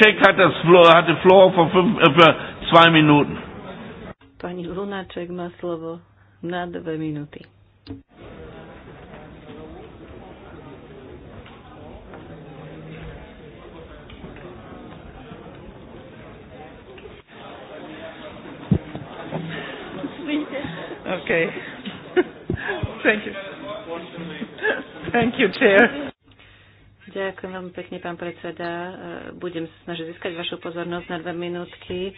Check hat das Floor, hatte Floor vor, fünf, äh, zwei Minuten. Pani Lunaček má slovo na dve minúty. Okay. Thank you. Thank you, Chair. Ďakujem veľmi pekne, pán predseda. E, budem sa snažiť získať vašu pozornosť na dve minútky.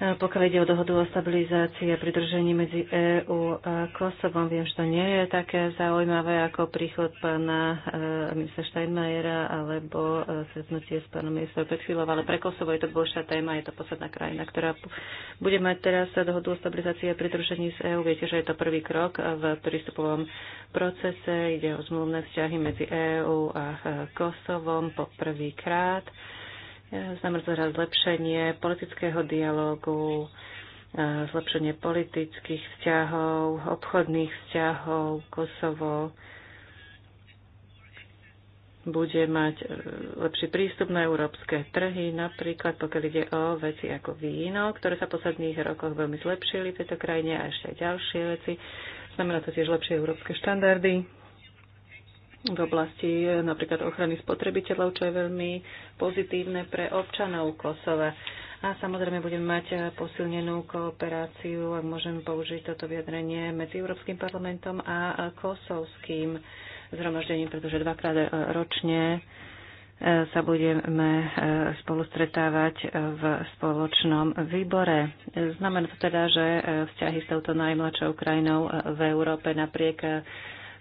Pokiaľ ide o dohodu o stabilizácii a pridržení medzi EÚ a Kosovom, viem, že to nie je také zaujímavé ako príchod pána e, ministra Steinmeiera alebo e, stretnutie s pánom ministrom Petchilov, ale pre Kosovo je to dôležitá téma, je to posledná krajina, ktorá bude mať teraz dohodu o stabilizácii a pridružení z EÚ. Viete, že je to prvý krok v prístupovom procese, ide o zmluvné vzťahy medzi EÚ a eh, Kosovom po prvýkrát. krát znamená zlepšenie politického dialógu, e, zlepšenie politických vzťahov, obchodných vzťahov. Kosovo bude mať e, lepší prístup na európske trhy, napríklad pokiaľ ide o veci ako víno, ktoré sa v posledných rokoch veľmi zlepšili v tejto krajine a ešte aj ďalšie veci. Znamená to tiež lepšie európske štandardy v oblasti eh, napríklad ochrany spotrebiteľov, čo je veľmi pozitívne pre občanov Kosova. A samozrejme budeme mať eh, posilnenú kooperáciu, ak môžem použiť toto vyjadrenie, medzi Európskym parlamentom a eh, kosovským zhromaždením, pretože dvakrát ročne sa budeme spolu stretávať v spoločnom výbore. Znamená to teda, že vzťahy s touto najmladšou krajinou v Európe napriek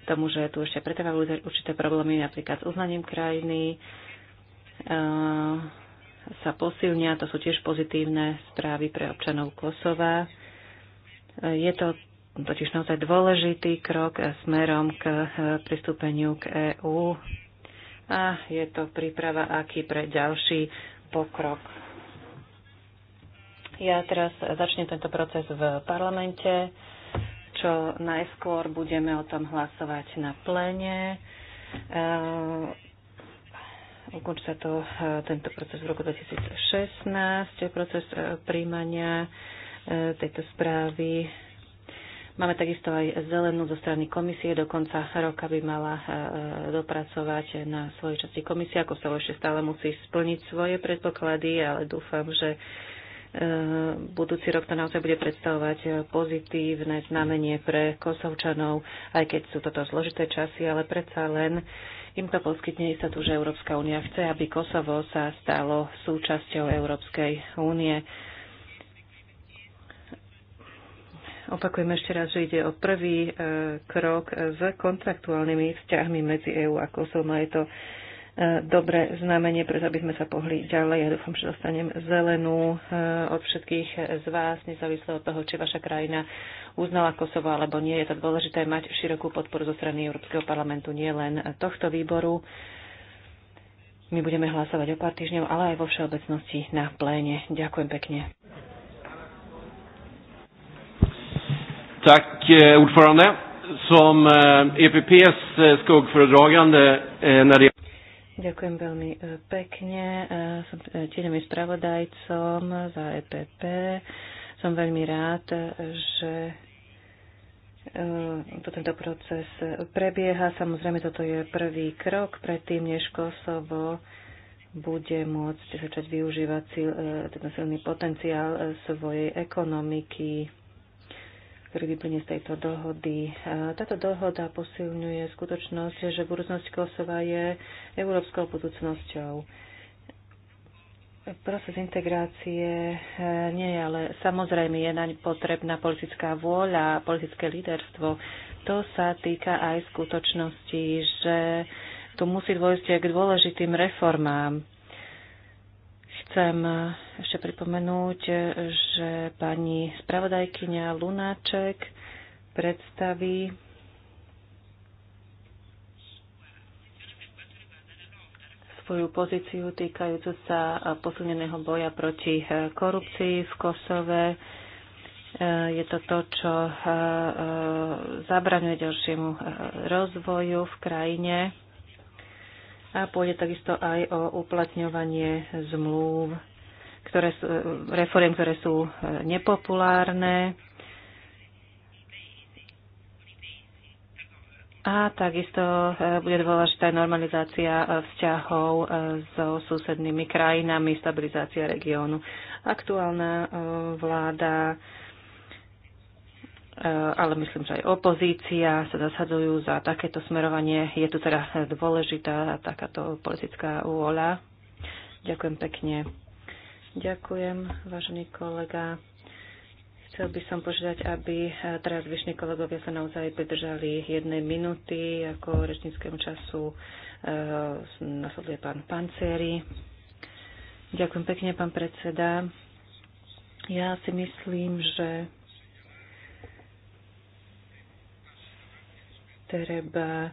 tomu, že tu ešte pretrvávajú určité problémy, napríklad s uznaním krajiny, eh, sa posilnia, to sú tiež pozitívne správy pre občanov Kosova. Eh, je to totiž naozaj dôležitý krok smerom k eh, pristúpeniu k EÚ a je to príprava aký pre ďalší pokrok. Ja teraz začnem tento proces v parlamente čo najskôr budeme o tom hlasovať na plene. E, ukončí sa to e, tento proces v roku 2016, proces e, príjmania tejto správy. Máme takisto aj zelenú zo strany komisie. Do konca roka by mala dopracovať na svojej časti komisie, ako sa ešte stále musí splniť svoje predpoklady, ale dúfam, že E, budúci rok to naozaj bude predstavovať pozitívne znamenie pre Kosovčanov, aj keď sú toto zložité časy, ale predsa len im to poskytne istotu, že Európska únia chce, aby Kosovo sa stalo súčasťou Európskej únie. Opakujem ešte raz, že ide o prvý e, krok s kontraktuálnymi vzťahmi medzi EÚ a Kosovom a je to dobré znamenie, preto aby sme sa pohli ďalej. Ja dúfam, že dostanem zelenú eh, od všetkých z vás, nezávisle od toho, či vaša krajina uznala Kosovo alebo nie. Je to dôležité mať širokú podporu zo strany Európskeho parlamentu, nie len tohto výboru. My budeme hlasovať o pár týždňov, ale aj vo všeobecnosti na pléne. Ďakujem pekne. Tak, eh, ordförande. Som EPPs eh, e skogföredragande när det Ďakujem veľmi e, pekne. E, som e, tieňom spravodajcom za EPP. Som veľmi rád, že to tento proces prebieha. Samozrejme, toto je prvý krok predtým, než Kosovo bude môcť začať využívať ten silný potenciál svojej ekonomiky ktorý vyplne z tejto dohody. Táto dohoda posilňuje skutočnosť, že budúcnosť Kosova je európskou budúcnosťou. Proces integrácie e, nie je ale samozrejme je naň potrebná politická vôľa, politické líderstvo. To sa týka aj skutočnosti, že tu musí dôjsť k dôležitým reformám Chcem ešte pripomenúť, že pani spravodajkyňa Lunáček predstaví svoju pozíciu týkajúcu sa posuneného boja proti korupcii v Kosove. Je to to, čo zabraňuje ďalšiemu rozvoju v krajine a pôjde takisto aj o uplatňovanie zmluv, ktoré sú, reforiem, ktoré sú e, nepopulárne a takisto e, bude dôležitá normalizácia e, vzťahov so susednými krajinami, stabilizácia regiónu. Aktuálna vláda ale myslím, že aj opozícia sa zasadzujú za takéto smerovanie. Je tu teda dôležitá takáto politická úvola. Ďakujem pekne. Ďakujem, vážený kolega. Chcel by som požiadať, aby teraz vyšní kolegovia sa naozaj pridržali jednej minúty ako rečníckému času. E, nasleduje pán Pancieri. Ďakujem pekne, pán predseda. Ja si myslím, že treba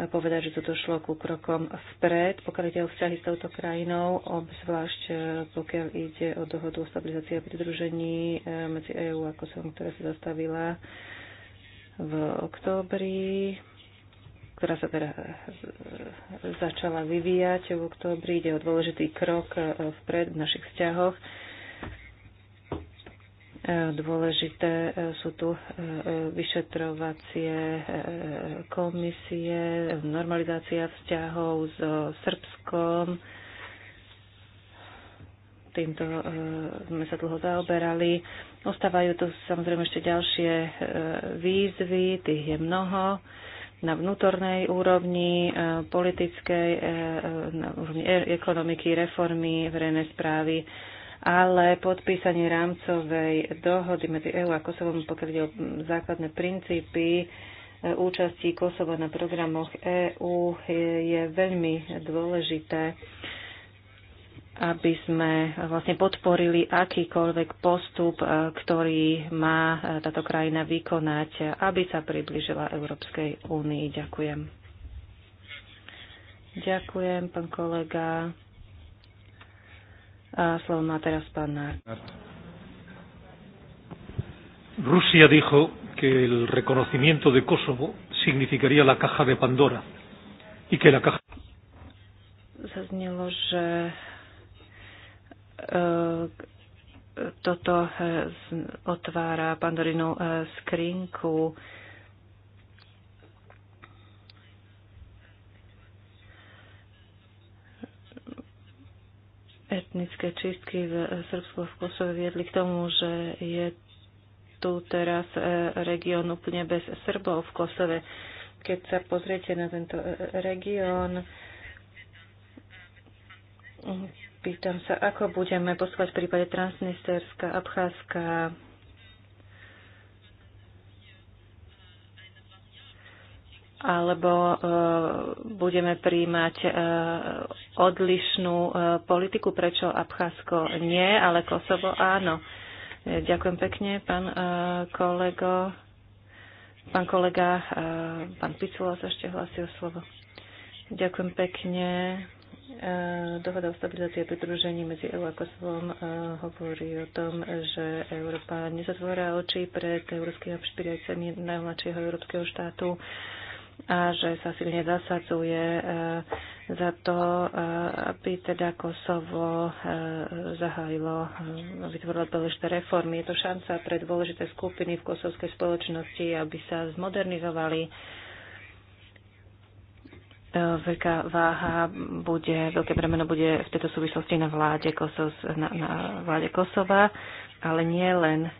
povedať, že toto šlo ku krokom vpred, pokiaľ ide o vzťahy s touto krajinou, obzvlášť eh, pokiaľ ide o dohodu o stabilizácii a pridružení eh, medzi EÚ a Kosovom, ktorá sa zastavila v októbri, ktorá sa teda eh, začala vyvíjať v októbri. Ide o dôležitý krok vpred v našich vzťahoch Dôležité e, sú tu e, e, vyšetrovacie komisie, normalizácia vzťahov s Srbskom. Týmto sme sa dlho zaoberali. Ostávajú tu samozrejme ešte ďalšie výzvy, tých je mnoho na vnútornej úrovni, politickej, na úrovni ekonomiky, reformy, verejnej správy ale podpísanie rámcovej dohody medzi EÚ a Kosovom, pokiaľ ide o základné princípy e, účasti Kosova na programoch EÚ, je veľmi dôležité aby sme vlastne podporili akýkoľvek postup, e, ktorý má e, táto krajina vykonať, aby sa približila Európskej únii. Ďakujem. Ďakujem, pán kolega. A slovo má teraz pán Nár. Rusia dijo que el reconocimiento de Kosovo significaría la caja de Pandora y que la caja zaznelo, že uh, toto uh, otvára pandorinu uh, skrinku etnické čistky v Srbsku v Kosove viedli k tomu, že je tu teraz e, región úplne bez Srbov v Kosove. Keď sa pozriete na tento e, región, pýtam sa, ako budeme poslať v prípade Transnisterska, Abcházska, alebo e, budeme príjmať e, odlišnú e, politiku, prečo Abcházsko nie, ale Kosovo áno. Ďakujem pekne, pán kolego. Pán kolega, pán Picula sa ešte hlásil slovo. Ďakujem pekne. Dohoda o stabilizácii a pridružení medzi EU a Kosovom hovorí o tom, že Európa nezatvorá oči pred európskymi špiriacami najmladšieho európskeho štátu a že sa silne zasadzuje e, za to, e, aby teda Kosovo e, zahájilo, vytvorilo dôležité reformy. Je to šanca pre dôležité skupiny v kosovskej spoločnosti, aby sa zmodernizovali. Veľká váha bude, veľké bremeno bude v tejto súvislosti na vláde, Kosov, na, na vláde Kosova, ale nie len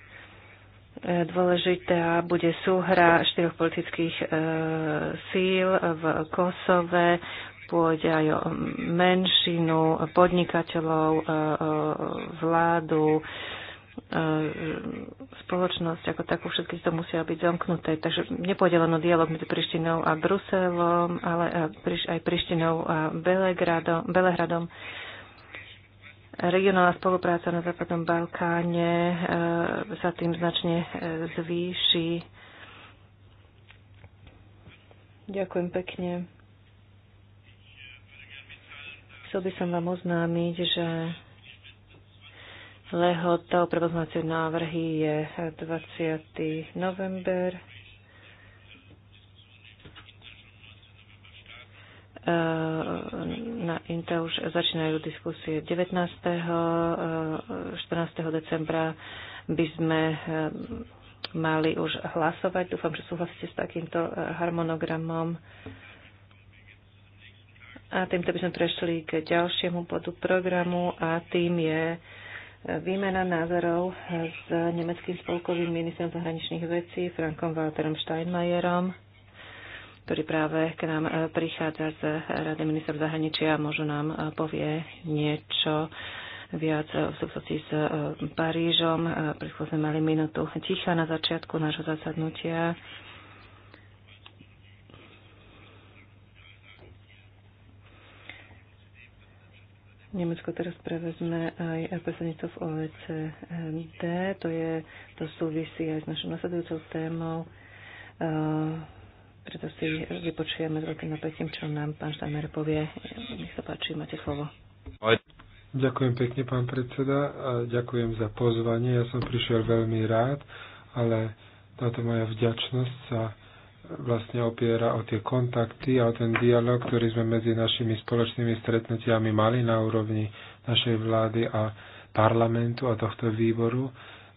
Dôležitá bude súhra štyroch politických e, síl v Kosove, pôjde aj o menšinu, podnikateľov, e, e, vládu, spoločnosť ako takú, všetky to musia byť zamknuté. Takže nepôjde len o dialog medzi Prištinou a Bruselom, ale aj Prištinou a Belegradom. Belehradom. Regionálna spolupráca na Západnom Balkáne e, sa tým značne e, zvýši. Ďakujem pekne. Chcel by som vám oznámiť, že lehotou pre návrhy je 20. november Eh, na INTA už začínajú diskusie 19. 14. Eh, decembra by sme eh, mali už hlasovať. Dúfam, že súhlasíte s takýmto harmonogramom. A týmto by sme prešli k ďalšiemu bodu programu a tým je výmena názorov s nemeckým spolkovým ministrom zahraničných vecí Frankom Walterom Steinmeierom ktorý práve k nám e, prichádza z Rady ministrov zahraničia, a možno nám e, povie niečo viac e, v súvislosti s Parížom. Prečo sme mali minútu ticha na začiatku nášho zasadnutia. Nemecko teraz prevezme aj predsedníctvo v OECD. To, je, to súvisí aj s našou nasledujúcou témou preto si vypočujeme s veľkým napätím, čo nám pán Štajmer povie. Nech sa páči, máte slovo. Ďakujem pekne, pán predseda, a ďakujem za pozvanie. Ja som prišiel veľmi rád, ale táto moja vďačnosť sa vlastne opiera o tie kontakty a o ten dialog, ktorý sme medzi našimi spoločnými stretnutiami mali na úrovni našej vlády a parlamentu a tohto výboru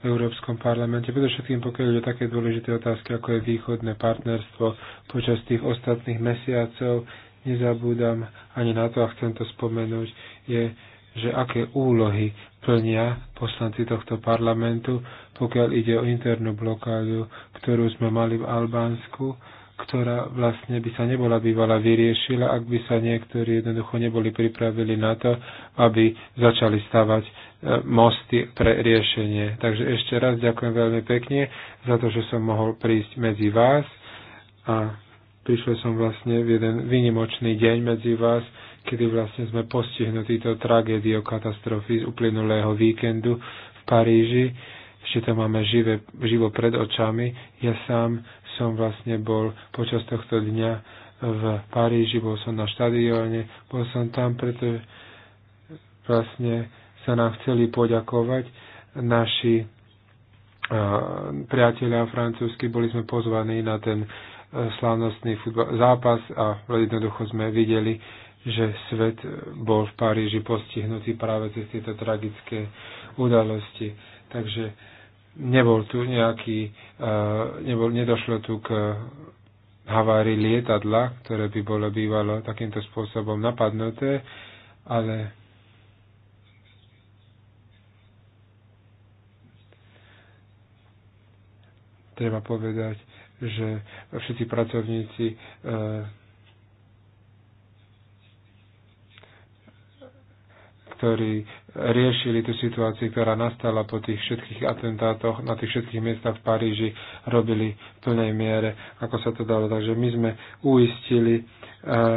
v Európskom parlamente, predovšetkým pokiaľ ide také dôležité otázky, ako je východné partnerstvo počas tých ostatných mesiacov, nezabúdam ani na to a chcem to spomenúť, je, že aké úlohy plnia poslanci tohto parlamentu, pokiaľ ide o internú blokádu, ktorú sme mali v Albánsku ktorá vlastne by sa nebola bývala vyriešila, ak by sa niektorí jednoducho neboli pripravili na to, aby začali stavať e, mosty pre riešenie. Takže ešte raz ďakujem veľmi pekne za to, že som mohol prísť medzi vás a prišiel som vlastne v jeden vynimočný deň medzi vás, kedy vlastne sme postihnutí to tragédiou katastrofy z uplynulého víkendu v Paríži ešte to máme živé, živo pred očami. Ja sám som vlastne bol počas tohto dňa v Paríži, bol som na štadióne, bol som tam, pretože vlastne sa nám chceli poďakovať naši priatelia francúzsky, boli sme pozvaní na ten e, slávnostný futbol, zápas a jednoducho sme videli, že svet bol v Paríži postihnutý práve cez tieto tragické udalosti. Takže nebol tu nejaký, e, nebol, nedošlo tu k havári lietadla, ktoré by bolo bývalo takýmto spôsobom napadnuté, ale treba povedať, že všetci pracovníci e, ktorí riešili tú situáciu, ktorá nastala po tých všetkých atentátoch na tých všetkých miestach v Paríži, robili v plnej miere, ako sa to dalo. Takže my sme uistili eh,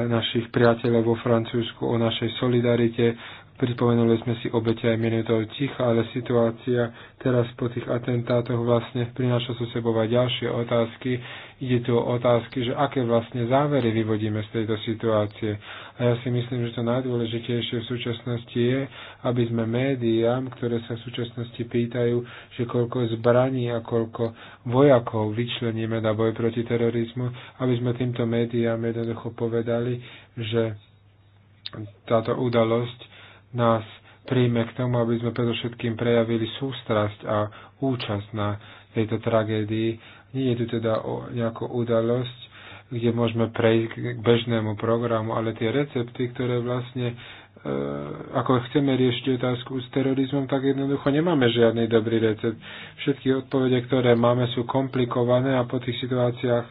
našich priateľov vo Francúzsku o našej solidarite, Pripomenuli sme si obete aj minútov ticha, ale situácia teraz po tých atentátoch vlastne prináša so sebou aj ďalšie otázky. Ide tu o otázky, že aké vlastne závery vyvodíme z tejto situácie. A ja si myslím, že to najdôležitejšie v súčasnosti je, aby sme médiám, ktoré sa v súčasnosti pýtajú, že koľko zbraní a koľko vojakov vyčleníme na boj proti terorizmu, aby sme týmto médiám jednoducho povedali, že táto udalosť nás príjme k tomu, aby sme predovšetkým prejavili sústrasť a účasť na tejto tragédii. Nie je tu teda o nejakú udalosť, kde môžeme prejsť k bežnému programu, ale tie recepty, ktoré vlastne e, ako chceme riešiť otázku s terorizmom, tak jednoducho nemáme žiadny dobrý recept. Všetky odpovede, ktoré máme, sú komplikované a po tých situáciách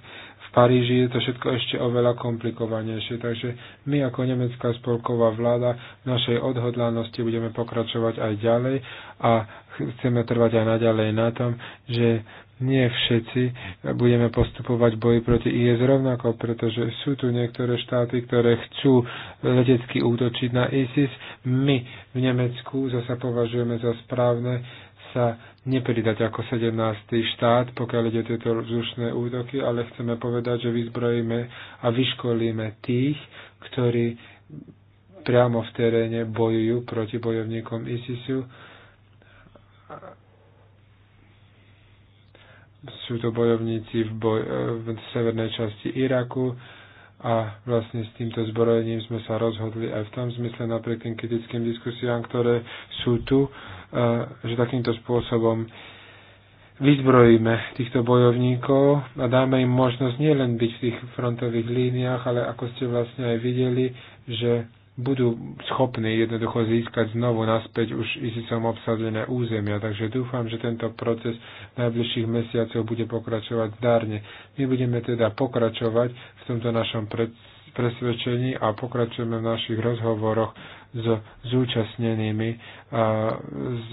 Paríži je to všetko ešte oveľa komplikovanejšie. Takže my ako nemecká spolková vláda v našej odhodlanosti budeme pokračovať aj ďalej a chceme trvať aj naďalej na tom, že nie všetci budeme postupovať v boji proti IS rovnako, pretože sú tu niektoré štáty, ktoré chcú letecky útočiť na ISIS. My v Nemecku zase považujeme za správne sa nepridať ako 17. štát, pokiaľ ide tieto vzdušné útoky, ale chceme povedať, že vyzbrojíme a vyškolíme tých, ktorí priamo v teréne bojujú proti bojovníkom ISISu. Sú to bojovníci v, boj, v severnej časti Iraku a vlastne s týmto zbrojením sme sa rozhodli aj v tom zmysle napriek tým kritickým diskusiám, ktoré sú tu, že takýmto spôsobom vyzbrojíme týchto bojovníkov a dáme im možnosť nielen byť v tých frontových líniách, ale ako ste vlastne aj videli, že budú schopní jednoducho získať znovu naspäť už ISISom obsadené územia. Takže dúfam, že tento proces najbližších mesiacov bude pokračovať zdárne. My budeme teda pokračovať v tomto našom pred, presvedčení a pokračujeme v našich rozhovoroch s zúčastnenými a, z,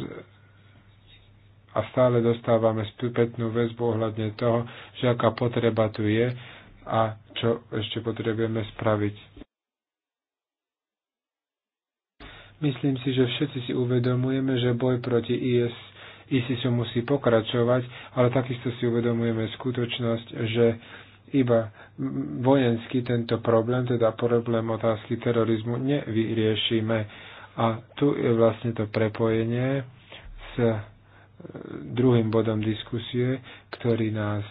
a stále dostávame spätnú väzbu ohľadne toho, že aká potreba tu je a čo ešte potrebujeme spraviť. Myslím si, že všetci si uvedomujeme, že boj proti IS, ISISu musí pokračovať, ale takisto si uvedomujeme skutočnosť, že iba vojenský tento problém, teda problém otázky terorizmu, nevyriešime. A tu je vlastne to prepojenie s e, druhým bodom diskusie, ktorý nás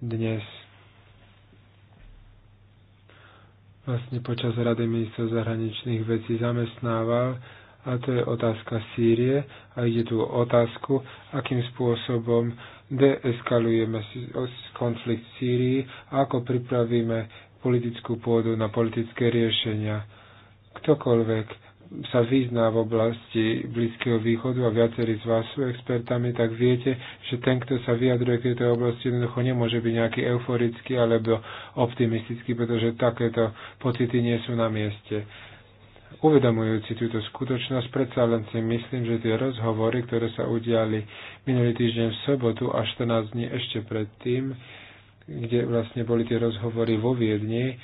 dnes vlastne počas Rady ministrov zahraničných vecí zamestnával, a to je otázka Sýrie. A ide tu o otázku, akým spôsobom deeskalujeme konflikt v Sýrii a ako pripravíme politickú pôdu na politické riešenia. Ktokoľvek sa vyzná v oblasti Blízkeho východu a viacerí z vás sú expertami, tak viete, že ten, kto sa vyjadruje k tejto oblasti, jednoducho nemôže byť nejaký euforický alebo optimistický, pretože takéto pocity nie sú na mieste uvedomujúci túto skutočnosť, predsa len si myslím, že tie rozhovory, ktoré sa udiali minulý týždeň v sobotu a 14 dní ešte predtým, kde vlastne boli tie rozhovory vo Viedni,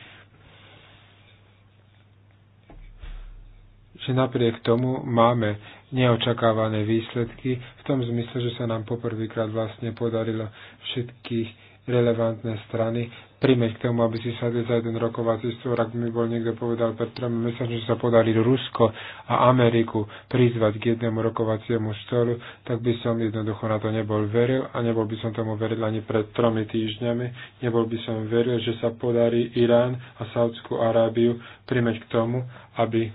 že napriek tomu máme neočakávané výsledky v tom zmysle, že sa nám poprvýkrát vlastne podarilo všetkých relevantné strany primeť k tomu, aby si sadli za jeden rokovací stôl, ak mi bol niekto povedal pred tromi mesiacmi, že sa podarí Rusko a Ameriku prizvať k jednému rokovaciemu stolu, tak by som jednoducho na to nebol veril a nebol by som tomu veril ani pred tromi týždňami. Nebol by som veril, že sa podarí Irán a Saudskú Arábiu primeť k tomu, aby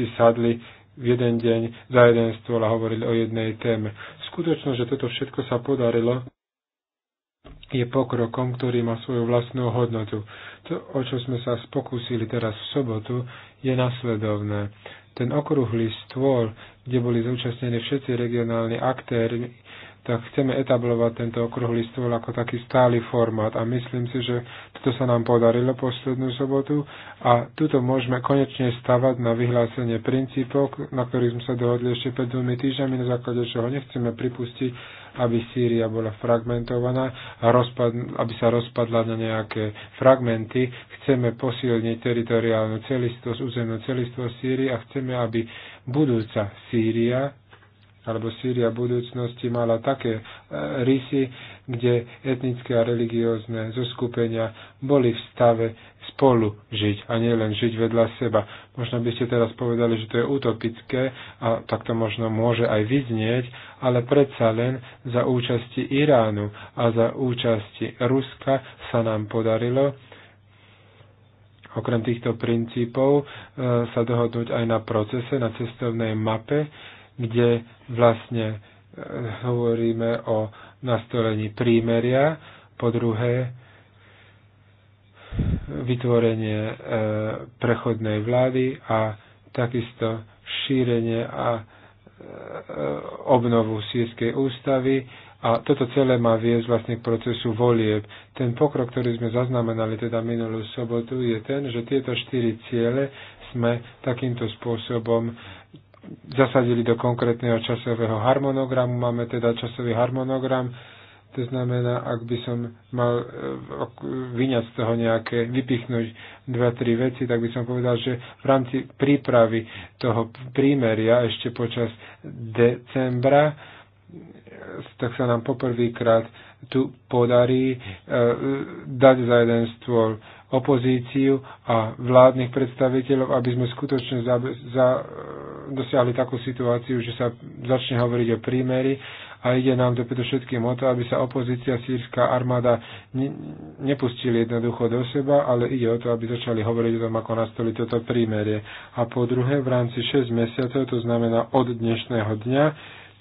si sadli v jeden deň za jeden stôl a hovorili o jednej téme. Skutočno, že toto všetko sa podarilo, je pokrokom, ktorý má svoju vlastnú hodnotu. To, o čo sme sa spokúsili teraz v sobotu, je nasledovné. Ten okrúhly stôl, kde boli zúčastnení všetci regionálni aktéry, tak chceme etablovať tento okrúhly stôl ako taký stály formát a myslím si, že toto sa nám podarilo poslednú sobotu a tuto môžeme konečne stavať na vyhlásenie princípov, na ktorých sme sa dohodli ešte pred dvomi týždňami, na základe čoho nechceme pripustiť, aby Sýria bola fragmentovaná a rozpad, aby sa rozpadla na nejaké fragmenty. Chceme posilniť teritoriálnu celistvosť, územnú celistvosť Sýrie a chceme, aby budúca Sýria alebo Sýria budúcnosti mala také e, rysy, kde etnické a religiózne zoskupenia boli v stave spolu žiť a nielen žiť vedľa seba. Možno by ste teraz povedali, že to je utopické a tak to možno môže aj vyznieť, ale predsa len za účasti Iránu a za účasti Ruska sa nám podarilo okrem týchto princípov e, sa dohodnúť aj na procese, na cestovnej mape, kde vlastne e, hovoríme o nastolení prímeria, po druhé vytvorenie e, prechodnej vlády a takisto šírenie a e, obnovu sírskej ústavy. A toto celé má viesť vlastne k procesu volieb. Ten pokrok, ktorý sme zaznamenali teda minulú sobotu, je ten, že tieto štyri ciele sme takýmto spôsobom zasadili do konkrétneho časového harmonogramu. Máme teda časový harmonogram, to znamená, ak by som mal e, vyňať z toho nejaké, vypichnúť dva, tri veci, tak by som povedal, že v rámci prípravy toho prímeria ešte počas decembra, e, tak sa nám poprvýkrát tu podarí e, dať za jeden stôl opozíciu a vládnych predstaviteľov, aby sme skutočne za, za, dosiahli takú situáciu, že sa začne hovoriť o prímeri a ide nám to predovšetkým o to, aby sa opozícia, sírska armáda ne, nepustili jednoducho do seba, ale ide o to, aby začali hovoriť o tom, ako nastoli toto prímerie. A po druhé, v rámci 6 mesiacov, to znamená od dnešného dňa,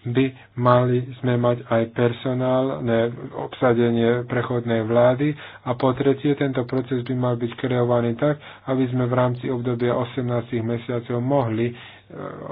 by mali sme mať aj personálne obsadenie prechodnej vlády a po tretie tento proces by mal byť kreovaný tak, aby sme v rámci obdobia 18 mesiacov mohli e,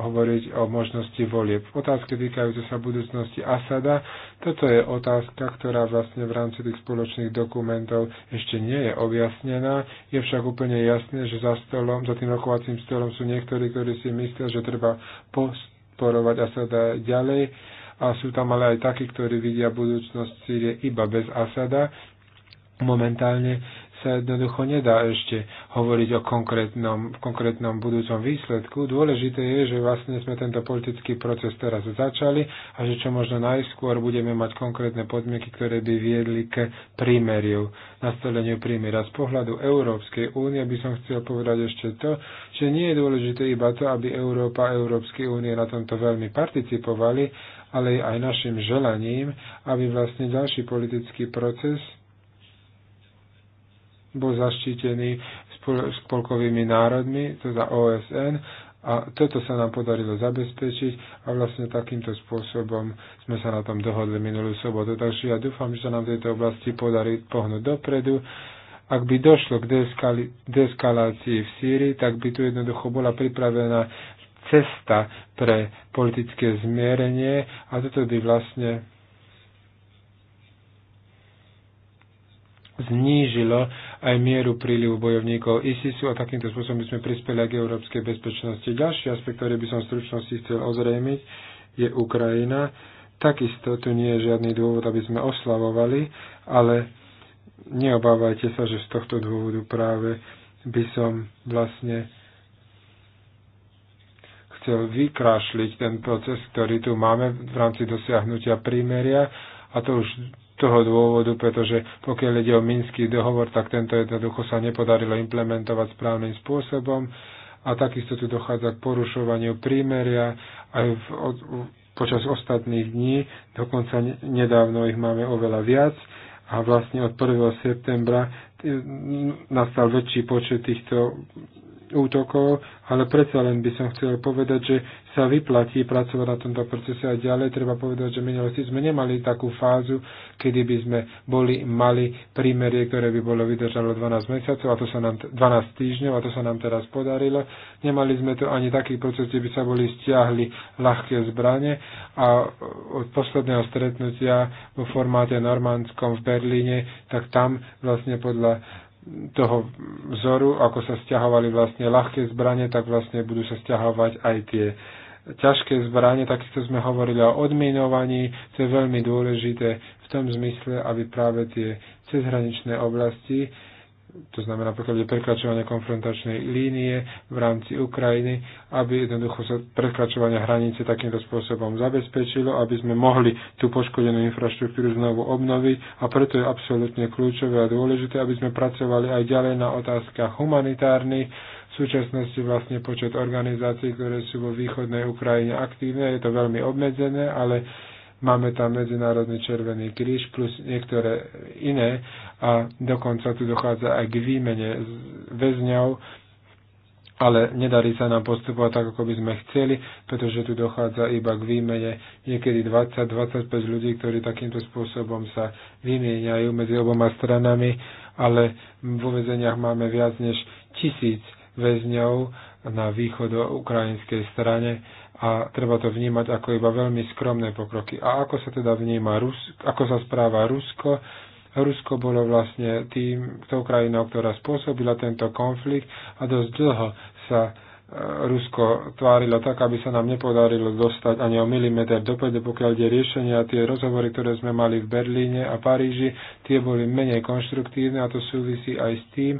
hovoriť o možnosti volieb. Otázky týkajúce sa budúcnosti Asada, toto je otázka, ktorá vlastne v rámci tých spoločných dokumentov ešte nie je objasnená. Je však úplne jasné, že za, stolom, za tým rokovacím stolom sú niektorí, ktorí si myslia, že treba post podporovať Asada ďalej a sú tam ale aj takí, ktorí vidia budúcnosť Sýrie iba bez Asada. Momentálne sa jednoducho nedá ešte hovoriť o konkrétnom, konkrétnom budúcom výsledku. Dôležité je, že vlastne sme tento politický proces teraz začali a že čo možno najskôr budeme mať konkrétne podmienky, ktoré by viedli k prímeriu, nastoleniu prímera. Z pohľadu Európskej únie by som chcel povedať ešte to, že nie je dôležité iba to, aby Európa a Európskej únie na tomto veľmi participovali, ale aj našim želaním, aby vlastne ďalší politický proces bol zaštítený spolkovými národmi, teda OSN, a toto sa nám podarilo zabezpečiť a vlastne takýmto spôsobom sme sa na tom dohodli minulú sobotu. Takže ja dúfam, že sa nám v tejto oblasti podarí pohnúť dopredu. Ak by došlo k deeskalácii v Sýrii, tak by tu jednoducho bola pripravená cesta pre politické zmierenie a toto by vlastne znížilo aj mieru prílivu bojovníkov ISISu a takýmto spôsobom by sme prispeli aj k európskej bezpečnosti. Ďalší aspekt, ktorý by som v stručnosti chcel ozrejmiť, je Ukrajina. Takisto tu nie je žiadny dôvod, aby sme oslavovali, ale neobávajte sa, že z tohto dôvodu práve by som vlastne chcel vykrášliť ten proces, ktorý tu máme v rámci dosiahnutia prímeria a to už toho dôvodu, pretože pokiaľ ide o Minský dohovor, tak tento jednoducho sa nepodarilo implementovať správnym spôsobom a takisto tu dochádza k porušovaniu prímeria aj v, od, počas ostatných dní, dokonca nedávno ich máme oveľa viac a vlastne od 1. septembra e, nastal väčší počet týchto útokov, ale predsa len by som chcel povedať, že sa vyplatí pracovať na tomto procese a ďalej. Treba povedať, že minulosti sme nemali takú fázu, kedy by sme boli, mali prímerie, ktoré by bolo vydržalo 12 mesiacov, a to sa nám, 12 týždňov, a to sa nám teraz podarilo. Nemali sme to ani taký proces, kde by sa boli stiahli ľahké zbranie a od posledného stretnutia vo formáte normandskom v Berlíne, tak tam vlastne podľa toho vzoru, ako sa stiahovali vlastne ľahké zbranie, tak vlastne budú sa stiahovať aj tie ťažké zbranie, takisto sme hovorili o odmienovaní, to je veľmi dôležité v tom zmysle, aby práve tie cezhraničné oblasti, to znamená pokiaľ je prekračovanie konfrontačnej línie v rámci Ukrajiny, aby jednoducho sa prekračovanie hranice takýmto spôsobom zabezpečilo, aby sme mohli tú poškodenú infraštruktúru znovu obnoviť a preto je absolútne kľúčové a dôležité, aby sme pracovali aj ďalej na otázkach humanitárnych, v súčasnosti vlastne počet organizácií, ktoré sú vo východnej Ukrajine aktívne, je to veľmi obmedzené, ale Máme tam Medzinárodný červený kríž plus niektoré iné a dokonca tu dochádza aj k výmene väzňov, ale nedarí sa nám postupovať tak, ako by sme chceli, pretože tu dochádza iba k výmene niekedy 20-25 ľudí, ktorí takýmto spôsobom sa vymieňajú medzi oboma stranami, ale vo väzeniach máme viac než tisíc väzňov na východo-ukrajinskej strane a treba to vnímať ako iba veľmi skromné pokroky. A ako sa teda vníma Rus, ako sa správa Rusko? Rusko bolo vlastne tým, tou krajinou, ktorá spôsobila tento konflikt a dosť dlho sa Rusko tvárilo tak, aby sa nám nepodarilo dostať ani o milimeter dopredu, pokiaľ tie riešenia, tie rozhovory, ktoré sme mali v Berlíne a Paríži, tie boli menej konštruktívne a to súvisí aj s tým,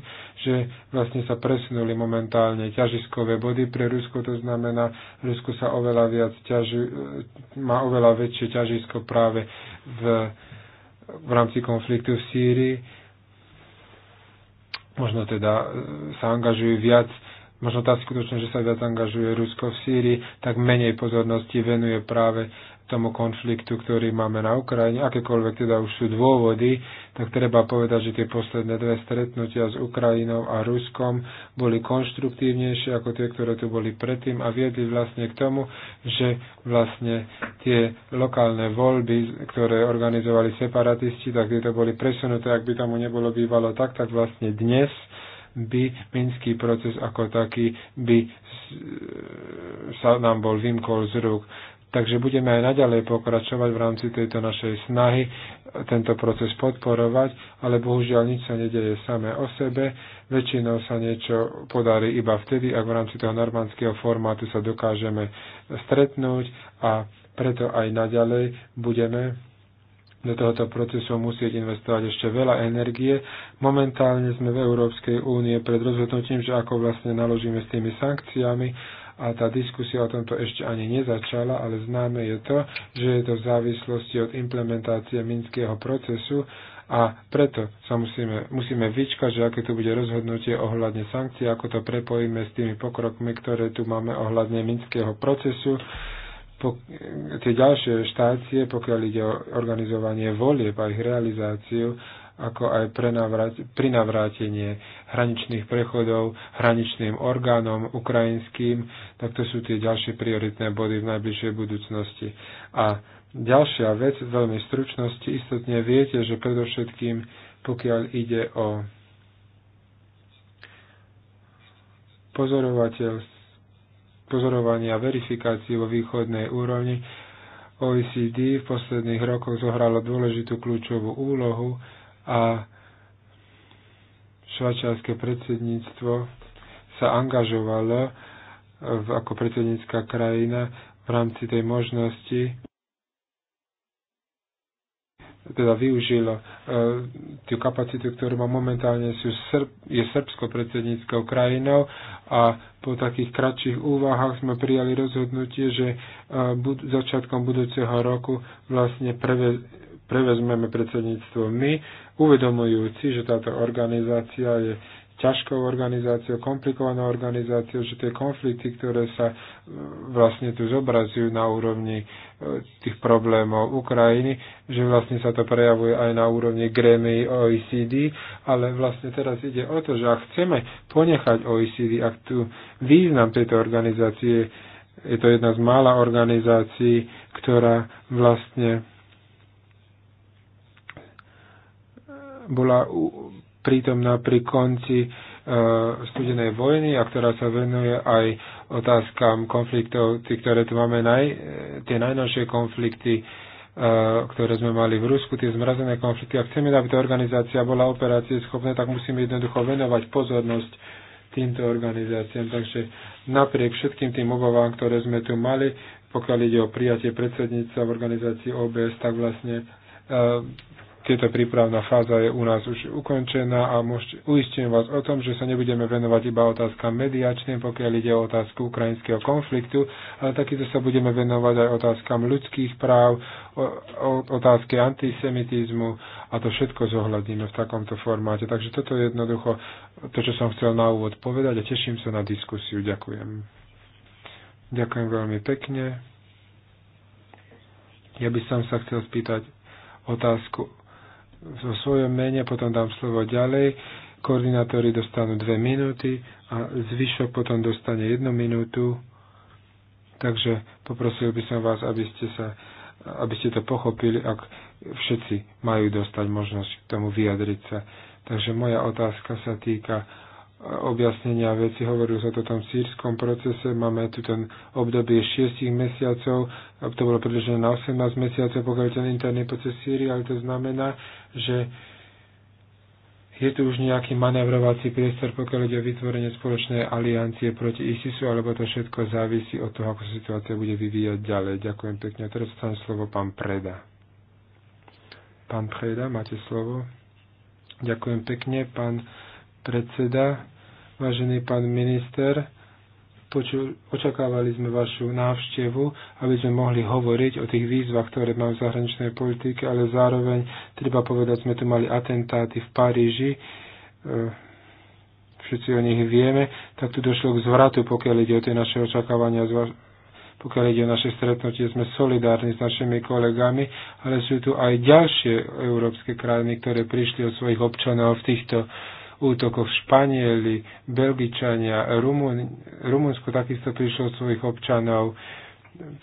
že vlastne sa presunuli momentálne ťažiskové body pre Rusko, to znamená, Rusko sa oveľa viac ťaži, má oveľa väčšie ťažisko práve v, v rámci konfliktu v Sýrii možno teda sa angažujú viac možno tá skutočnosť, že sa viac angažuje Rusko v Sýrii, tak menej pozornosti venuje práve tomu konfliktu, ktorý máme na Ukrajine, akékoľvek teda už sú dôvody, tak treba povedať, že tie posledné dve stretnutia s Ukrajinou a Ruskom boli konštruktívnejšie ako tie, ktoré tu boli predtým a viedli vlastne k tomu, že vlastne tie lokálne voľby, ktoré organizovali separatisti, tak tieto boli presunuté, ak by tomu nebolo bývalo tak, tak vlastne dnes by minský proces ako taký by sa nám bol vymkol z rúk. Takže budeme aj naďalej pokračovať v rámci tejto našej snahy tento proces podporovať, ale bohužiaľ nič sa nedeje samé o sebe. Väčšinou sa niečo podarí iba vtedy, ak v rámci toho normandského formátu sa dokážeme stretnúť a preto aj naďalej budeme do tohoto procesu musieť investovať ešte veľa energie. Momentálne sme v Európskej únie pred rozhodnutím, že ako vlastne naložíme s tými sankciami a tá diskusia o tomto ešte ani nezačala, ale známe je to, že je to v závislosti od implementácie minského procesu a preto sa musíme, musíme vyčkať, že aké tu bude rozhodnutie ohľadne sankcií, ako to prepojíme s tými pokrokmi, ktoré tu máme ohľadne minského procesu tie ďalšie štácie, pokiaľ ide o organizovanie volieb a ich realizáciu, ako aj pri navrátenie hraničných prechodov hraničným orgánom ukrajinským, tak to sú tie ďalšie prioritné body v najbližšej budúcnosti. A ďalšia vec, veľmi stručnosti, istotne viete, že predovšetkým, pokiaľ ide o pozorovateľstvo, pozorovania a verifikácii vo východnej úrovni, OECD v posledných rokoch zohralo dôležitú kľúčovú úlohu a švajčiarske predsedníctvo sa angažovalo ako predsednícka krajina v rámci tej možnosti teda využil e, tú kapacitu, ktorú má momentálne sú Srb, je Srbsko predsedníckou krajinou a po takých kratších úvahách sme prijali rozhodnutie, že e, bud, začiatkom budúceho roku vlastne preve, prevezmeme predsedníctvo my, uvedomujúci, že táto organizácia je ťažkou organizáciou, komplikovanou organizáciou, že tie konflikty, ktoré sa e, vlastne tu zobrazujú na úrovni e, tých problémov Ukrajiny, že vlastne sa to prejavuje aj na úrovni Grémy OECD, ale vlastne teraz ide o to, že ak chceme ponechať OECD, ak tu význam tejto organizácie, je to jedna z mála organizácií, ktorá vlastne e, bola prítomná pri konci e, studenej vojny a ktorá sa venuje aj otázkam konfliktov, tí, ktoré tu máme, naj, e, tie najnovšie konflikty, e, ktoré sme mali v Rusku, tie zmrazené konflikty. Ak chceme, aby tá organizácia bola operácie schopná, tak musíme jednoducho venovať pozornosť týmto organizáciám. Takže napriek všetkým tým obavám, ktoré sme tu mali, pokiaľ ide o prijatie predsedníca v organizácii OBS, tak vlastne tieto prípravná fáza je u nás už ukončená a môžete, vás o tom, že sa nebudeme venovať iba otázkam mediačným, pokiaľ ide o otázku ukrajinského konfliktu, ale takisto sa budeme venovať aj otázkam ľudských práv, o, o, otázke antisemitizmu a to všetko zohľadíme v takomto formáte. Takže toto je jednoducho to, čo som chcel na úvod povedať a teším sa na diskusiu. Ďakujem. Ďakujem veľmi pekne. Ja by som sa chcel spýtať otázku vo svojom mene, potom dám slovo ďalej. Koordinátori dostanú dve minúty a zvyšok potom dostane jednu minútu. Takže poprosil by som vás, aby ste, sa, aby ste to pochopili, ak všetci majú dostať možnosť k tomu vyjadriť sa. Takže moja otázka sa týka objasnenia veci. Hovorilo sa to tam v sírskom procese. Máme tu ten obdobie 6 mesiacov, to bolo predlžené na 18 mesiacov, pokiaľ ten interný proces Sýrii, ale to znamená, že je tu už nejaký manevrovací priestor, pokiaľ ide o vytvorenie spoločnej aliancie proti ISISu, alebo to všetko závisí od toho, ako situácia bude vyvíjať ďalej. Ďakujem pekne. A teraz dostane slovo pán Preda. Pán Preda, máte slovo. Ďakujem pekne, pán predseda. Vážený pán minister, Poču, očakávali sme vašu návštevu, aby sme mohli hovoriť o tých výzvach, ktoré máme v zahraničnej politike, ale zároveň treba povedať, sme tu mali atentáty v Paríži, e, všetci o nich vieme, tak tu došlo k zvratu, pokiaľ ide o tie naše očakávania, pokiaľ ide o naše stretnutie, sme solidárni s našimi kolegami, ale sú tu aj ďalšie európske krajiny, ktoré prišli od svojich občanov v týchto útokoch Španieli, Belgičania, Rumun, Rumunsko takisto prišlo od svojich občanov,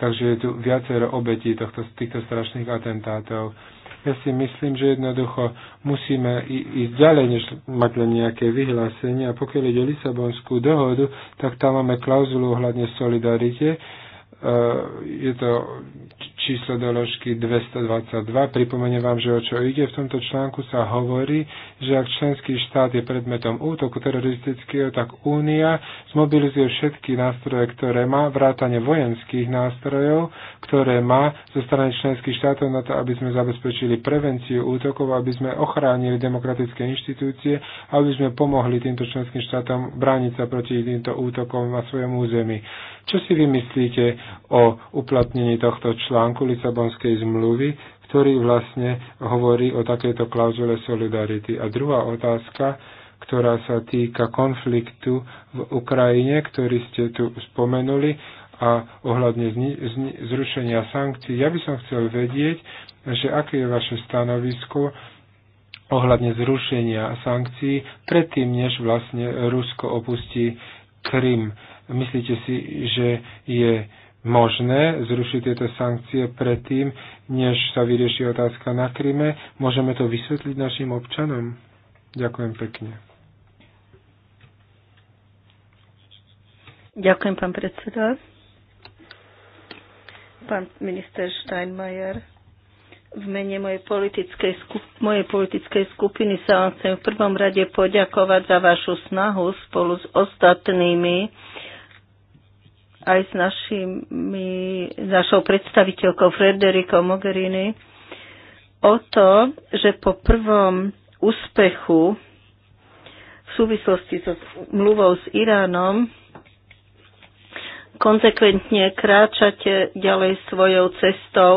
takže je tu viacero obetí tohto, týchto strašných atentátov. Ja si myslím, že jednoducho musíme ísť ďalej, než mať len nejaké vyhlásenie. A pokiaľ ide o Lisabonskú dohodu, tak tam máme klauzulu ohľadne solidarite. E, je to číslo doložky 222. Pripomeniem vám, že o čo ide. V tomto článku sa hovorí, že ak členský štát je predmetom útoku teroristického, tak Únia zmobilizuje všetky nástroje, ktoré má, vrátane vojenských nástrojov, ktoré má zo strany členských štátov na to, aby sme zabezpečili prevenciu útokov, aby sme ochránili demokratické inštitúcie, aby sme pomohli týmto členským štátom brániť sa proti týmto útokom na svojom území. Čo si vymyslíte o uplatnení tohto článku Lisabonskej zmluvy, ktorý vlastne hovorí o takejto klauzule solidarity? A druhá otázka, ktorá sa týka konfliktu v Ukrajine, ktorý ste tu spomenuli, a ohľadne zrušenia sankcií. Ja by som chcel vedieť, že aké je vaše stanovisko ohľadne zrušenia sankcií predtým, než vlastne Rusko opustí Krym. Myslíte si, že je možné zrušiť tieto sankcie predtým, než sa vyrieši otázka na Kryme? Môžeme to vysvetliť našim občanom? Ďakujem pekne. Ďakujem, pán predseda. Pán minister Steinmeier, v mene mojej politickej, skup- mojej politickej skupiny sa vám chcem v prvom rade poďakovať za vašu snahu spolu s ostatnými aj s našimi, našou predstaviteľkou Frederico Mogherini o to, že po prvom úspechu v súvislosti so mluvou s Iránom konsekventne kráčate ďalej svojou cestou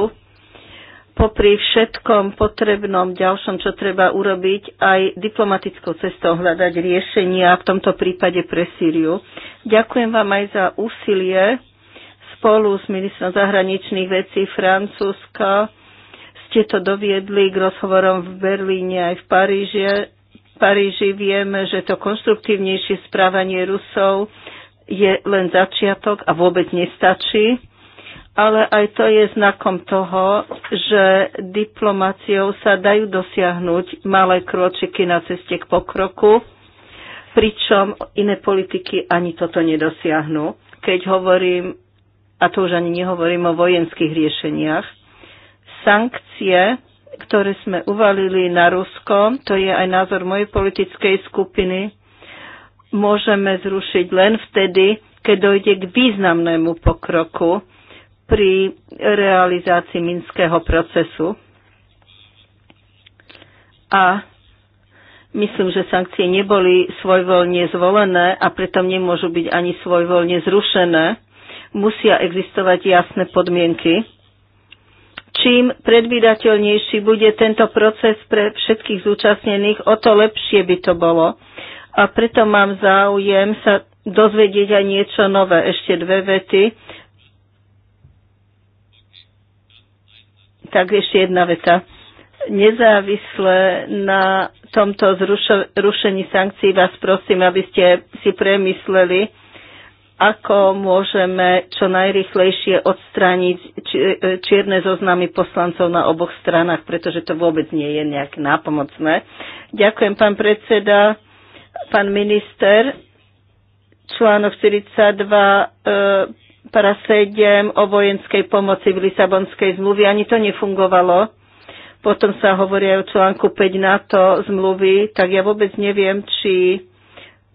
popri všetkom potrebnom ďalšom, čo treba urobiť, aj diplomatickou cestou hľadať riešenia, v tomto prípade pre Sýriu. Ďakujem vám aj za úsilie spolu s ministrom zahraničných vecí Francúzska. Ste to doviedli k rozhovorom v Berlíne aj v Paríži. V Paríži vieme, že to konštruktívnejšie správanie Rusov je len začiatok a vôbec nestačí ale aj to je znakom toho, že diplomáciou sa dajú dosiahnuť malé kročiky na ceste k pokroku, pričom iné politiky ani toto nedosiahnu. Keď hovorím, a to už ani nehovorím o vojenských riešeniach, sankcie, ktoré sme uvalili na Rusko, to je aj názor mojej politickej skupiny, môžeme zrušiť len vtedy, keď dojde k významnému pokroku pri realizácii minského procesu. A myslím, že sankcie neboli svojvoľne zvolené a preto nemôžu byť ani svojvoľne zrušené. Musia existovať jasné podmienky. Čím predvydateľnejší bude tento proces pre všetkých zúčastnených, o to lepšie by to bolo. A preto mám záujem sa dozvedieť aj niečo nové. Ešte dve vety Tak ešte jedna veta. Nezávisle na tomto zrušo- rušení sankcií vás prosím, aby ste si premysleli, ako môžeme čo najrychlejšie odstrániť čierne zoznamy poslancov na oboch stranách, pretože to vôbec nie je nejak nápomocné. Ďakujem, pán predseda, pán minister. Článok 42 e, para 7 o vojenskej pomoci v Lisabonskej zmluvi. Ani to nefungovalo. Potom sa hovorí aj o článku 5 NATO zmluvy, tak ja vôbec neviem, či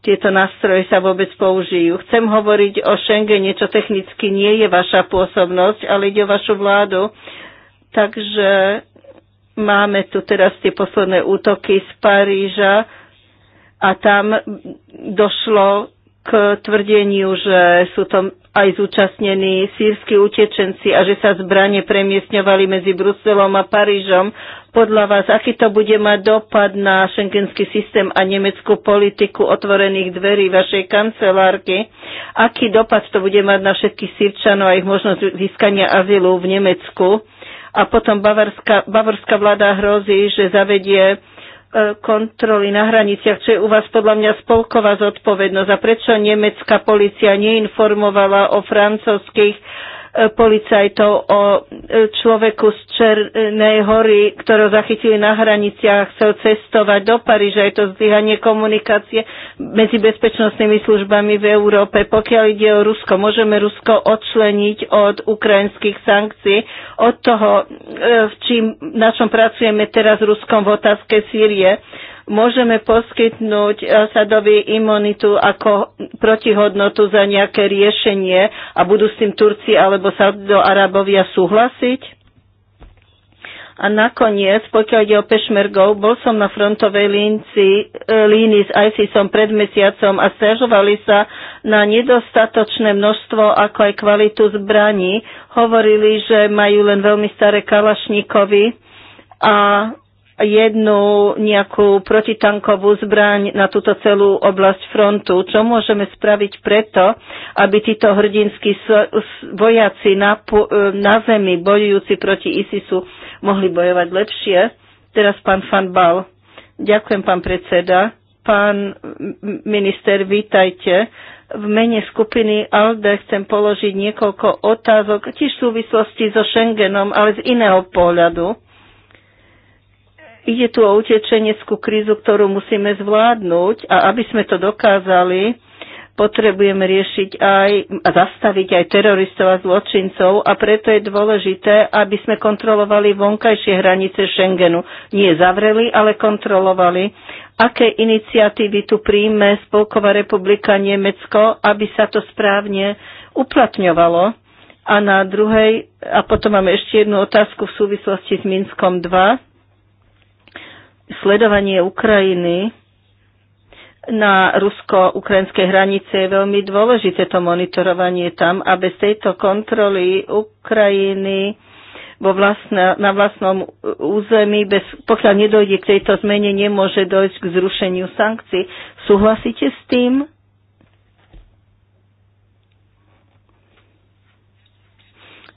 tieto nástroje sa vôbec použijú. Chcem hovoriť o Schengene, čo technicky nie je vaša pôsobnosť, ale ide o vašu vládu. Takže máme tu teraz tie posledné útoky z Paríža a tam došlo k tvrdeniu, že sú tam aj zúčastnení sírsky utečenci a že sa zbranie premiestňovali medzi Bruselom a Parížom. Podľa vás, aký to bude mať dopad na šengenský systém a nemeckú politiku otvorených dverí vašej kancelárky? Aký dopad to bude mať na všetkých sírčanov a ich možnosť získania azylu v Nemecku? A potom bavarská, bavarská vláda hrozí, že zavedie E, kontroly na hraniciach, čo je u vás podľa mňa spolková zodpovednosť. A prečo nemecká policia neinformovala o francúzských E, policajtov o e, človeku z Černej hory, ktorého zachytili na hraniciach, chcel cestovať do Paríža. Je to zlyhanie komunikácie medzi bezpečnostnými službami v Európe. Pokiaľ ide o Rusko, môžeme Rusko odčleniť od ukrajinských sankcií, od toho, e, v čím, na čom pracujeme teraz s Ruskom v otázke Sýrie môžeme poskytnúť Asadovi eh, imunitu ako protihodnotu za nejaké riešenie a budú s tým Turci alebo Saudo-Arabovia súhlasiť? A nakoniec, pokiaľ ide o pešmergov, bol som na frontovej línci, eh, línii s ISISom pred mesiacom a stiažovali sa na nedostatočné množstvo, ako aj kvalitu zbraní. Hovorili, že majú len veľmi staré kalašníkovi. a jednu nejakú protitankovú zbraň na túto celú oblasť frontu. Čo môžeme spraviť preto, aby títo hrdinskí vojaci na, e, na zemi bojujúci proti ISISu mohli bojovať lepšie? Teraz pán Fan Bal. Ďakujem, pán predseda. Pán minister, vítajte. V mene skupiny ALDE chcem položiť niekoľko otázok, tiež v súvislosti so Schengenom, ale z iného pohľadu Ide tu o utečeneckú krízu, ktorú musíme zvládnuť a aby sme to dokázali, potrebujeme riešiť aj a zastaviť aj teroristov a zločincov a preto je dôležité, aby sme kontrolovali vonkajšie hranice Schengenu. Nie zavreli, ale kontrolovali. Aké iniciatívy tu príjme Spolková republika Nemecko, aby sa to správne uplatňovalo? A na druhej, a potom máme ešte jednu otázku v súvislosti s Minskom 2 sledovanie Ukrajiny na rusko-ukrajinskej hranice je veľmi dôležité to monitorovanie tam a bez tejto kontroly Ukrajiny vo vlastne, na vlastnom území, bez, pokiaľ nedojde k tejto zmene, nemôže dojsť k zrušeniu sankcií. Súhlasíte s tým?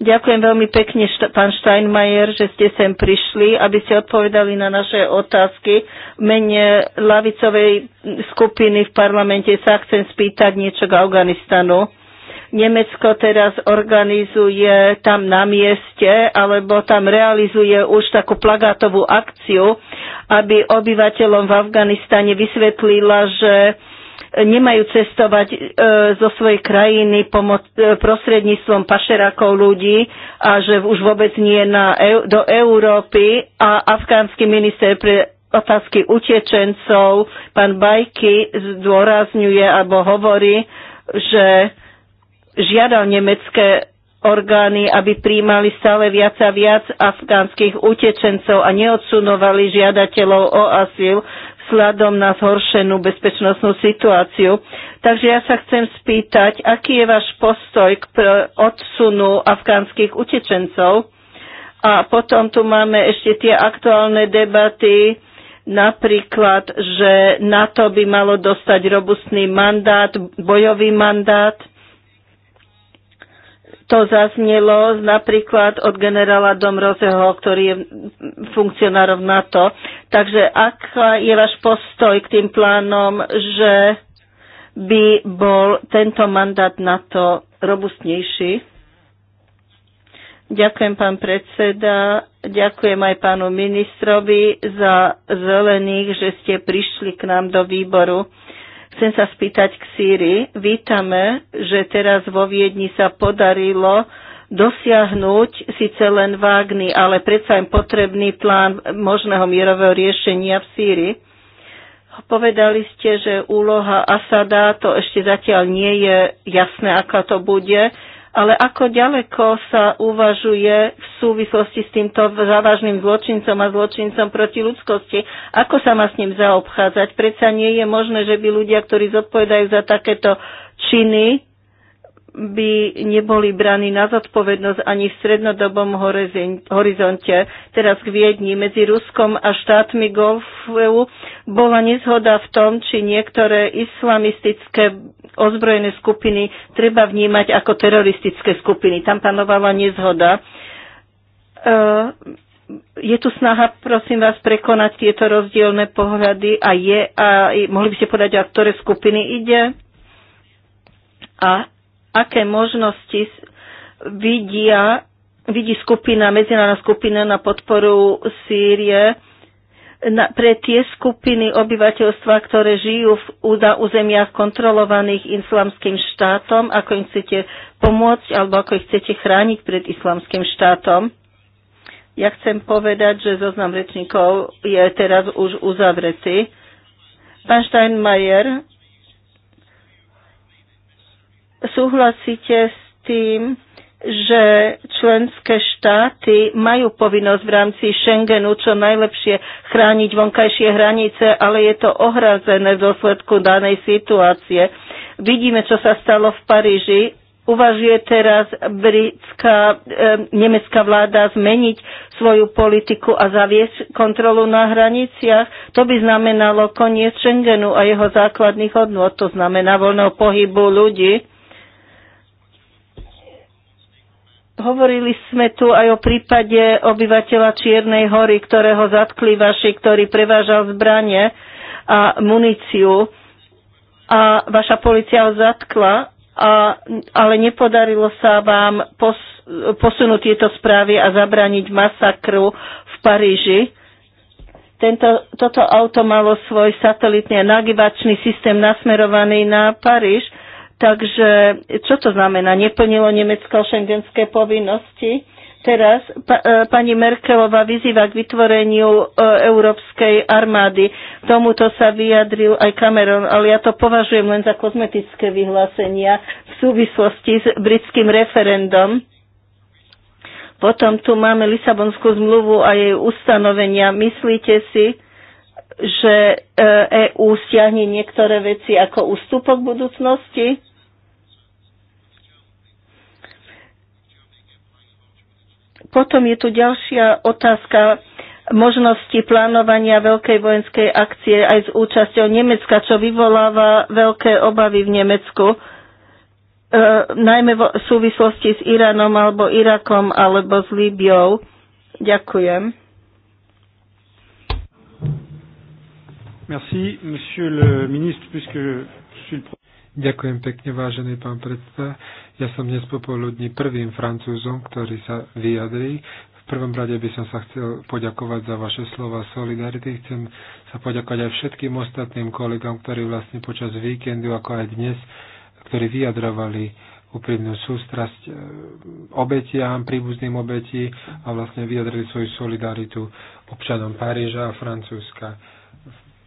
Ďakujem veľmi pekne, pán Steinmeier, že ste sem prišli, aby ste odpovedali na naše otázky. V mene lavicovej skupiny v parlamente sa chcem spýtať niečo k Afganistanu. Nemecko teraz organizuje tam na mieste alebo tam realizuje už takú plagátovú akciu, aby obyvateľom v Afganistane vysvetlila, že nemajú cestovať e, zo svojej krajiny pomoc, e, prostredníctvom pašerakov ľudí a že už vôbec nie na, e, do Európy a afgánsky minister pre otázky utečencov, pán Bajky, zdôrazňuje alebo hovorí, že žiadal nemecké orgány, aby príjmali stále viac a viac afgánskych utečencov a neodsunovali žiadateľov o azyl, vzhľadom na zhoršenú bezpečnostnú situáciu. Takže ja sa chcem spýtať, aký je váš postoj k odsunu afgánskych utečencov? A potom tu máme ešte tie aktuálne debaty, napríklad, že NATO by malo dostať robustný mandát, bojový mandát to zaznelo napríklad od generála Domrozeho, ktorý je funkcionárom NATO. Takže aká je váš postoj k tým plánom, že by bol tento mandát NATO robustnejší? Ďakujem, pán predseda. Ďakujem aj pánu ministrovi za zelených, že ste prišli k nám do výboru. Chcem sa spýtať k Sýrii. Vítame, že teraz vo Viedni sa podarilo dosiahnuť síce len vágny, ale predsa im potrebný plán možného mierového riešenia v Sýrii. Povedali ste, že úloha Asada to ešte zatiaľ nie je jasné, aká to bude ale ako ďaleko sa uvažuje v súvislosti s týmto závažným zločincom a zločincom proti ľudskosti? Ako sa má s ním zaobchádzať? Predsa nie je možné, že by ľudia, ktorí zodpovedajú za takéto činy, by neboli braní na zodpovednosť ani v strednodobom horizonte. Teraz k Viedni medzi Ruskom a štátmi Golfu bola nezhoda v tom, či niektoré islamistické ozbrojené skupiny treba vnímať ako teroristické skupiny. Tam panovala nezhoda. E, je tu snaha, prosím vás, prekonať tieto rozdielne pohľady a je, a mohli by ste povedať, o ktoré skupiny ide a aké možnosti vidia, vidí skupina, medzinárodná skupina na podporu Sýrie, na, pre tie skupiny obyvateľstva, ktoré žijú v úda územiach kontrolovaných islamským štátom, ako im chcete pomôcť alebo ako ich chcete chrániť pred islamským štátom. Ja chcem povedať, že zoznam rečníkov je teraz už uzavretý. Pán Steinmeier, súhlasíte s tým, že členské štáty majú povinnosť v rámci Schengenu čo najlepšie chrániť vonkajšie hranice, ale je to ohrazené v dôsledku danej situácie. Vidíme, čo sa stalo v Paríži. Uvažuje teraz britská, e, nemecká vláda zmeniť svoju politiku a zaviesť kontrolu na hraniciach. To by znamenalo koniec Schengenu a jeho základných hodnot, to znamená voľného pohybu ľudí Hovorili sme tu aj o prípade obyvateľa Čiernej hory, ktorého zatkli vaši, ktorý prevážal zbranie a muníciu a vaša policia ho zatkla, a, ale nepodarilo sa vám pos, posunúť tieto správy a zabraniť masakru v Paríži. Tento, toto auto malo svoj satelitný a nagivačný systém nasmerovaný na Paríž Takže čo to znamená? Neplnilo Nemecko šengenské povinnosti? Teraz pa, e, pani Merkelová vyzýva k vytvoreniu e, európskej armády. Tomuto sa vyjadril aj Cameron, ale ja to považujem len za kozmetické vyhlásenia v súvislosti s britským referendom. Potom tu máme Lisabonskú zmluvu a jej ustanovenia. Myslíte si, že EÚ e stiahne niektoré veci ako ústupok budúcnosti? Potom je tu ďalšia otázka možnosti plánovania veľkej vojenskej akcie aj s účasťou Nemecka, čo vyvoláva veľké obavy v Nemecku, e, najmä v súvislosti s Iránom alebo Irakom alebo s Líbiou. Ďakujem. Merci, monsieur le ministre, puisque je suis le Ďakujem pekne, vážený pán predseda. Ja som dnes popoludní prvým francúzom, ktorý sa vyjadrí. V prvom rade by som sa chcel poďakovať za vaše slova solidarity. Chcem sa poďakovať aj všetkým ostatným kolegom, ktorí vlastne počas víkendu, ako aj dnes, ktorí vyjadrovali úprimnú sústrasť e, obetiam, príbuzným obeti a vlastne vyjadrili svoju solidaritu občanom Paríža a Francúzska.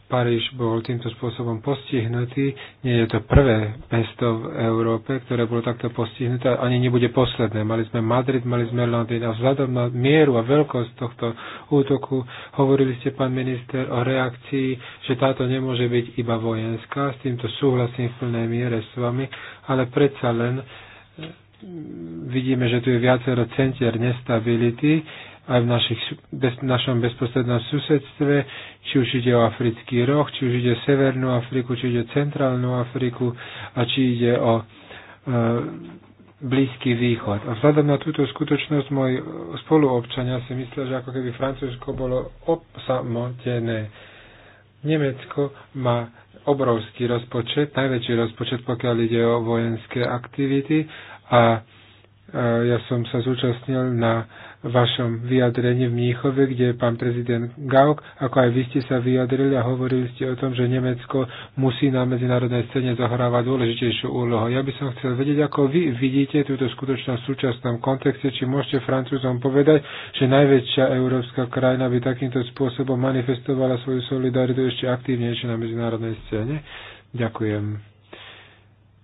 Paríž bol týmto spôsobom postihnutý. Nie je to prvé mesto v Európe, ktoré bolo takto postihnuté, ani nebude posledné. Mali sme Madrid, mali sme Londýn a vzhľadom na mieru a veľkosť tohto útoku hovorili ste, pán minister, o reakcii, že táto nemôže byť iba vojenská. S týmto súhlasím v plnej miere s vami, ale predsa len eh, vidíme, že tu je viacero centier nestability aj v, našich, bez, našom bezprostrednom susedstve, či už ide o africký roh, či už ide o Severnú Afriku, či ide o Centrálnu Afriku a či ide o e, Blízky východ. A vzhľadom na túto skutočnosť môj spoluobčania si myslia, že ako keby Francúzsko bolo osamotené. Nemecko má obrovský rozpočet, najväčší rozpočet, pokiaľ ide o vojenské aktivity a e, ja som sa zúčastnil na vašom vyjadrení v Mníchove, kde pán prezident Gauk ako aj vy ste sa vyjadrili a hovorili ste o tom, že Nemecko musí na medzinárodnej scéne zohrávať dôležitejšiu úlohu. Ja by som chcel vedieť, ako vy vidíte túto skutočnosť v súčasnom kontexte, či môžete Francúzom povedať, že najväčšia európska krajina by takýmto spôsobom manifestovala svoju solidaritu ešte aktívnejšie na medzinárodnej scéne. Ďakujem.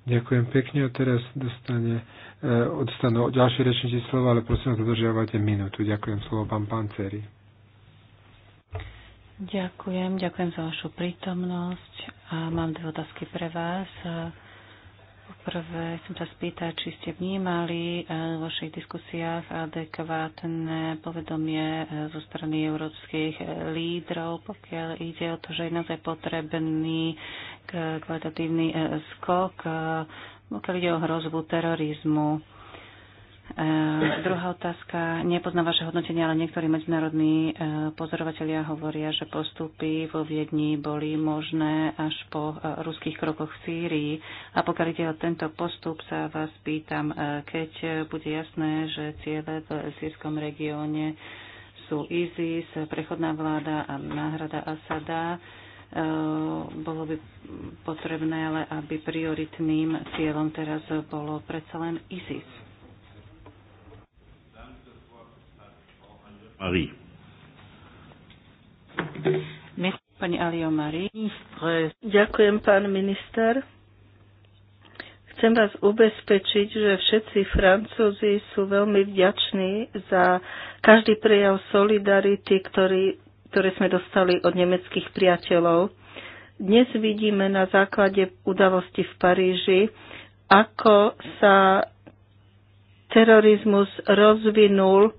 Ďakujem pekne a teraz dostane Eh, odstanú ďalšie rečníci slova, ale prosím, dodržiavajte minútu. Ďakujem slovo pán Panceri. Ďakujem, ďakujem za vašu prítomnosť a mám dve otázky pre vás. Eh, poprvé chcem sa spýtať, či ste vnímali eh, v vašich diskusiách adekvátne povedomie zo strany európskych lídrov, pokiaľ ide o to, že je naozaj potrebný kvalitatívny skok pokiaľ ide o hrozbu terorizmu. E, druhá otázka. Nepoznám vaše hodnotenie, ale niektorí medzinárodní e, pozorovatelia hovoria, že postupy vo Viedni boli možné až po e, ruských krokoch v Sýrii. A pokiaľ ide o tento postup, sa vás pýtam, e, keď bude jasné, že ciele v sírskom regióne sú ISIS, prechodná vláda a náhrada Asada, Eh, bolo by potrebné, ale aby prioritným cieľom teraz bolo predsa len ISIS. Marie. Pani Alio Marie. Ďakujem, pán minister. Chcem vás ubezpečiť, že všetci Francúzi sú veľmi vďační za každý prejav solidarity, ktorý ktoré sme dostali od nemeckých priateľov. Dnes vidíme na základe udalosti v Paríži, ako sa terorizmus rozvinul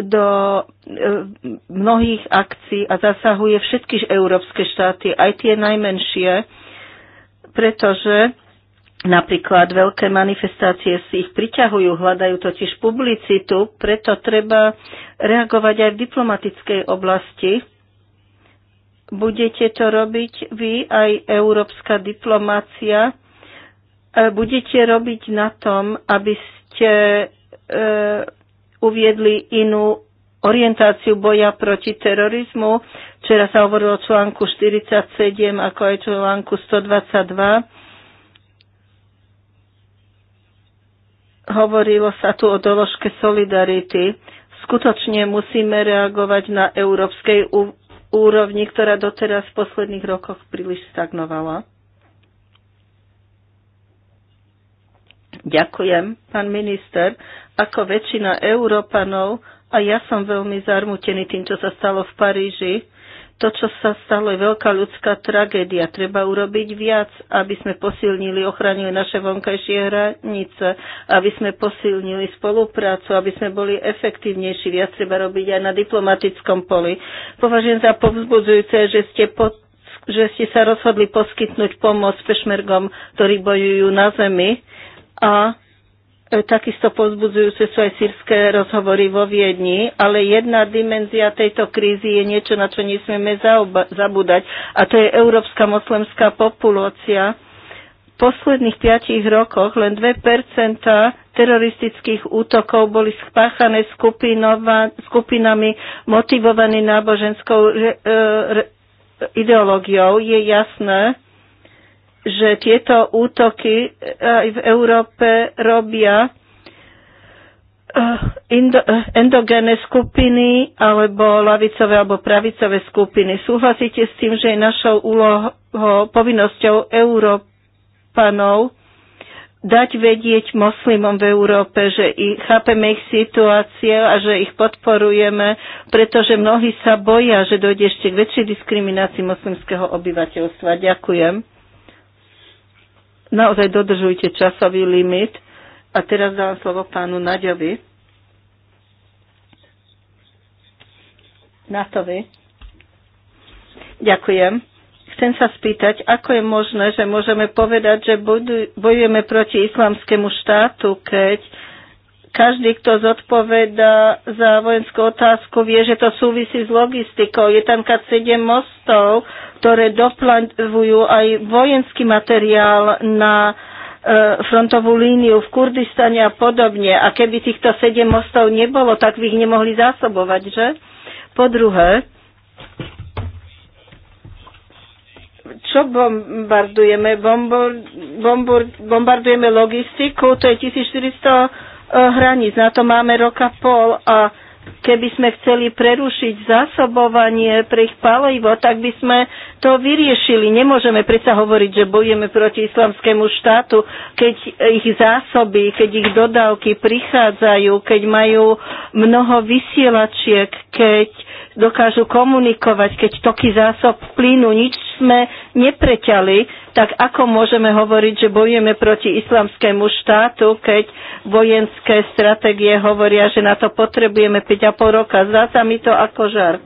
do e, mnohých akcií a zasahuje všetky európske štáty, aj tie najmenšie, pretože Napríklad veľké manifestácie si ich priťahujú, hľadajú totiž publicitu, preto treba reagovať aj v diplomatickej oblasti. Budete to robiť vy, aj európska diplomácia. E, budete robiť na tom, aby ste e, uviedli inú orientáciu boja proti terorizmu. Včera sa hovorilo o článku 47, ako aj článku 122 Hovorilo sa tu o doložke solidarity. Skutočne musíme reagovať na európskej úrovni, ktorá doteraz v posledných rokoch príliš stagnovala. Ďakujem, pán minister. Ako väčšina Európanov, a ja som veľmi zarmutený tým, čo sa stalo v Paríži, to, čo sa stalo, je veľká ľudská tragédia. Treba urobiť viac, aby sme posilnili, ochránili naše vonkajšie hranice, aby sme posilnili spoluprácu, aby sme boli efektívnejší. Viac treba robiť aj na diplomatickom poli. Považujem za povzbudzujúce, že ste pod že ste sa rozhodli poskytnúť pomoc pešmergom, ktorí bojujú na zemi a E, takisto pozbudzujúce sú aj sírske rozhovory vo Viedni, ale jedna dimenzia tejto krízy je niečo, na čo nesmieme zabúdať, a to je európska moslemská populácia. V posledných piatich rokoch len 2 teroristických útokov boli spáchané skupinami motivovaní náboženskou re, e, re, ideológiou. Je jasné, že tieto útoky e, aj v Európe robia e, e, endogénne skupiny alebo lavicové alebo pravicové skupiny. Súhlasíte s tým, že je našou úlohou, povinnosťou Európanov dať vedieť moslimom v Európe, že ich, chápeme ich situácie a že ich podporujeme, pretože mnohí sa boja, že dojde ešte k väčšej diskriminácii moslimského obyvateľstva. Ďakujem. Naozaj dodržujte časový limit. A teraz dám slovo pánu Naďovi. Natovi. Ďakujem. Chcem sa spýtať, ako je možné, že môžeme povedať, že bojujeme proti islamskému štátu, keď každý, kto zodpoveda za vojenskú otázku, vie, že to súvisí s logistikou. Je tam kad 7 mostov, ktoré doplňujú aj vojenský materiál na e, frontovú líniu v Kurdistane a podobne. A keby týchto sedem mostov nebolo, tak by ich nemohli zásobovať, že? Po druhé, čo bombardujeme? Bombor, bombardujeme logistiku, to je 1400 E, hraníc. Na to máme roka pol a keby sme chceli prerušiť zásobovanie pre ich palivo, tak by sme to vyriešili. Nemôžeme predsa hovoriť, že bojujeme proti islamskému štátu, keď ich zásoby, keď ich dodávky prichádzajú, keď majú mnoho vysielačiek, keď dokážu komunikovať, keď toky zásob plynu, nič sme nepreťali, tak ako môžeme hovoriť, že bojujeme proti islamskému štátu, keď vojenské stratégie hovoria, že na to potrebujeme 5,5 roka. Zdá sa mi to ako žart.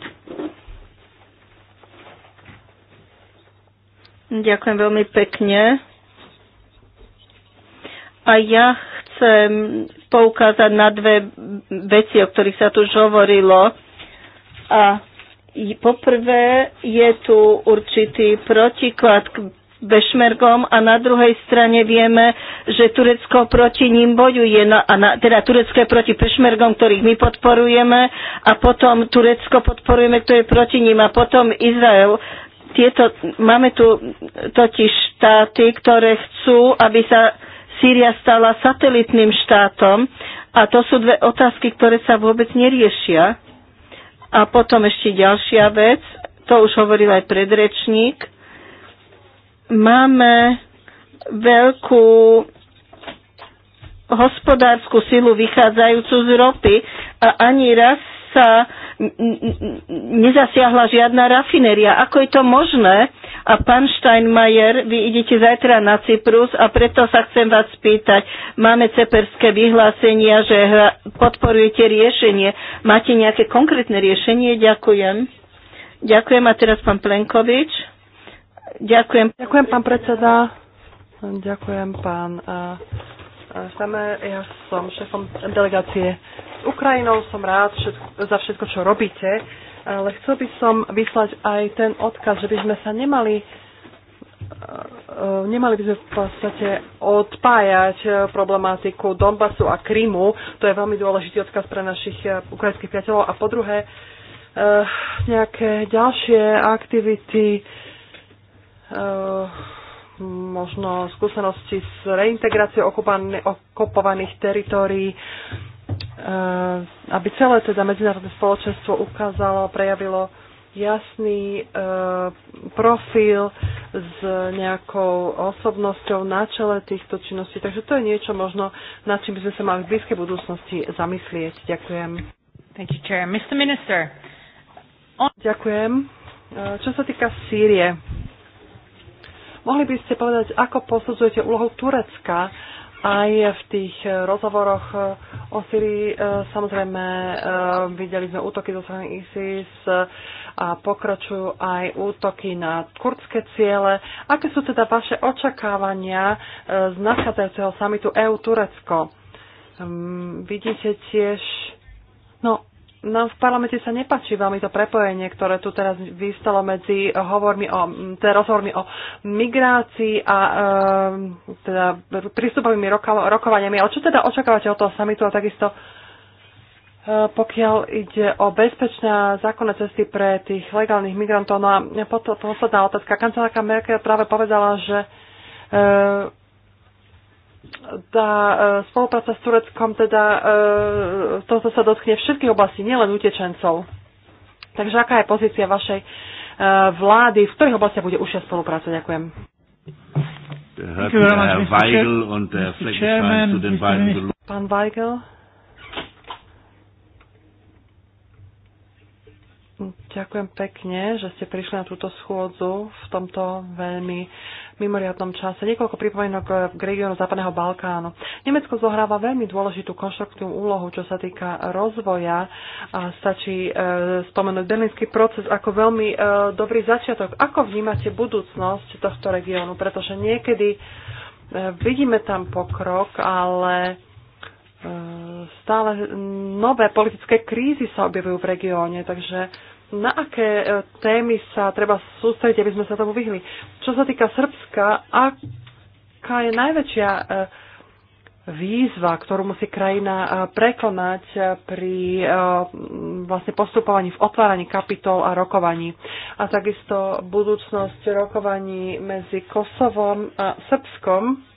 Ďakujem veľmi pekne. A ja chcem poukázať na dve veci, o ktorých sa tu už hovorilo a poprvé je tu určitý protiklad k Bešmergom a na druhej strane vieme, že Turecko proti ním bojuje, no, a na, teda Turecko je proti Bešmergom, ktorých my podporujeme a potom Turecko podporujeme, kto je proti ním a potom Izrael. Tieto, máme tu totiž štáty, ktoré chcú, aby sa Sýria stala satelitným štátom a to sú dve otázky, ktoré sa vôbec neriešia. A potom ešte ďalšia vec, to už hovoril aj predrečník. Máme veľkú hospodárskú silu vychádzajúcu z ropy a ani raz sa nezasiahla žiadna rafinéria. Ako je to možné? A pán Steinmeier, vy idete zajtra na Cyprus a preto sa chcem vás spýtať. Máme ceperské vyhlásenia, že podporujete riešenie. Máte nejaké konkrétne riešenie? Ďakujem. Ďakujem a teraz pán Plenkovič. Ďakujem. Ďakujem pán predseda. Ďakujem pán Samer, eh, eh, ja som šéfom delegácie s Ukrajinou, som rád všetko, za všetko, čo robíte. Ale chcel by som vyslať aj ten odkaz, že by sme sa nemali eh, nemali by sme v podstate odpájať eh, problematiku Donbasu a Krymu. To je veľmi dôležitý odkaz pre našich eh, ukrajinských priateľov. A po druhé, nejaké ďalšie aktivity, možno skúsenosti s reintegráciou okupovaných teritórií Eh, aby celé teda medzinárodné spoločenstvo ukázalo, prejavilo jasný e, profil s nejakou osobnosťou na čele týchto činností. Takže to je niečo možno, nad čím by sme sa mali v blízkej budúcnosti zamyslieť. Ďakujem. Thank you, Chair. Mr. Minister. On... Ďakujem. Eh, čo sa týka Sýrie, mohli by ste povedať, ako posudzujete úlohu Turecka aj v tých e, rozhovoroch e, o Syrii e, samozrejme videli sme útoky zo strany ISIS a pokračujú aj útoky na kurdské ciele. Aké sú teda vaše očakávania z nachádzajúceho samitu EU-Turecko? Hm, vidíte tiež, no nám v parlamente sa nepačí veľmi to prepojenie, ktoré tu teraz vystalo medzi hovormi o, teda rozhovormi o migrácii a e, teda prístupovými rokovaniami. Ale čo teda očakávate od toho samitu a takisto e, pokiaľ ide o bezpečné a zákonné cesty pre tých legálnych migrantov. No a posledná otázka. Kancelárka Merkel práve povedala, že e, tá e, spolupráca s Tureckom teda e, toto sa dotkne všetkých oblastí, nielen utečencov. Takže aká je pozícia vašej e, vlády, v ktorých oblastiach bude užšia spolupráca? Ďakujem. Pán Weigel Ďakujem pekne, že ste prišli na túto schôdzu v tomto veľmi mimoriadnom čase. Niekoľko pripomienok eh, k regiónu Západného Balkánu. Nemecko zohráva veľmi dôležitú konštruktívnu úlohu, čo sa týka rozvoja. A stačí e, spomenúť berlínsky proces ako veľmi e, dobrý začiatok. Ako vnímate budúcnosť tohto regiónu? Pretože niekedy e, vidíme tam pokrok, ale stále nové politické krízy sa objavujú v regióne, takže na aké e, témy sa treba sústrediť, aby sme sa tomu vyhli. Čo sa týka Srbska, aká je najväčšia e, výzva, ktorú musí krajina e, prekonať pri vlastne postupovaní v otváraní kapitol a rokovaní. A takisto budúcnosť rokovaní medzi Kosovom a Srbskom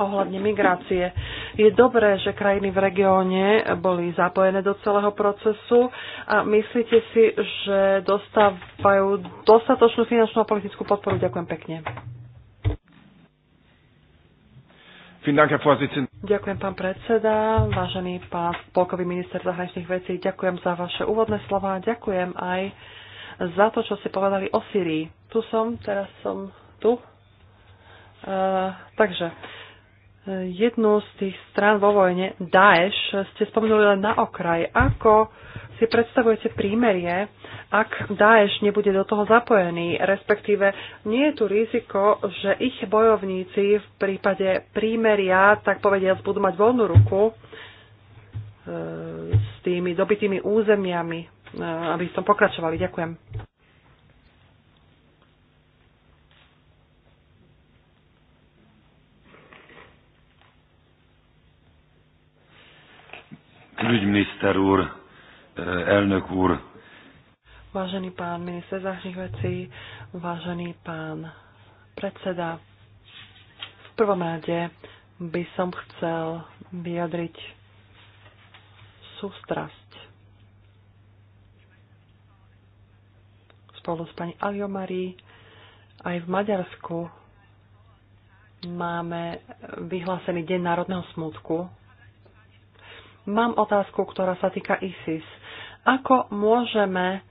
ohľadne migrácie. Je dobré, že krajiny v regióne boli zapojené do celého procesu a myslíte si, že dostávajú dostatočnú finančnú a politickú podporu? Ďakujem pekne. Ďakujem, pán predseda, vážený pán spolkový minister zahraničných vecí, ďakujem za vaše úvodné slova, ďakujem aj za to, čo ste povedali o Syrii. Tu som, teraz som tu. Uh, takže, jednu z tých strán vo vojne, Daesh, ste spomenuli len na okraj. Ako si predstavujete prímerie, ak Daesh nebude do toho zapojený, respektíve nie je tu riziko, že ich bojovníci v prípade prímeria, tak povediac, budú mať voľnú ruku e, s tými dobitými územiami, e, aby som pokračovali. Ďakujem. külügyminiszter úr, e, elnök úr. Vážený pán minister zahraničných vecí, vážený pán predseda, v prvom rade by som chcel vyjadriť sústrasť spolu s pani Aliomarí. Aj v Maďarsku máme vyhlásený Deň národného smutku Mám otázku, ktorá sa týka ISIS. Ako môžeme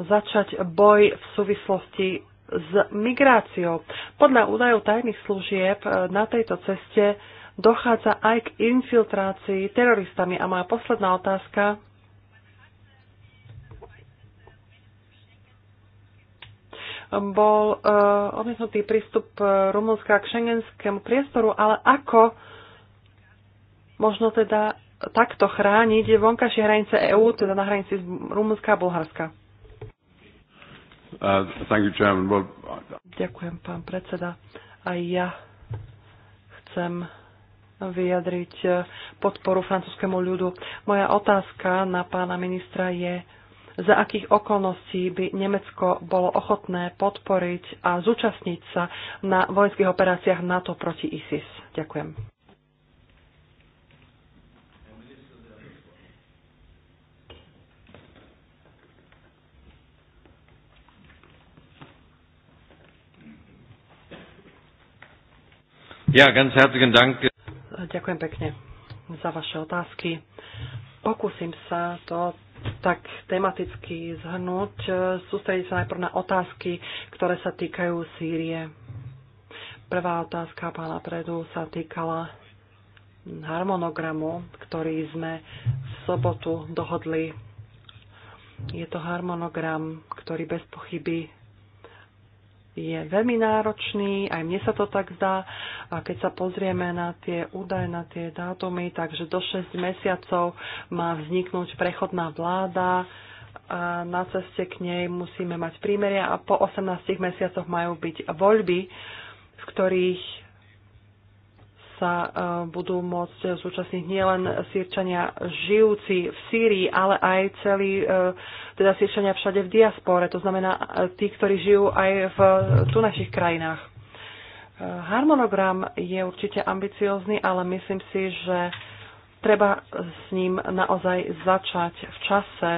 začať boj v súvislosti s migráciou? Podľa údajov tajných služieb eh, na tejto ceste dochádza aj k infiltrácii teroristami. A moja posledná otázka. Bol uh, odmietnutý prístup eh, Rumunska k šengenskému priestoru, ale ako možno teda takto chrániť vonkajšie hranice EÚ, teda na hranici z Rumunska a Bulharska? Uh, you, well... Ďakujem, pán predseda. A ja chcem vyjadriť podporu francúzskému ľudu. Moja otázka na pána ministra je, za akých okolností by Nemecko bolo ochotné podporiť a zúčastniť sa na vojenských operáciách NATO proti ISIS. Ďakujem. Ja, ganz herzlichen Dank. Ďakujem pekne za vaše otázky. Pokúsim sa to tak tematicky zhrnúť. Sústrediť sa najprv na otázky, ktoré sa týkajú Sýrie. Prvá otázka pána Predu sa týkala harmonogramu, ktorý sme v sobotu dohodli. Je to harmonogram, ktorý bez pochyby je veľmi náročný, aj mne sa to tak zdá. A keď sa pozrieme na tie údaje, na tie dátumy, takže do 6 mesiacov má vzniknúť prechodná vláda a na ceste k nej musíme mať prímeria a po 18 mesiacoch majú byť voľby, v ktorých sa e, budú môcť zúčastniť nielen sírčania žijúci v Sýrii, ale aj celí e, teda sírčania všade v diaspore, to znamená e, tí, ktorí žijú aj v tu našich krajinách. Harmonogram je určite ambiciózny, ale myslím si, že treba s ním naozaj začať v čase,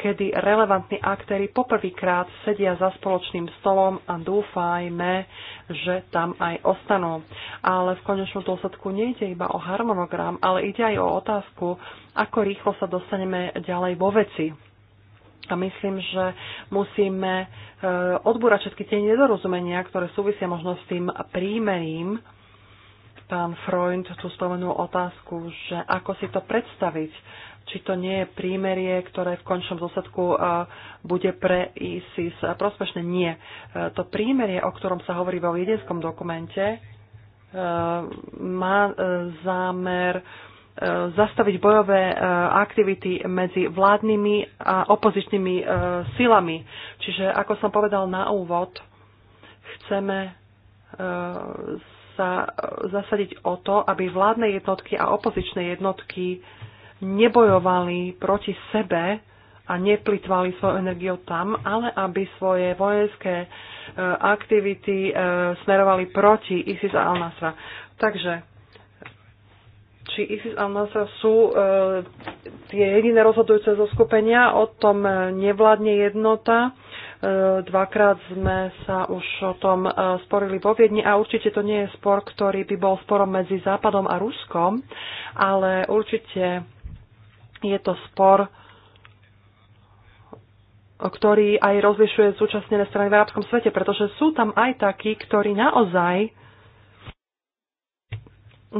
kedy relevantní aktéry poprvýkrát sedia za spoločným stolom a dúfajme, že tam aj ostanú. Ale v konečnom dôsledku nejde iba o harmonogram, ale ide aj o otázku, ako rýchlo sa dostaneme ďalej vo veci. A myslím, že musíme e, odbúrať všetky tie nedorozumenia, ktoré súvisia možno s tým prímerím, pán Freund tu spomenul otázku, že ako si to predstaviť či to nie je prímerie, ktoré v končnom dôsledku bude pre ISIS prospešné. Nie. E, to prímerie, o ktorom sa hovorí vo viedenskom dokumente, e, má e, zámer zastaviť bojové aktivity medzi vládnymi a opozičnými silami. Čiže, ako som povedal na úvod, chceme sa zasadiť o to, aby vládne jednotky a opozičné jednotky nebojovali proti sebe a neplitvali svoju energiu tam, ale aby svoje vojenské e, aktivity e, smerovali proti ISIS a Al-Nasra. Takže či ISIS a Al-Nasra sú e, tie jediné rozhodujúce zo skupenia, o tom nevládne jednota. E, dvakrát sme sa už o tom e, sporili vo Viedni a určite to nie je spor, ktorý by bol sporom medzi Západom a Ruskom, ale určite je to spor, ktorý aj rozlišuje súčasnené strany v arabskom svete, pretože sú tam aj takí, ktorí naozaj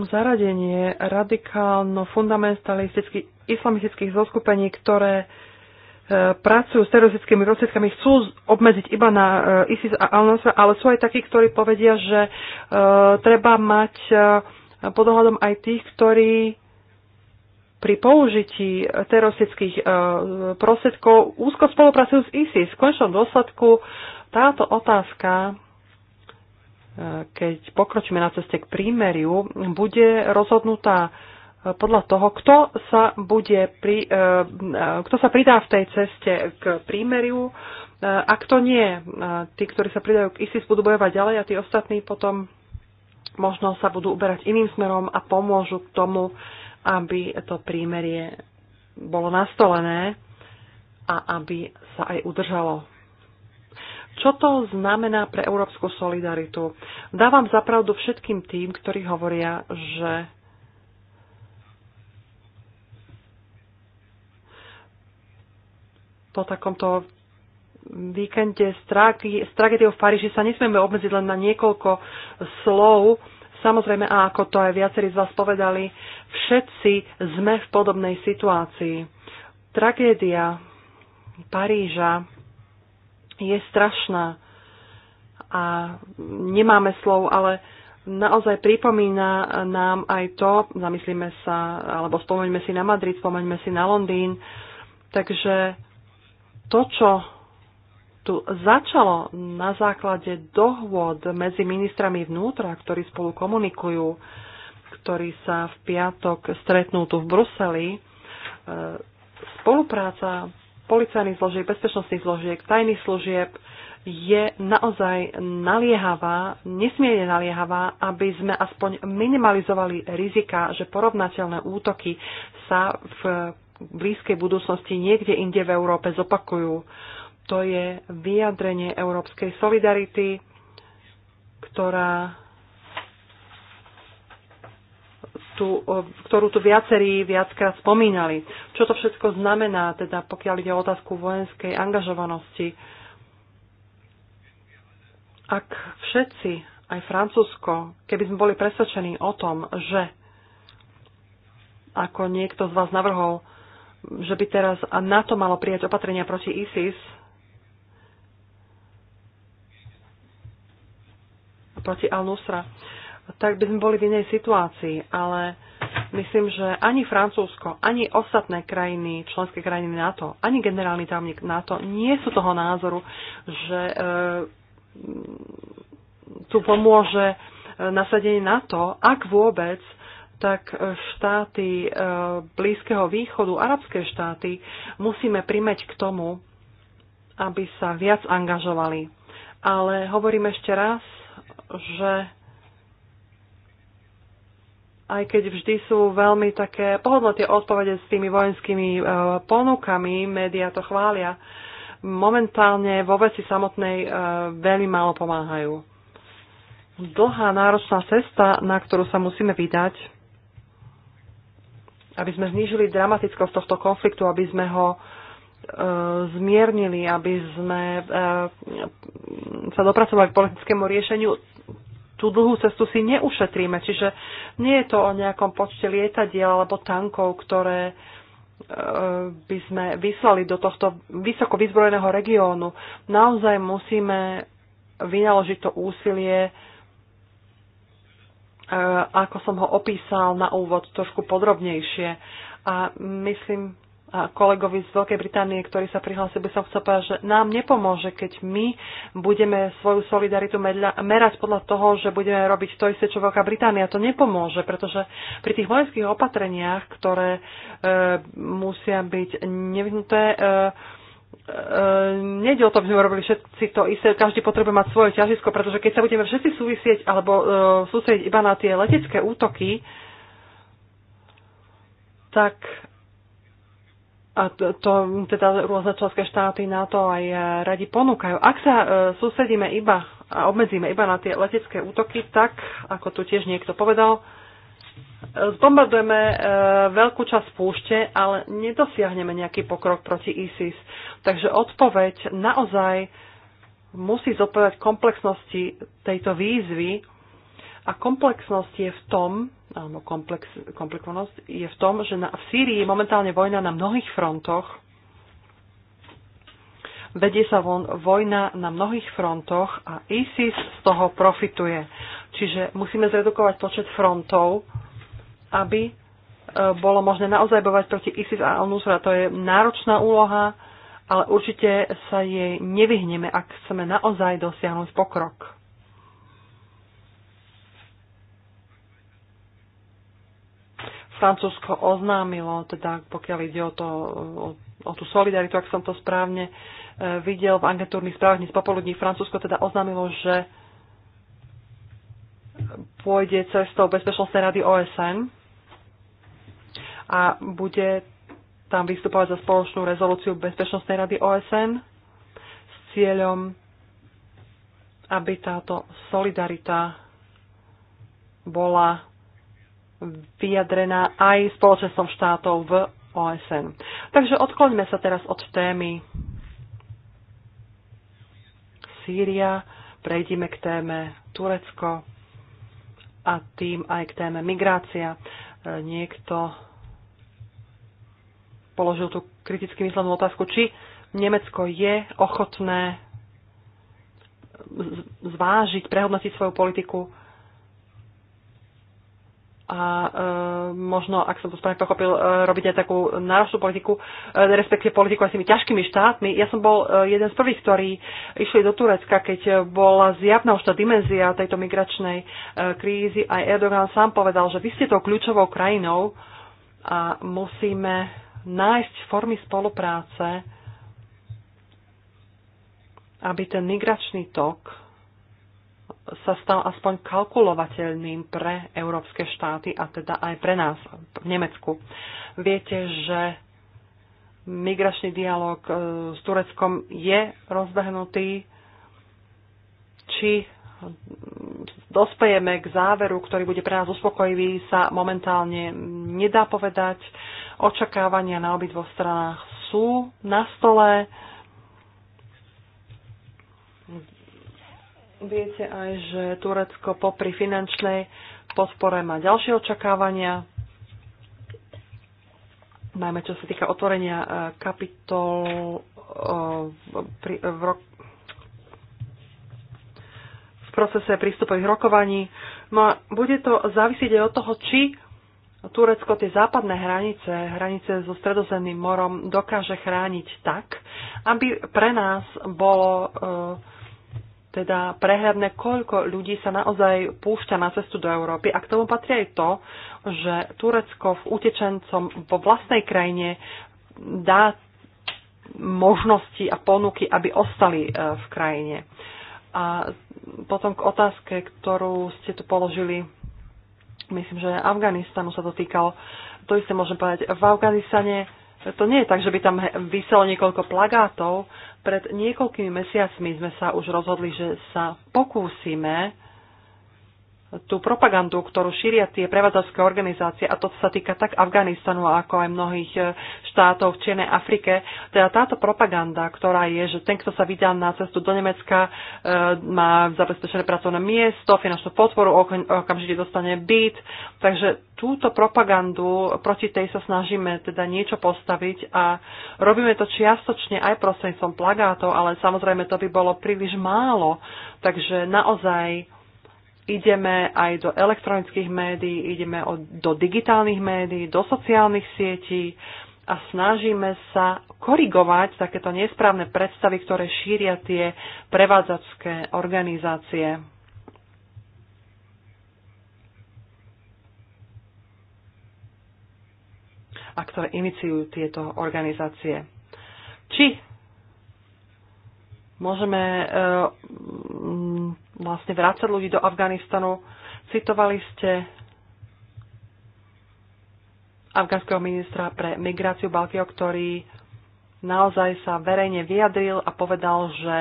zaradenie radikálno-fundamentalistických islamistických zoskupení, ktoré e, pracujú s teroristickými prostriedkami, chcú obmedziť iba na e, ISIS a al ale sú aj takí, ktorí povedia, že e, treba mať pod ohľadom aj tých, ktorí pri použití eh, teroristických eh, prostriedkov úzko spolupracujú s ISIS. V končnom dôsledku táto otázka, eh, keď pokročíme na ceste k prímeriu, bude rozhodnutá podľa toho, kto sa, bude pri, kto sa pridá v tej ceste k prímeriu. A kto nie, tí, ktorí sa pridajú k ISIS, budú bojovať ďalej a tí ostatní potom možno sa budú uberať iným smerom a pomôžu k tomu, aby to prímerie bolo nastolené a aby sa aj udržalo. Čo to znamená pre európsku solidaritu? Dávam zapravdu všetkým tým, ktorí hovoria, že po takomto víkende s tragédiou v Paríži sa nesmieme obmedziť len na niekoľko slov, Samozrejme, a ako to aj viacerí z vás povedali, všetci sme v podobnej situácii. Tragédia Paríža je strašná a nemáme slov, ale naozaj pripomína nám aj to, zamyslíme sa, alebo spomeňme si na Madrid, spomeňme si na Londýn, takže to, čo tu začalo na základe dohôd medzi ministrami vnútra, ktorí spolu komunikujú, ktorí sa v piatok stretnú tu v Bruseli. E, spolupráca policajných zložiek, bezpečnostných zložiek, tajných služieb je naozaj naliehavá, nesmierne naliehavá, aby sme aspoň minimalizovali rizika, že porovnateľné útoky sa v blízkej budúcnosti niekde inde v Európe zopakujú to je vyjadrenie európskej solidarity, ktorá tu, ktorú tu viacerí viackrát spomínali. Čo to všetko znamená, teda pokiaľ ide o otázku vojenskej angažovanosti? Ak všetci, aj Francúzsko, keby sme boli presvedčení o tom, že ako niekto z vás navrhol, že by teraz NATO malo prijať opatrenia proti ISIS, proti Al-Nusra, tak by sme boli v inej situácii, ale myslím, že ani Francúzsko, ani ostatné krajiny, členské krajiny NATO, ani generálny tajomník NATO nie sú toho názoru, že e, tu pomôže e, nasadenie NATO, ak vôbec, tak štáty e, Blízkeho východu, arabské štáty, musíme primeť k tomu, aby sa viac angažovali. Ale hovorím ešte raz, že aj keď vždy sú veľmi také pohodlné tie odpovede s tými vojenskými e, ponukami, médiá to chvália, momentálne vo veci samotnej e, veľmi málo pomáhajú. Dlhá náročná cesta, na ktorú sa musíme vydať, aby sme znížili dramatickosť tohto konfliktu, aby sme ho e, zmiernili, aby sme e, sa dopracovali k politickému riešeniu, tú dlhú cestu si neušetríme. Čiže nie je to o nejakom počte lietadiel alebo tankov, ktoré e, by sme vyslali do tohto vysoko vyzbrojeného regiónu. Naozaj musíme vynaložiť to úsilie, e, ako som ho opísal na úvod, trošku podrobnejšie. A myslím, a kolegovi z Veľkej Británie, ktorý sa prihlásil, by som chcel povedať, že nám nepomôže, keď my budeme svoju solidaritu merať podľa toho, že budeme robiť to isté, čo Veľká Británia. To nepomôže, pretože pri tých vojenských opatreniach, ktoré e, musia byť nevyhnuté, e, e, nejde o to, aby sme robili všetci to isté, každý potrebuje mať svoje ťažisko, pretože keď sa budeme všetci súvisieť alebo e, sústrediť iba na tie letecké útoky, tak a to, to teda rôzne členské štáty na to aj e, radi ponúkajú. Ak sa e, susedíme iba a obmedzíme iba na tie letecké útoky, tak, ako tu tiež niekto povedal, e, zbombardujeme e, veľkú časť púšte, ale nedosiahneme nejaký pokrok proti ISIS. Takže odpoveď naozaj musí zodpovedať komplexnosti tejto výzvy a komplexnosť je v tom, alebo komplex, komplikovanosť je v tom, že na, v Sýrii je momentálne vojna na mnohých frontoch. Vedie sa von, vojna na mnohých frontoch a ISIS z toho profituje. Čiže musíme zredukovať počet frontov, aby e, bolo možné naozaj bojovať proti ISIS a al-Nusra. To je náročná úloha, ale určite sa jej nevyhneme, ak chceme naozaj dosiahnuť pokrok. Francúzsko oznámilo, teda pokiaľ ide o, to, o, o tú solidaritu, ak som to správne e, videl v agentúrnych správach dnes popoludní, Francúzsko teda oznámilo, že pôjde cestou Bezpečnostnej rady OSN a bude tam vystupovať za spoločnú rezolúciu Bezpečnostnej rady OSN s cieľom, aby táto solidarita bola vyjadrená aj spoločenstvom štátov v OSN. Takže odkloňme sa teraz od témy Sýria, prejdime k téme Turecko a tým aj k téme migrácia. E, niekto položil tú kriticky myslenú otázku, či Nemecko je ochotné zvážiť, prehodnotiť svoju politiku a e, možno, ak som to správne pochopil, e, robiť aj takú náročnú politiku, e, respektíve politiku aj s tými ťažkými štátmi. Ja som bol e, jeden z prvých, ktorí išli do Turecka, keď e, bola zjavná už tá dimenzia tejto migračnej e, krízy. Aj Erdogan sám povedal, že vy ste tou kľúčovou krajinou a musíme nájsť formy spolupráce, aby ten migračný tok sa stal aspoň kalkulovateľným pre európske štáty a teda aj pre nás v Nemecku. Viete, že migračný dialog e, s Tureckom je rozbehnutý. Či mm, dospejeme k záveru, ktorý bude pre nás uspokojivý, sa momentálne nedá povedať. Očakávania na obidvoch stranách sú na stole. Viete aj, že Turecko popri finančnej podpore má ďalšie očakávania, najmä čo sa týka otvorenia e, kapitol e, e, v, rok, v procese prístupových rokovaní. No a bude to závisieť aj od toho, či Turecko tie západné hranice, hranice so stredozemným morom dokáže chrániť tak, aby pre nás bolo uh, teda prehľadné, koľko ľudí sa naozaj púšťa na cestu do Európy. A k tomu patrí aj to, že Turecko v utečencom vo vlastnej krajine dá možnosti a ponuky, aby ostali e, v krajine. A potom k otázke, ktorú ste tu položili, myslím, že Afganistanu sa to týkalo. To isté môžem povedať. V Afganistane to nie je tak, že by tam vyselo niekoľko plagátov. Pred niekoľkými mesiacmi sme sa už rozhodli, že sa pokúsime tú propagandu, ktorú šíria tie prevádzavské organizácie, a to sa týka tak Afganistanu, ako aj mnohých e, štátov v Čiernej Afrike, teda táto propaganda, ktorá je, že ten, kto sa vydá na cestu do Nemecka, e, má zabezpečené pracovné miesto, finančnú podporu, okamžite dostane byt. Takže túto propagandu, proti tej sa snažíme teda niečo postaviť a robíme to čiastočne aj prostredníctvom plagátov, ale samozrejme to by bolo príliš málo. Takže naozaj ideme aj do elektronických médií, ideme od, do digitálnych médií, do sociálnych sietí a snažíme sa korigovať takéto nesprávne predstavy, ktoré šíria tie prevádzacké organizácie. a ktoré iniciujú tieto organizácie. Či môžeme e, vlastne vrácať ľudí do Afganistanu. Citovali ste afgánskeho ministra pre migráciu Balkio, ktorý naozaj sa verejne vyjadril a povedal, že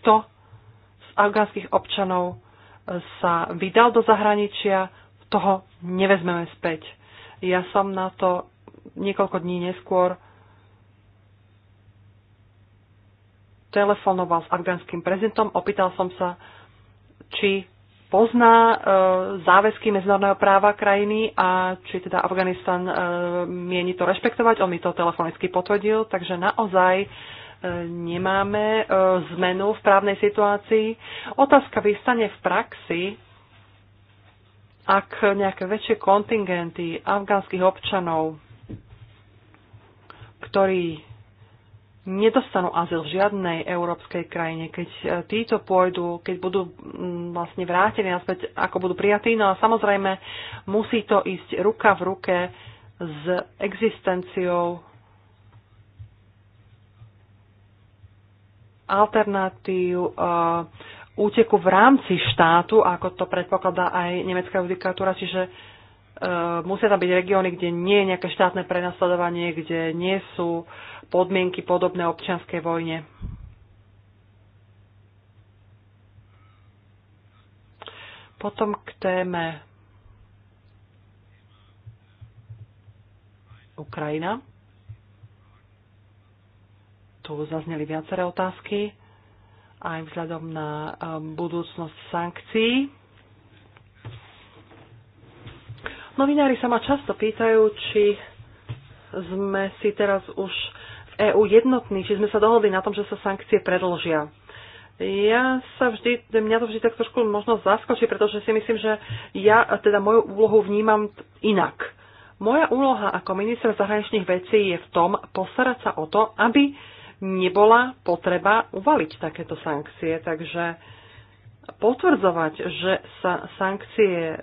kto z afgánskych občanov sa vydal do zahraničia, toho nevezmeme späť. Ja som na to niekoľko dní neskôr telefonoval s afgánskym prezidentom, opýtal som sa, či pozná e, záväzky medzinárodného práva krajiny a či teda Afganistan e, mieni to rešpektovať. On mi to telefonicky potvrdil, takže naozaj e, nemáme e, zmenu v právnej situácii. Otázka vystane v praxi, ak nejaké väčšie kontingenty afgánskych občanov, ktorí nedostanú azyl v žiadnej európskej krajine, keď e, títo pôjdu, keď budú mm, vlastne vrátení naspäť, ako budú prijatí. No a samozrejme musí to ísť ruka v ruke s existenciou alternatív e, úteku v rámci štátu, ako to predpokladá aj nemecká judikatúra, čiže Eh, musia tam byť regióny, kde nie je nejaké štátne prenasledovanie, kde nie sú podmienky podobné občianskej vojne. Potom k téme Ukrajina. Tu zazneli viaceré otázky aj vzhľadom na eh, budúcnosť sankcií Novinári sa ma často pýtajú, či sme si teraz už v EÚ jednotní, či sme sa dohodli na tom, že sa sankcie predlžia. Ja sa vždy, mňa to vždy tak trošku možno zaskočí, pretože si myslím, že ja teda moju úlohu vnímam inak. Moja úloha ako minister zahraničných vecí je v tom postarať sa o to, aby nebola potreba uvaliť takéto sankcie. Takže potvrdzovať, že sa sankcie, e,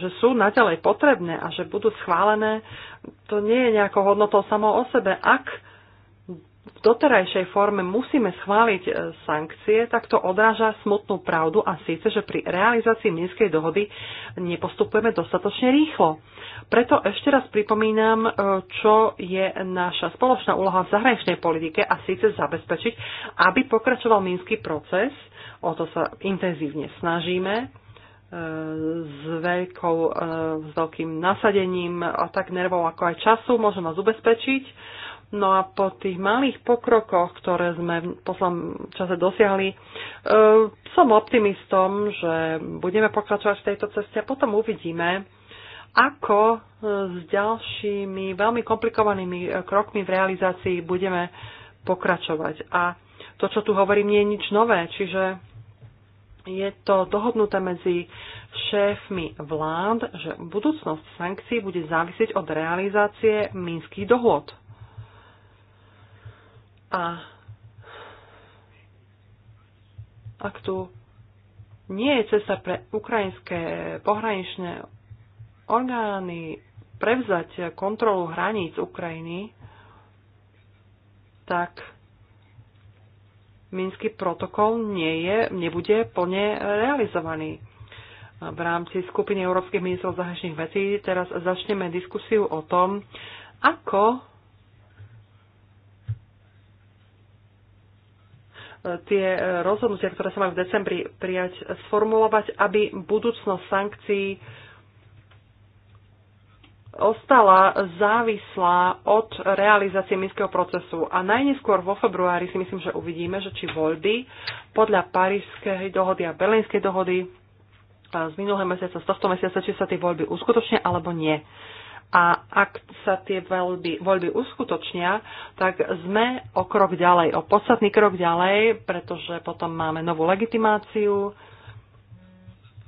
že sú naďalej potrebné a že budú schválené, to nie je nejakou hodnotou samo o sebe. Ak v doterajšej forme musíme schváliť e, sankcie, tak to odráža smutnú pravdu a síce, že pri realizácii Minskej dohody nepostupujeme dostatočne rýchlo. Preto ešte raz pripomínam, e, čo je naša spoločná úloha v zahraničnej politike a síce zabezpečiť, aby pokračoval Minský proces – O to sa intenzívne snažíme e, s, veľkou, e, s veľkým nasadením a tak nervov ako aj času, môžem vás ubezpečiť. No a po tých malých pokrokoch, ktoré sme v poslednom čase dosiahli, e, som optimistom, že budeme pokračovať v tejto ceste a potom uvidíme, ako s ďalšími veľmi komplikovanými krokmi v realizácii budeme pokračovať. A to, čo tu hovorím, nie je nič nové, čiže je to dohodnuté medzi šéfmi vlád, že budúcnosť sankcií bude závisieť od realizácie mínskych dohôd. A ak tu nie je cesta pre ukrajinské pohraničné orgány prevzať kontrolu hraníc Ukrajiny, tak Minský protokol nie je, nebude plne realizovaný. V rámci skupiny Európskych ministrov zahraničných vecí teraz začneme diskusiu o tom, ako tie rozhodnutia, ktoré sa majú v decembri prijať, sformulovať, aby budúcnosť sankcií ostala závislá od realizácie minského procesu. A najneskôr vo februári si myslím, že uvidíme, že či voľby podľa Parížskej dohody a Berlínskej dohody z minulého mesiaca, z tohto mesiaca, či sa tie voľby uskutočnia alebo nie. A ak sa tie voľby, voľby uskutočnia, tak sme o krok ďalej, o podstatný krok ďalej, pretože potom máme novú legitimáciu,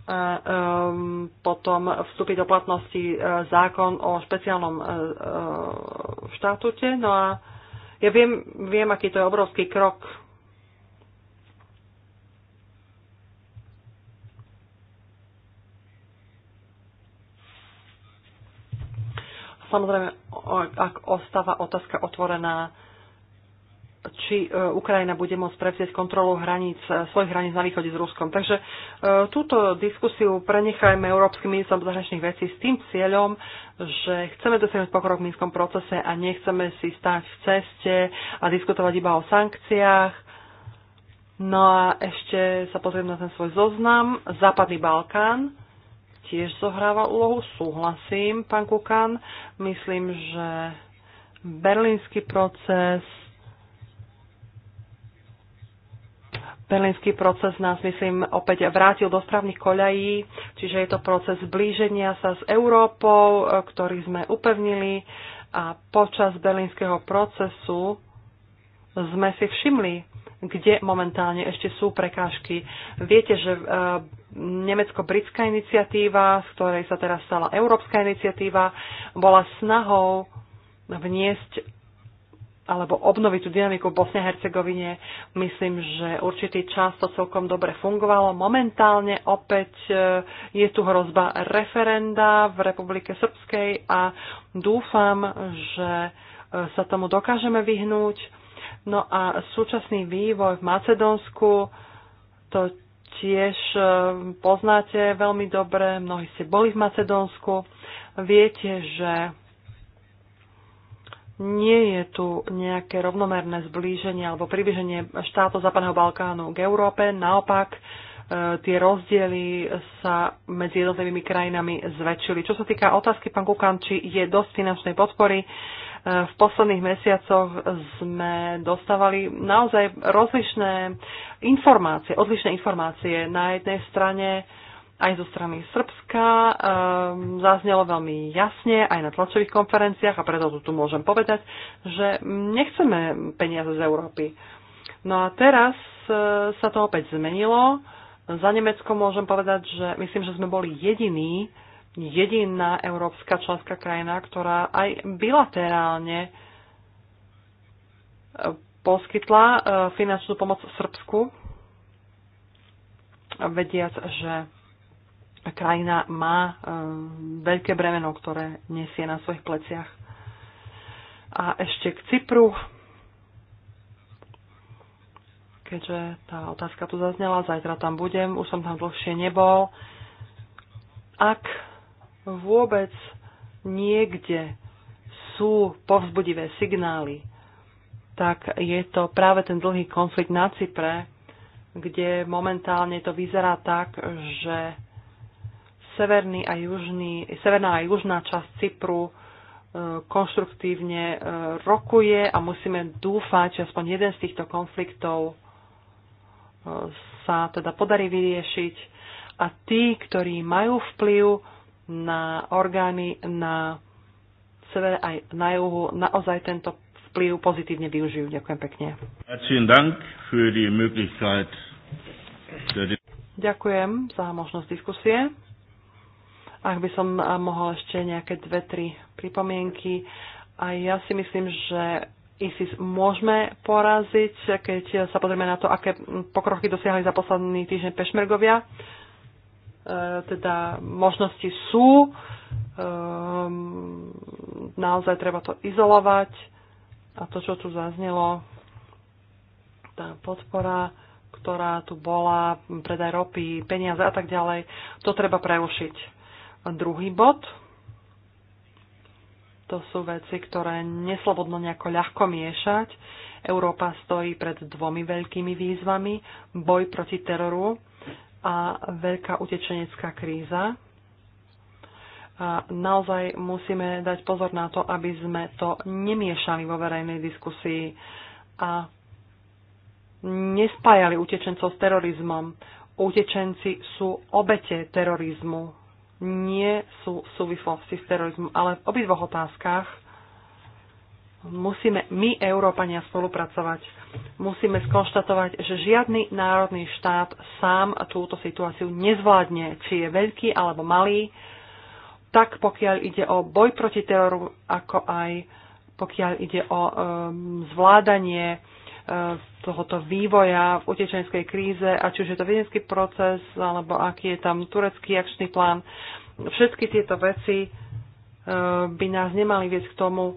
Um, potom vstúpi do platnosti e, zákon o špeciálnom uh, No a ja viem, viem, aký to je obrovský krok. Samozrejme, ak ostáva otázka otvorená, či e, Ukrajina bude môcť prevziať kontrolu hraníc, e, svojich hraníc na východe s Ruskom. Takže e, túto diskusiu prenechajme Európskym ministrom zahraničných vecí s tým cieľom, že chceme dosiahnuť pokrok v minskom procese a nechceme si stať v ceste a diskutovať iba o sankciách. No a ešte sa pozriem na ten svoj zoznam. Západný Balkán tiež zohráva úlohu, súhlasím, pán Kukan. Myslím, že berlínsky proces Berlínsky proces nás, myslím, opäť vrátil do správnych koľají, čiže je to proces blíženia sa s Európou, e, ktorý sme upevnili a počas berlínskeho procesu sme si všimli, kde momentálne ešte sú prekážky. Viete, že e, nemecko-britská iniciatíva, z ktorej sa teraz stala európska iniciatíva, bola snahou vniesť alebo obnoviť tú dynamiku v Bosne a Hercegovine. Myslím, že určitý čas to celkom dobre fungovalo. Momentálne opäť e, je tu hrozba referenda v Republike Srbskej a dúfam, že e, sa tomu dokážeme vyhnúť. No a súčasný vývoj v Macedónsku to tiež e, poznáte veľmi dobre, mnohí ste boli v Macedónsku. Viete, že nie je tu nejaké rovnomerné zblíženie alebo približenie štátov Západného Balkánu k Európe. Naopak, e, tie rozdiely sa medzi jednotlivými krajinami zväčšili. Čo sa týka otázky, pán Kukan, či je dosť finančnej podpory, e, v posledných mesiacoch sme dostávali naozaj rozlišné informácie, odlišné informácie. Na jednej strane aj zo strany Srbska um, zaznelo veľmi jasne aj na tlačových konferenciách a preto tu, tu môžem povedať, že nechceme peniaze z Európy. No a teraz uh, sa to opäť zmenilo. Za Nemecko môžem povedať, že myslím, že sme boli jediní, jediná európska členská krajina, ktorá aj bilaterálne e, poskytla e, finančnú pomoc Srbsku, vediac, že krajina má eh, veľké bremeno, ktoré nesie na svojich pleciach. A ešte k Cypru, keďže tá otázka tu zaznela, zajtra tam budem, už som tam dlhšie nebol. Ak vôbec niekde sú povzbudivé signály, tak je to práve ten dlhý konflikt na Cypre, kde momentálne to vyzerá tak, že severný a južný, severná a južná časť Cypru e, konštruktívne e, rokuje a musíme dúfať, že aspoň jeden z týchto konfliktov e, sa teda podarí vyriešiť a tí, ktorí majú vplyv na orgány na severe aj na juhu, naozaj tento vplyv pozitívne využijú. Ďakujem pekne. Ďakujem za možnosť diskusie. Ak by som mohol ešte nejaké dve, tri pripomienky. A ja si myslím, že ISIS môžeme poraziť, keď sa pozrieme na to, aké pokroky dosiahli za posledný týždeň pešmergovia. E, teda možnosti sú, e, naozaj treba to izolovať a to, čo tu zaznelo, tá podpora, ktorá tu bola, predaj ropy, peniaze a tak ďalej, to treba prerušiť Druhý bod. To sú veci, ktoré neslobodno nejako ľahko miešať. Európa stojí pred dvomi veľkými výzvami. Boj proti teroru a veľká utečenecká kríza. A naozaj musíme dať pozor na to, aby sme to nemiešali vo verejnej diskusii a nespájali utečencov s terorizmom. Utečenci sú obete terorizmu nie sú v súvislosti s terorizmom, ale v obidvoch otázkach musíme my, Európania, spolupracovať. Musíme skonštatovať, že žiadny národný štát sám túto situáciu nezvládne, či je veľký alebo malý, tak pokiaľ ide o boj proti teroru, ako aj pokiaľ ide o um, zvládanie E, tohoto vývoja v utečenskej kríze a či už je to viedenský proces alebo aký je tam turecký akčný plán. Všetky tieto veci e, by nás nemali viesť k tomu, e,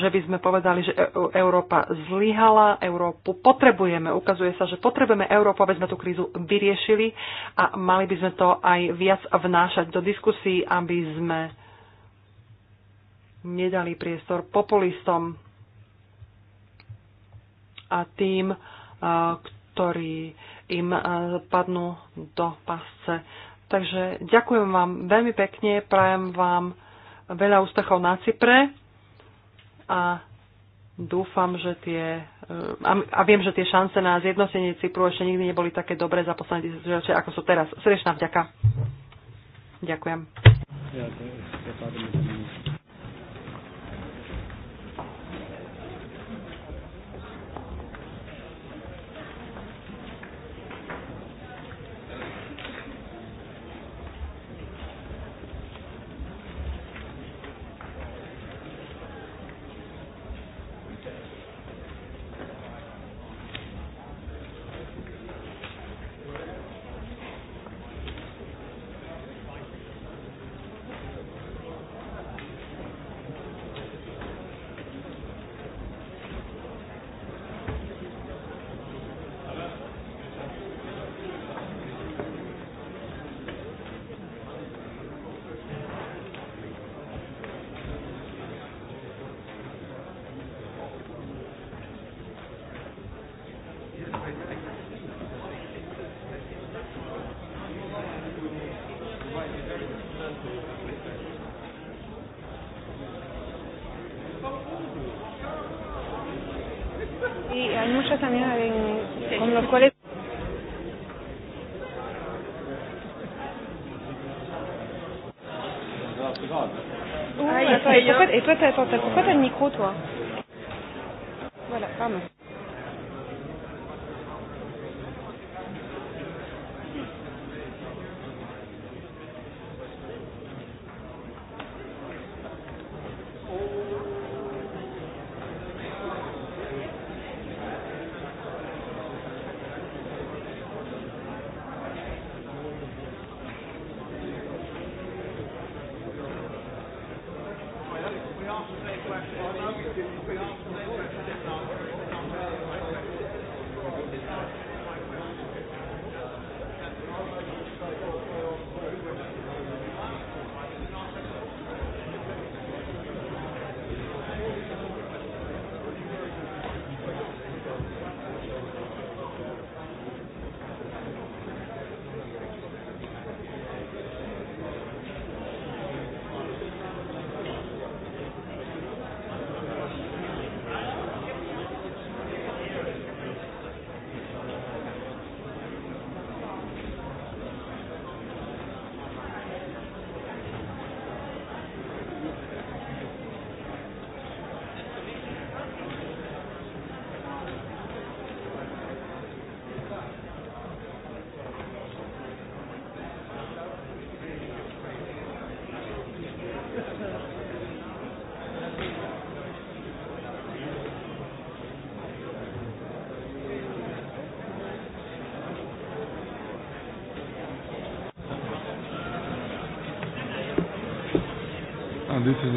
že by sme povedali, že Európa zlyhala, Európu potrebujeme. Ukazuje sa, že potrebujeme Európu, aby sme tú krízu vyriešili a mali by sme to aj viac vnášať do diskusí, aby sme nedali priestor populistom a tým, ktorí im padnú do pasce. Takže ďakujem vám veľmi pekne, prajem vám veľa úspechov na Cypre a dúfam, že tie a viem, že tie šance na zjednotenie Cypru ešte nikdy neboli také dobré za posledné tisícročie, ako sú teraz. Srdečná vďaka. Ďakujem. Ja, to je, to je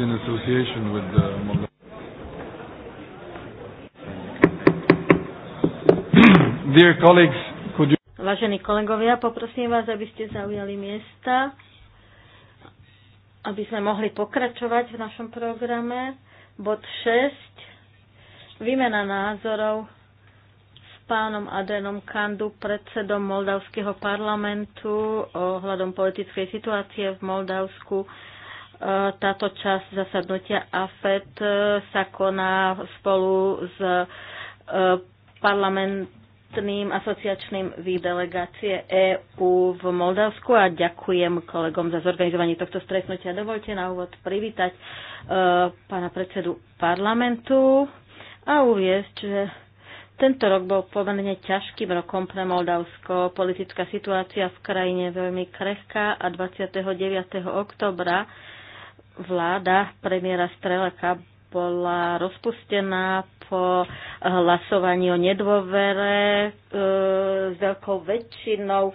already in association with uh, Dear colleagues, could you... Vážení kolegovia, poprosím vás, aby ste zaujali miesta, aby sme mohli pokračovať v našom programe. Bod 6. Výmena názorov s pánom Adenom Kandu, predsedom Moldavského parlamentu ohľadom politickej situácie v Moldavsku táto časť zasadnutia AFET e, sa koná spolu s e, parlamentným asociačným výdelegácie EÚ v Moldavsku a ďakujem kolegom za zorganizovanie tohto stretnutia. Dovolte na úvod privítať e, pána predsedu parlamentu a uviezť, že tento rok bol pomerne ťažkým rokom pre Moldavsko. Politická situácia v krajine je veľmi krehká a 29. oktobra vláda premiéra Streleka bola rozpustená po hlasovaní o nedôvere e, s veľkou väčšinou e,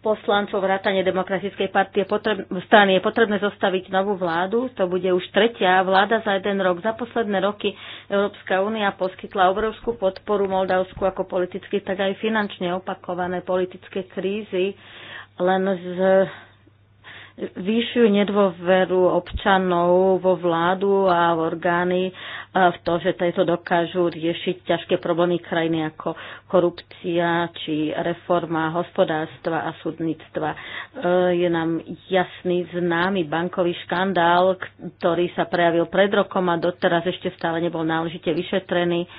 poslancov vrátane demokratickej partie potreb, strany. Je potrebné zostaviť novú vládu, to bude už tretia vláda za jeden rok. Za posledné roky Európska únia poskytla obrovskú podporu Moldavsku ako politicky, tak aj finančne opakované politické krízy len z vyššiu nedôveru občanov vo vládu a orgány e, v to, že tieto dokážu riešiť ťažké problémy krajiny ako korupcia či reforma hospodárstva a súdnictva. E, je nám jasný známy bankový škandál, ktorý sa prejavil pred rokom a doteraz ešte stále nebol náležite vyšetrený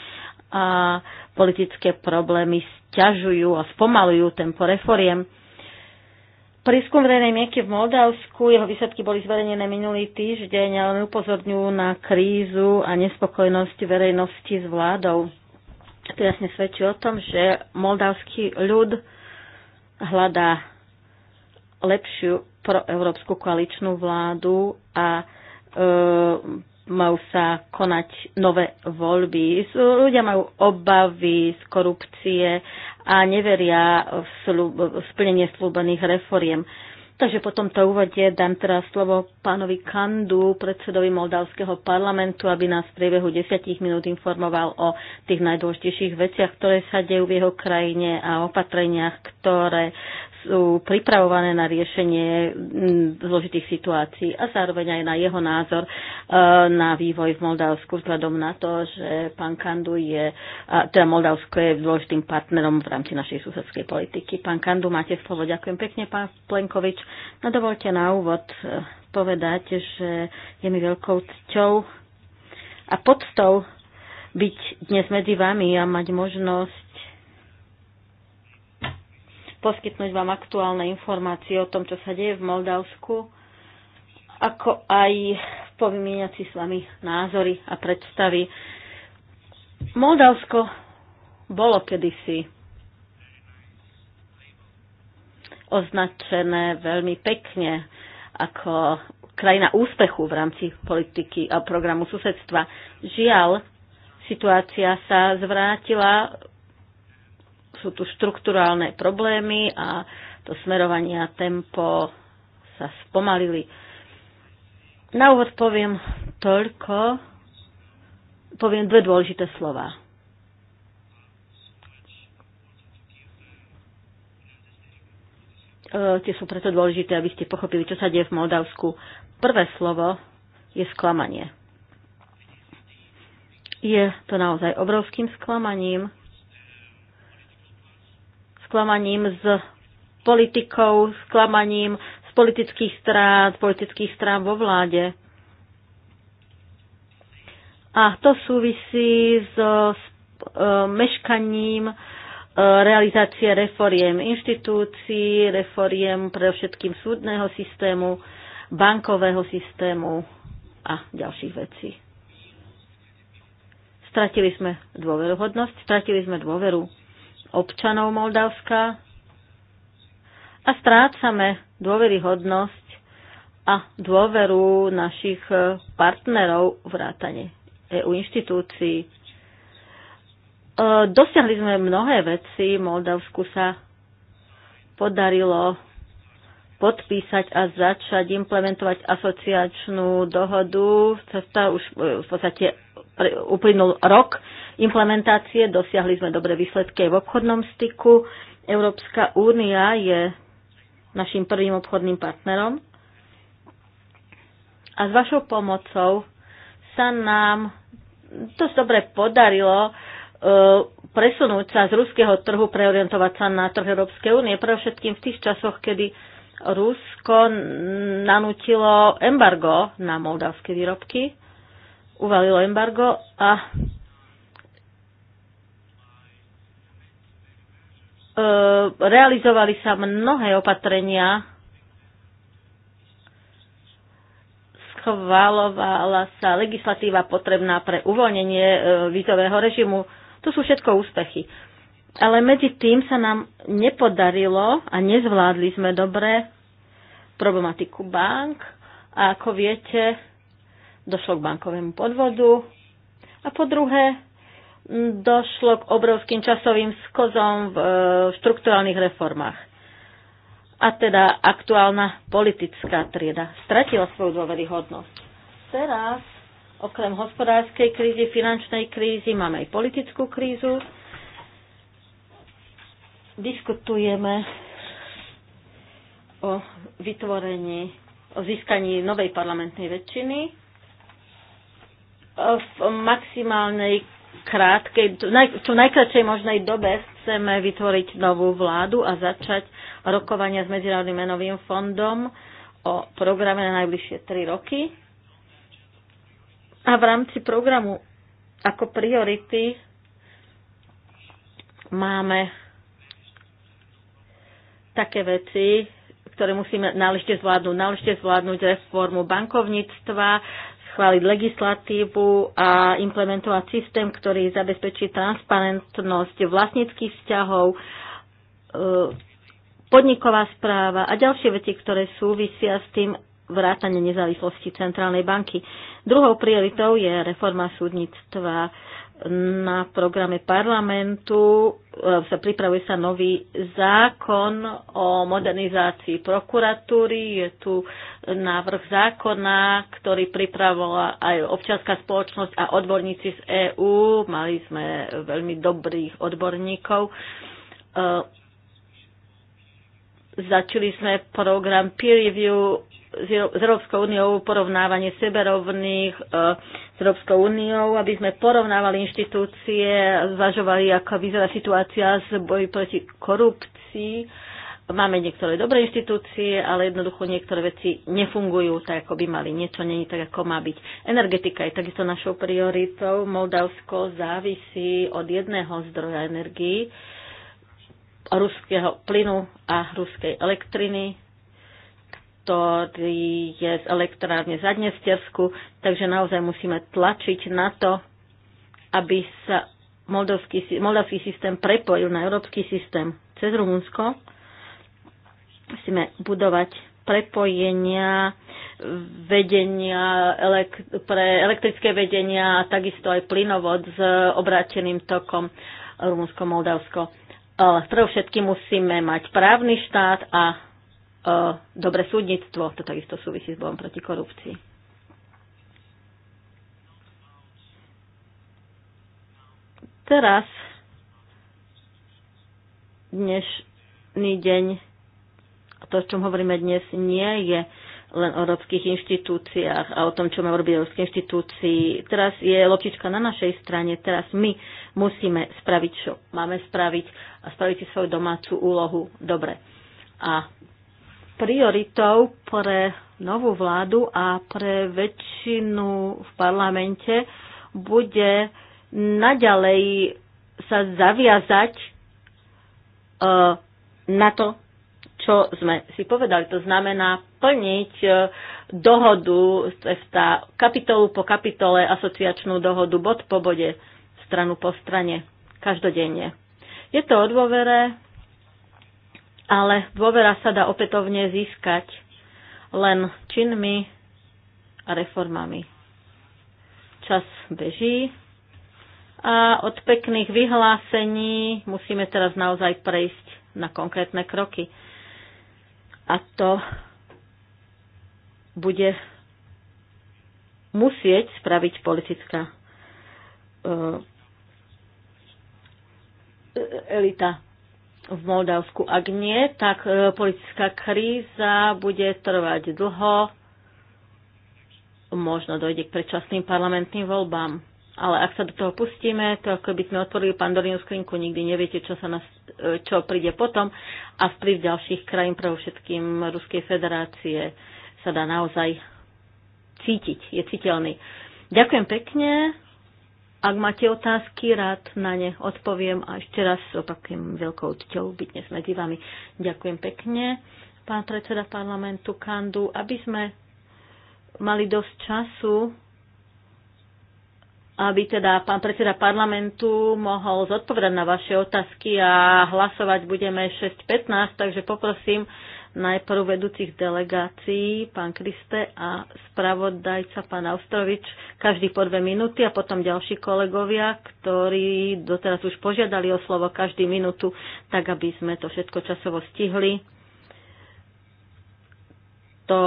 a politické problémy sťažujú a spomalujú tempo reforiem Prískum verejnej mienky v Moldavsku, jeho výsledky boli zverejnené minulý týždeň, ale upozorňujú na krízu a nespokojnosť verejnosti s vládou. To jasne svedčí o tom, že moldavský ľud hľadá lepšiu proeurópsku koaličnú vládu a e, majú sa konať nové voľby. Ľudia majú obavy z korupcie a neveria v, slub, v splnenie slúbených reforiem. Takže po tomto úvode dám teraz slovo pánovi Kandu, predsedovi Moldavského parlamentu, aby nás v priebehu desiatich minút informoval o tých najdôležitejších veciach, ktoré sa dejú v jeho krajine a opatreniach, ktoré sú pripravované na riešenie zložitých situácií a zároveň aj na jeho názor e, na vývoj v Moldavsku vzhľadom na to, že pán Kandu je, teda Moldavsko je dôležitým partnerom v rámci našej susedskej politiky. Pán Kandu, máte slovo. Ďakujem pekne, pán Plenkovič. No dovolte na úvod e, povedať, že je mi veľkou cťou a podstou byť dnes medzi vami a mať možnosť poskytnúť vám aktuálne informácie o tom, čo sa deje v Moldavsku, ako aj povymieňať si s vami názory a predstavy. Moldavsko bolo kedysi označené veľmi pekne ako krajina úspechu v rámci politiky a programu susedstva. Žiaľ, situácia sa zvrátila sú tu štruktúrálne problémy a to smerovanie a tempo sa spomalili. Na úvod poviem toľko, poviem dve dôležité slova. E, tie sú preto dôležité, aby ste pochopili, čo sa deje v Moldavsku. Prvé slovo je sklamanie. Je to naozaj obrovským sklamaním, sklamaním z politikov, sklamaním z politických strán, politických strán vo vláde. A to súvisí so e, e, meškaním e, realizácie reforiem inštitúcií, reforiem pre všetkým súdneho systému, bankového systému a ďalších vecí. Stratili sme dôveruhodnosť, stratili sme dôveru občanov Moldavska a strácame dôveryhodnosť a dôveru našich e, partnerov vrátane EU inštitúcií. E, dosiahli sme mnohé veci. Moldavsku sa podarilo podpísať a začať implementovať asociačnú dohodu. Cesta už e, v podstate uplynul rok implementácie. Dosiahli sme dobré výsledky aj v obchodnom styku. Európska únia je našim prvým obchodným partnerom. A s vašou pomocou sa nám dosť dobre podarilo e, presunúť sa z ruského trhu, preorientovať sa na trh Európskej únie, pre všetkým v tých časoch, kedy Rusko nanútilo embargo na moldavské výrobky, uvalilo embargo a E, realizovali sa mnohé opatrenia, schválovala sa legislatíva potrebná pre uvoľnenie e, vízového režimu. To sú všetko úspechy. Ale medzi tým sa nám nepodarilo a nezvládli sme dobre problematiku bank. A ako viete, došlo k bankovému podvodu. A po druhé, došlo k obrovským časovým skozom v e, štruktúrálnych reformách. A teda aktuálna politická trieda stratila svoju dôveryhodnosť. Teraz, okrem hospodárskej krízy, finančnej krízy, máme aj politickú krízu. Diskutujeme o vytvorení, o získaní novej parlamentnej väčšiny e, v maximálnej krátkej, čo najkračej možnej dobe chceme vytvoriť novú vládu a začať rokovania s Medzinárodným menovým fondom o programe na najbližšie 3 roky. A v rámci programu ako priority máme také veci, ktoré musíme náležite zvládnuť. Náležite zvládnuť reformu bankovníctva, schváliť legislatívu a implementovať systém, ktorý zabezpečí transparentnosť vlastníckých vzťahov, e, podniková správa a ďalšie veci, ktoré súvisia s tým vrátanie nezávislosti Centrálnej banky. Druhou prioritou je reforma súdnictva na programe parlamentu e, sa pripravuje sa nový zákon o modernizácii prokuratúry. Je tu návrh zákona, ktorý pripravila aj občianská spoločnosť a odborníci z EÚ. Mali sme veľmi dobrých odborníkov. E, Začali sme program peer review s Európskou úniou porovnávanie seberovných e, s Európskou úniou, aby sme porovnávali inštitúcie, zvažovali, ako vyzerá situácia s boj proti korupcii. Máme niektoré dobré inštitúcie, ale jednoducho niektoré veci nefungujú tak, ako by mali. Niečo není tak, ako má byť. Energetika je takisto našou prioritou. Moldavsko závisí od jedného zdroja energii, ruského plynu a ruskej elektriny ktorý je z elektrárne za Dnestersku, takže naozaj musíme tlačiť na to, aby sa moldavský, moldavský systém prepojil na európsky systém cez Rumunsko. Musíme budovať prepojenia, vedenia, elek- pre elektrické vedenia a takisto aj plynovod s obráteným tokom Rumunsko-Moldavsko. Ale všetky musíme mať právny štát a E, dobre súdnictvo. To takisto súvisí s bojom proti korupcii. Teraz dnešný deň, to, o čom hovoríme dnes, nie je len o európskych inštitúciách a o tom, čo majú robiť európske inštitúcii. Teraz je loptička na našej strane, teraz my musíme spraviť, čo máme spraviť a spraviť si svoju domácu úlohu dobre. A prioritou pre novú vládu a pre väčšinu v parlamente bude naďalej sa zaviazať e, na to, čo sme si povedali. To znamená plniť e, dohodu CEFTA kapitolu po kapitole, asociačnú dohodu bod po bode, stranu po strane, každodenne. Je to o dôvere, ale dôvera sa dá opätovne získať len činmi a reformami. Čas beží a od pekných vyhlásení musíme teraz naozaj prejsť na konkrétne kroky. A to bude musieť spraviť politická uh, elita v Moldavsku. Ak nie, tak e, politická kríza bude trvať dlho, možno dojde k predčasným parlamentným voľbám. Ale ak sa do toho pustíme, to ako by sme otvorili pandorínu skrinku, nikdy neviete, čo, sa nás, e, čo príde potom. A vplyv ďalších krajín, pre všetkým Ruskej federácie, sa dá naozaj cítiť, je citeľný. Ďakujem pekne. Ak máte otázky, rád na ne odpoviem a ešte raz opakujem veľkou cťou byť dnes medzi vami. Ďakujem pekne, pán predseda parlamentu Kandu, aby sme mali dosť času, aby teda pán predseda parlamentu mohol zodpovedať na vaše otázky a hlasovať budeme 6.15, takže poprosím najprv vedúcich delegácií, pán Kriste a spravodajca, pán Austrovič, každý po dve minúty a potom ďalší kolegovia, ktorí doteraz už požiadali o slovo každý minútu, tak aby sme to všetko časovo stihli. To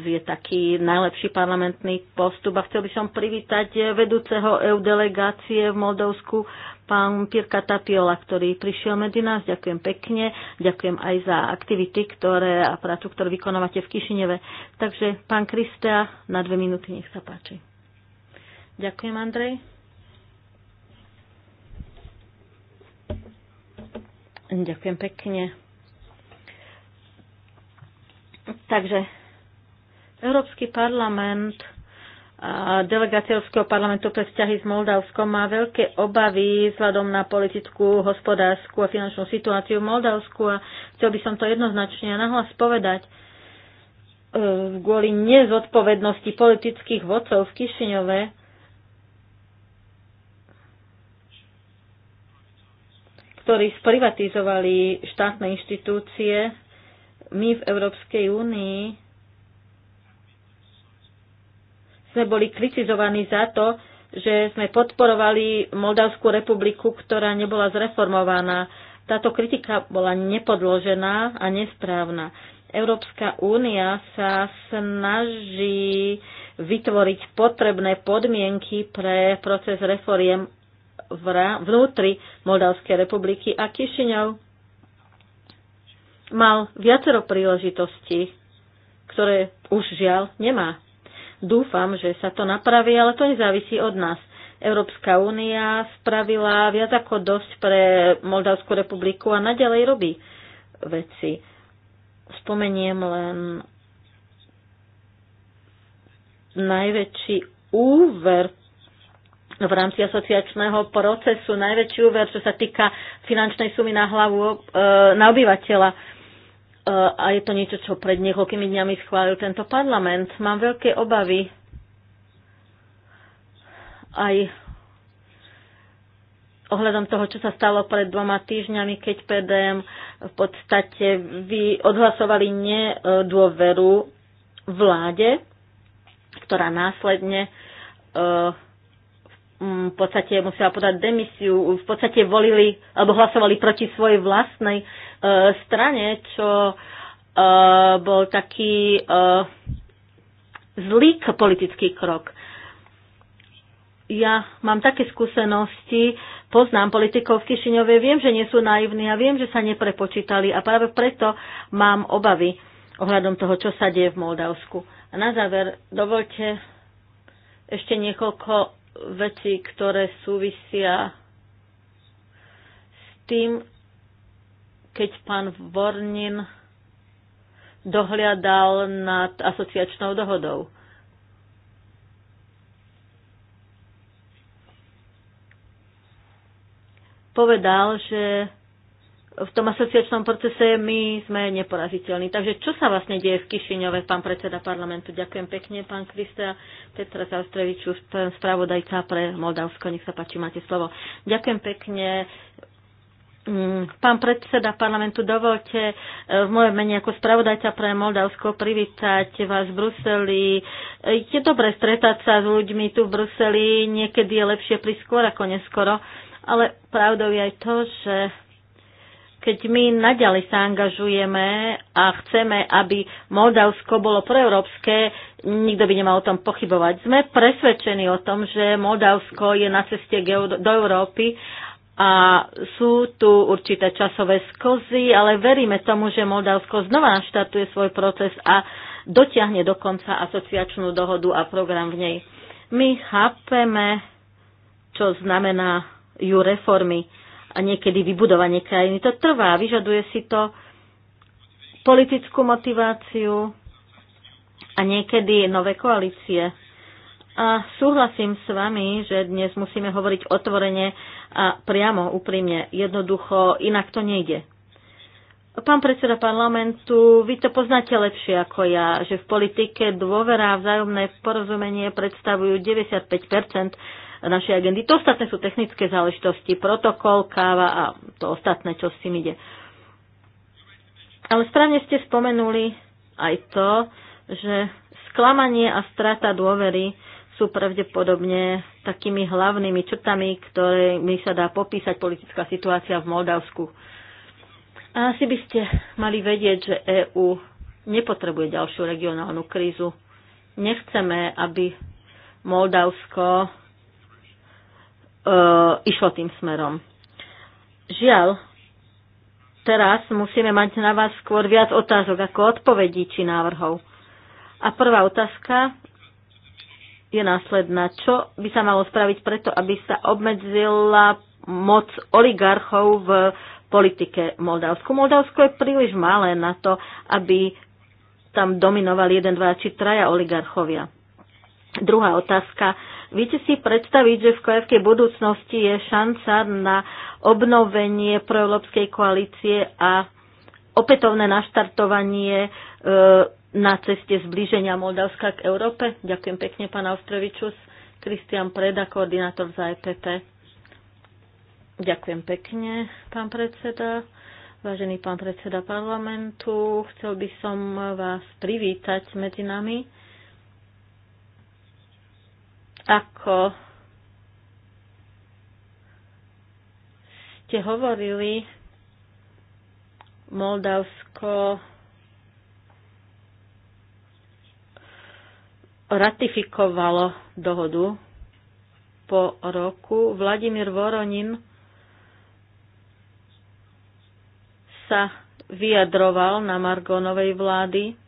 je taký najlepší parlamentný postup a chcel by som privítať vedúceho EU delegácie v Moldovsku, pán Pirka Tapiola, ktorý prišiel medzi nás. Ďakujem pekne, ďakujem aj za aktivity ktoré, a prácu, ktorú vykonávate v Kišineve. Takže pán Kristia, na dve minúty nech sa páči. Ďakujem, Andrej. Ďakujem pekne. Takže Európsky parlament delegácia parlamentu pre vzťahy s Moldavskom má veľké obavy vzhľadom na politickú, hospodárskú a finančnú situáciu v Moldavsku a chcel by som to jednoznačne a nahlas povedať e, kvôli nezodpovednosti politických vodcov v Kišiňove ktorí sprivatizovali štátne inštitúcie, my v Európskej únii sme boli kritizovaní za to, že sme podporovali Moldavskú republiku, ktorá nebola zreformovaná. Táto kritika bola nepodložená a nesprávna. Európska únia sa snaží vytvoriť potrebné podmienky pre proces reforiem vnútri Moldavskej republiky a Kišiňov mal viacero príležitostí, ktoré už žiaľ nemá. Dúfam, že sa to napraví, ale to nezávisí od nás. Európska únia spravila viac ako dosť pre Moldavskú republiku a naďalej robí veci. Spomeniem len najväčší úver v rámci asociačného procesu, najväčší úver, čo sa týka finančnej sumy na hlavu, e, na obyvateľa E, a je to niečo, čo pred niekoľkými dňami schválil tento parlament. Mám veľké obavy aj ohľadom toho, čo sa stalo pred dvoma týždňami, keď PDM v podstate vy odhlasovali nedôveru vláde, ktorá následne uh, Mm, v podstate musela podať demisiu, v podstate volili alebo hlasovali proti svojej vlastnej e, strane, čo e, bol taký e, zlý politický krok. Ja mám také skúsenosti, poznám politikov v Kišiňove, viem, že nie sú naivní a viem, že sa neprepočítali a práve preto mám obavy ohľadom toho, čo sa deje v Moldavsku. A na záver, dovolte ešte niekoľko veci, ktoré súvisia s tým, keď pán Vornin dohliadal nad asociačnou dohodou. Povedal, že v tom asociačnom procese my sme neporaziteľní. Takže čo sa vlastne deje v Kišiňove, pán predseda parlamentu? Ďakujem pekne, pán Krista Petra Zastreviču, spravodajca pre Moldavsko. Nech sa páči, máte slovo. Ďakujem pekne. Mm, pán predseda parlamentu, dovolte e, v mojej mene ako spravodajca pre Moldavsko privítať vás v Bruseli. E, je dobre stretať sa s ľuďmi tu v Bruseli, niekedy je lepšie prískôr ako neskoro, ale pravdou je aj to, že keď my naďalej sa angažujeme a chceme, aby Moldavsko bolo proeurópske, nikto by nemal o tom pochybovať. Sme presvedčení o tom, že Moldavsko je na ceste do Európy a sú tu určité časové skozy, ale veríme tomu, že Moldavsko znova naštartuje svoj proces a dotiahne dokonca asociačnú dohodu a program v nej. My chápeme, čo znamená ju reformy a niekedy vybudovanie krajiny. To trvá, vyžaduje si to politickú motiváciu a niekedy nové koalície. A súhlasím s vami, že dnes musíme hovoriť otvorene a priamo, úprimne, jednoducho, inak to nejde. Pán predseda parlamentu, vy to poznáte lepšie ako ja, že v politike dôvera a vzájomné porozumenie predstavujú 95 našej agendy. To ostatné sú technické záležitosti, protokol, káva a to ostatné, čo s tým ide. Ale správne ste spomenuli aj to, že sklamanie a strata dôvery sú pravdepodobne takými hlavnými črtami, ktorými sa dá popísať politická situácia v Moldavsku. A asi by ste mali vedieť, že EÚ nepotrebuje ďalšiu regionálnu krízu. Nechceme, aby Moldavsko E, išlo tým smerom. Žiaľ, teraz musíme mať na vás skôr viac otázok ako odpovedí či návrhov. A prvá otázka je následná. Čo by sa malo spraviť preto, aby sa obmedzila moc oligarchov v politike Moldavsku? Moldavsko je príliš malé na to, aby tam dominovali jeden, dva či traja oligarchovia. Druhá otázka Viete si predstaviť, že v krajskej budúcnosti je šanca na obnovenie proeurópskej koalície a opätovné naštartovanie e, na ceste zblíženia Moldavska k Európe? Ďakujem pekne, pán Ostrovičus. Kristian Preda, koordinátor za EPP. Ďakujem pekne, pán predseda. Vážený pán predseda parlamentu, chcel by som vás privítať medzi nami. Ako ste hovorili, Moldavsko ratifikovalo dohodu po roku. Vladimír Voronin sa vyjadroval na Margonovej vlády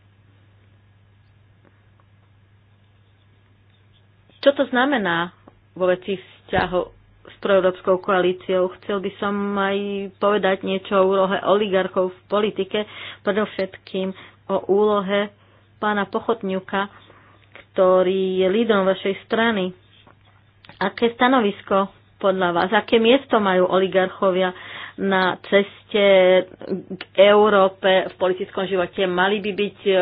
Čo to znamená vo veci vzťahov s proeurópskou koalíciou. Chcel by som aj povedať niečo o úlohe oligarchov v politike, predovšetkým o úlohe pána Pochotňuka, ktorý je lídrom vašej strany. Aké stanovisko podľa vás? Aké miesto majú oligarchovia na ceste k Európe v politickom živote. Mali by byť e,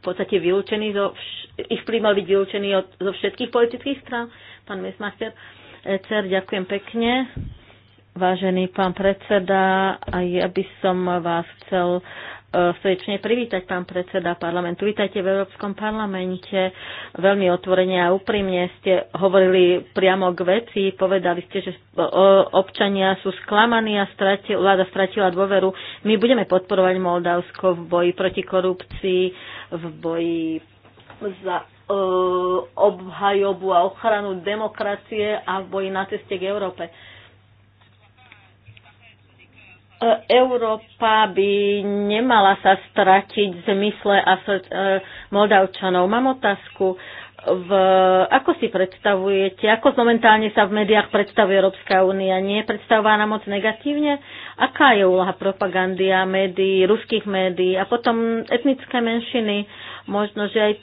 v podstate vylúčení, zo vš- ich vplyv mal byť vylúčený od, zo všetkých politických strán. Pán Mesmaster, ECR, ďakujem pekne. Vážený pán predseda, a ja by som vás chcel Eh, srdečne privítať, pán predseda parlamentu. Vítajte v Európskom parlamente. Veľmi otvorene a úprimne ste hovorili priamo k veci. Povedali ste, že občania sú sklamaní a stratil, vláda stratila dôveru. My budeme podporovať Moldavsko v boji proti korupcii, v boji za eh, obhajobu a ochranu demokracie a v boji na ceste k Európe E, Európa by nemala sa stratiť v zmysle aso- e, Moldavčanov. Mám otázku. V, ako si predstavujete, ako momentálne sa v médiách predstavuje Európska únia? Nie je predstavovaná moc negatívne? Aká je úloha propagandy a médií, ruských médií a potom etnické menšiny? Možno, že aj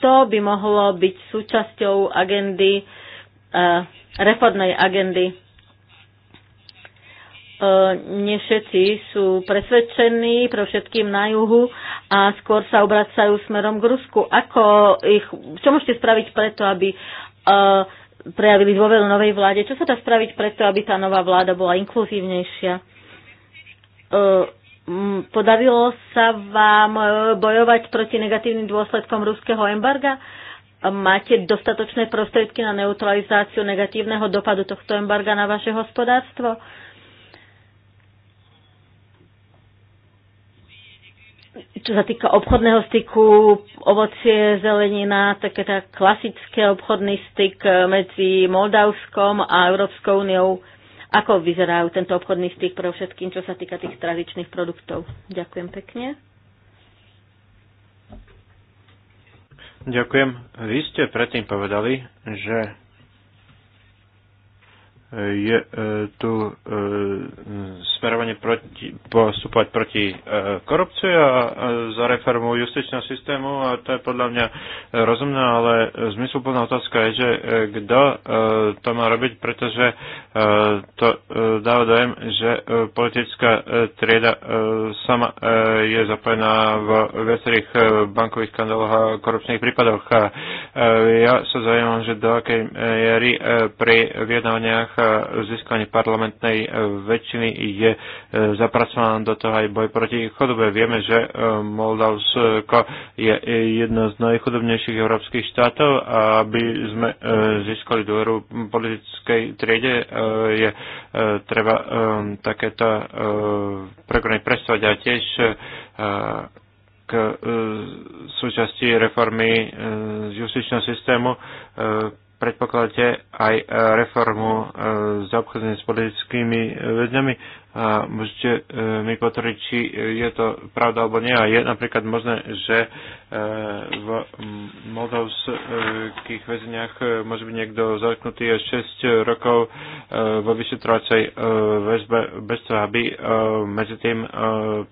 to by mohlo byť súčasťou agendy, e, reformnej agendy E, nie všetci sú presvedčení, pre všetkým na juhu a skôr sa obracajú smerom k Rusku. Ako ich, čo môžete spraviť preto, aby uh, prejavili dôveru novej vláde? Čo sa dá spraviť preto, aby tá nová vláda bola inkluzívnejšia? Uh, podarilo sa vám bojovať proti negatívnym dôsledkom ruského embarga? Máte dostatočné prostriedky na neutralizáciu negatívneho dopadu tohto embarga na vaše hospodárstvo? Uh, čo sa týka obchodného styku, ovocie, zelenina, také tak klasické obchodný styk e, medzi Moldavskom a Európskou úniou. Ako vyzerajú tento obchodný styk pre všetkým, čo sa týka tých tradičných produktov? Ďakujem pekne. Ďakujem. Vy ste predtým povedali, že je e, tu e, smerovanie proti, postupovať proti e, korupcii a za reformu justičného systému a to je podľa mňa rozumné, ale zmysluplná otázka je, že kto to má robiť, pretože to dáva dojem, že politická trieda sama je zapojená v viacerých bankových skandáloch a korupčných prípadoch. Ja sa zaujímam, že do akej miery pri vyjednávaniach získanie parlamentnej e, väčšiny je e, zapracovaná do toho aj boj proti chodobe. Vieme, že e, Moldavsko je jedno z najchudobnejších európskych štátov a aby sme získali dôveru politickej triede, je treba takéto prekonanie prestovať a tiež k súčasti reformy justičného systému predpokladáte aj e, reformu s e, obchodným s politickými e, väzňami. A môžete mi potvrdiť, či je to pravda alebo nie. A je napríklad možné, že v moldovských väzeniach môže byť niekto zatknutý 6 rokov vo vyšetrovacej väzbe bez toho, aby medzi tým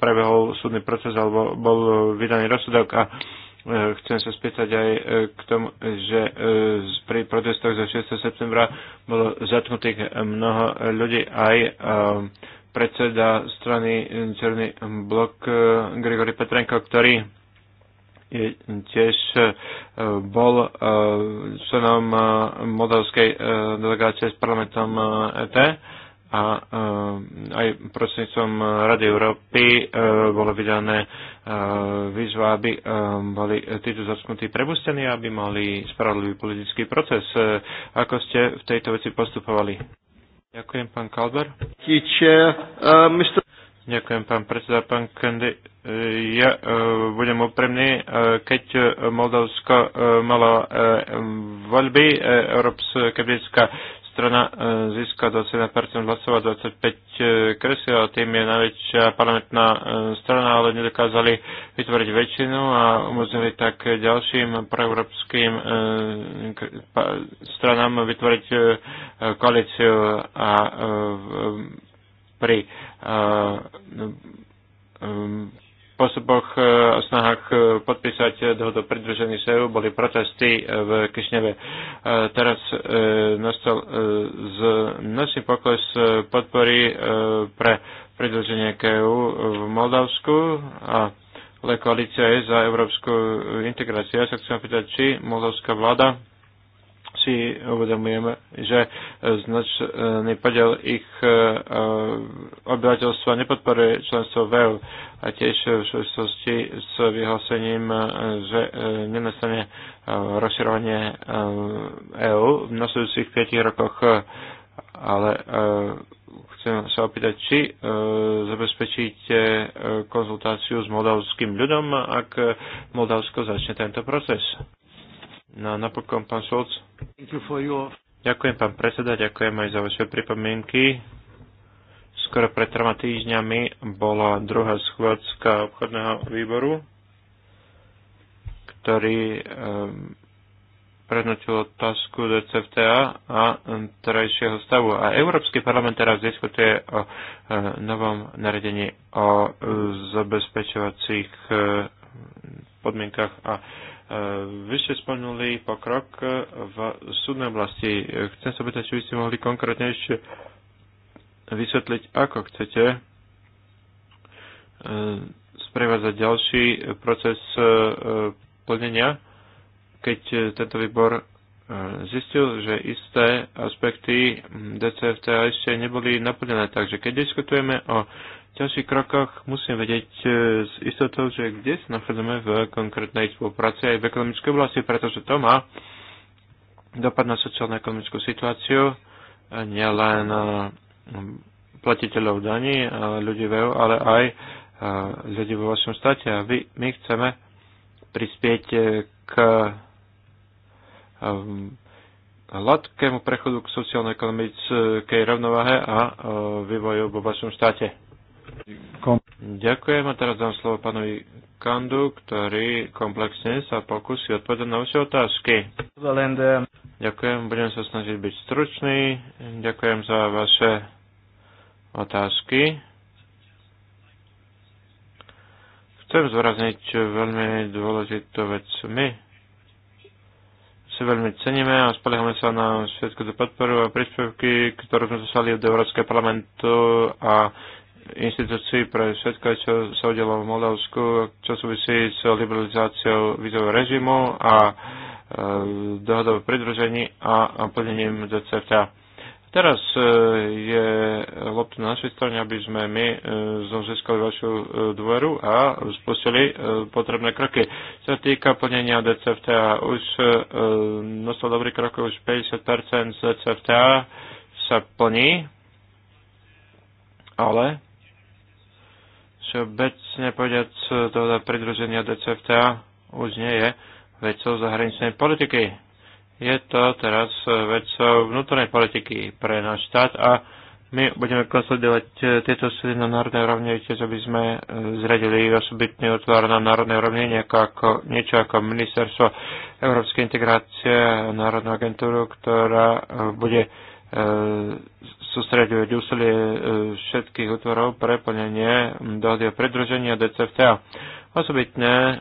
prebehol súdny proces alebo bol vydaný rozsudok. A Eh, chcem sa spýtať aj eh, k tomu, že eh, pri protestoch za 6. septembra bolo zatknutých mnoho ľudí aj predseda strany Černý blok Grigory Petrenko, ktorý je tiež bol členom moldavskej delegácie s parlamentom ET e a eh, aj prostredníctvom Rady Európy eh, bolo vydané eh, výzva, aby boli títo zatknutí prepustení, aby mali spravodlivý politický proces. Ako ste v tejto veci postupovali? Ďakujem, pán Kalber. Ďakujem, pán predseda, pán Kendi. Ja budem úprimný. Keď Moldavsko malo voľby, Európska kebická strana e, získa 21% hlasov a 25 kresiel a tým je najväčšia parlamentná e, strana, ale nedokázali vytvoriť väčšinu a umožnili tak ďalším proeurópskym e, stranám vytvoriť koalíciu a pri spôsoboch, e, a snahách e, podpísať e, dohodu pridružení s EU boli protesty v Kišneve. Teraz nastal značný pokles podpory pre pridruženie k EU v Moldavsku a ale koalícia je za európsku integráciu. Ja sa chcem pýtať, či moldavská vláda si uvedomujeme, že značný podiel ich e, obyvateľstva nepodporuje členstvo v e a tiež v súvislosti s vyhlásením, e, že nenastane rozširovanie EÚ v nasledujúcich 5 rokoch, ale chcem sa opýtať, či e, zabezpečíte konzultáciu s moldavským ľudom, ak Moldavsko začne tento proces. No napokon, pán Šolc. ďakujem, pán predseda, ďakujem aj za vaše pripomienky. Skoro pred troma týždňami bola druhá schôdzka obchodného výboru, ktorý um, prednotil otázku do CFTA a terajšieho stavu. A Európsky parlament teraz diskutuje o e, novom naredení o e, zabezpečovacích e, podmienkach a e, vy ste spomenuli pokrok v súdnej oblasti. Chcem sa pýtať, či by ste mohli konkrétnejšie vysvetliť, ako chcete e, sprevádzať ďalší proces e, plnenia, keď tento výbor e, zistil, že isté aspekty DCFT ešte neboli naplnené. Takže keď diskutujeme o ďalších krokoch musíme vedieť e, s istotou, že kde sa nachádzame v konkrétnej spolupráci aj v ekonomickej oblasti, pretože to má dopad na sociálno-ekonomickú situáciu nielen e, platiteľov daní ľudí v EU, ale aj e, ľudí vo vašom štáte. A vy, my chceme prispieť k hladkému prechodu k sociálno-ekonomickej rovnováhe a vývoju vo vašom štáte. Ďakujem a teraz dám slovo pánovi Kandu, ktorý komplexne sa pokusí odpovedať na vaše otázky. Ďakujem, budem sa snažiť byť stručný. Ďakujem za vaše otázky. Chcem zvrazniť veľmi dôležitú vec. My si veľmi ceníme a spoliehame sa na všetku tú podporu a príspevky, ktorú sme dostali od Európskeho parlamentu a inštitúcií pre všetko, čo sa udialo v Moldavsku, čo súvisí s liberalizáciou vizového režimu a e, dohodou pridružení a, a plnením DCFTA. Teraz e, je lopta na našej strane, aby sme my e, získali vašu e, dôveru a spustili e, potrebné kroky. Čo sa týka plnenia DCFTA, už e, množstvo dobrý krok, už 50% z DCFTA sa plní, ale všeobecne povedať dohoda teda pridruženia DCFTA už nie je vecou zahraničnej politiky. Je to teraz vecou vnútornej politiky pre náš štát a my budeme konsolidovať e, tieto sily na národnej úrovni, tiež aby sme e, zradili osobitný otvor na národnej úrovni, rovni, ako, niečo ako ministerstvo Európskej integrácie, Národnú agentúru, ktorá e, bude sústreďuje úsilie e, všetkých útvorov pre plnenie dohody o predružení a DCFTA. Osobitne e,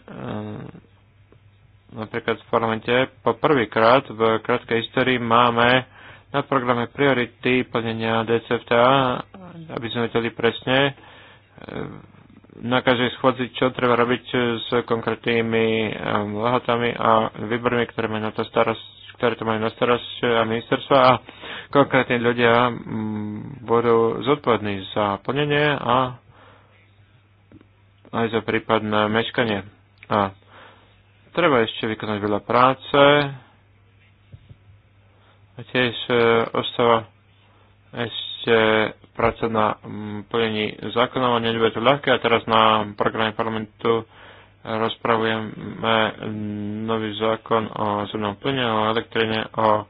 napríklad v parlamente po prvýkrát v krátkej histórii máme na programe priority plnenia DCFTA, aby sme vedeli presne e, na každej schôdzi, čo treba robiť s konkrétnymi lehotami a výbormi, ktoré majú na to starosť ktoré to majú na starosť eh, a ministerstva a konkrétne ľudia mm, budú zodpovední za plnenie a aj za prípadné meškanie. A treba ešte vykonať veľa práce a tiež eh, ostáva ešte práca na mm, plnení zákonov a nebude to ľahké a teraz na programe parlamentu rozpravujeme eh, nový zákon o zemnom plyne, o elektrine, o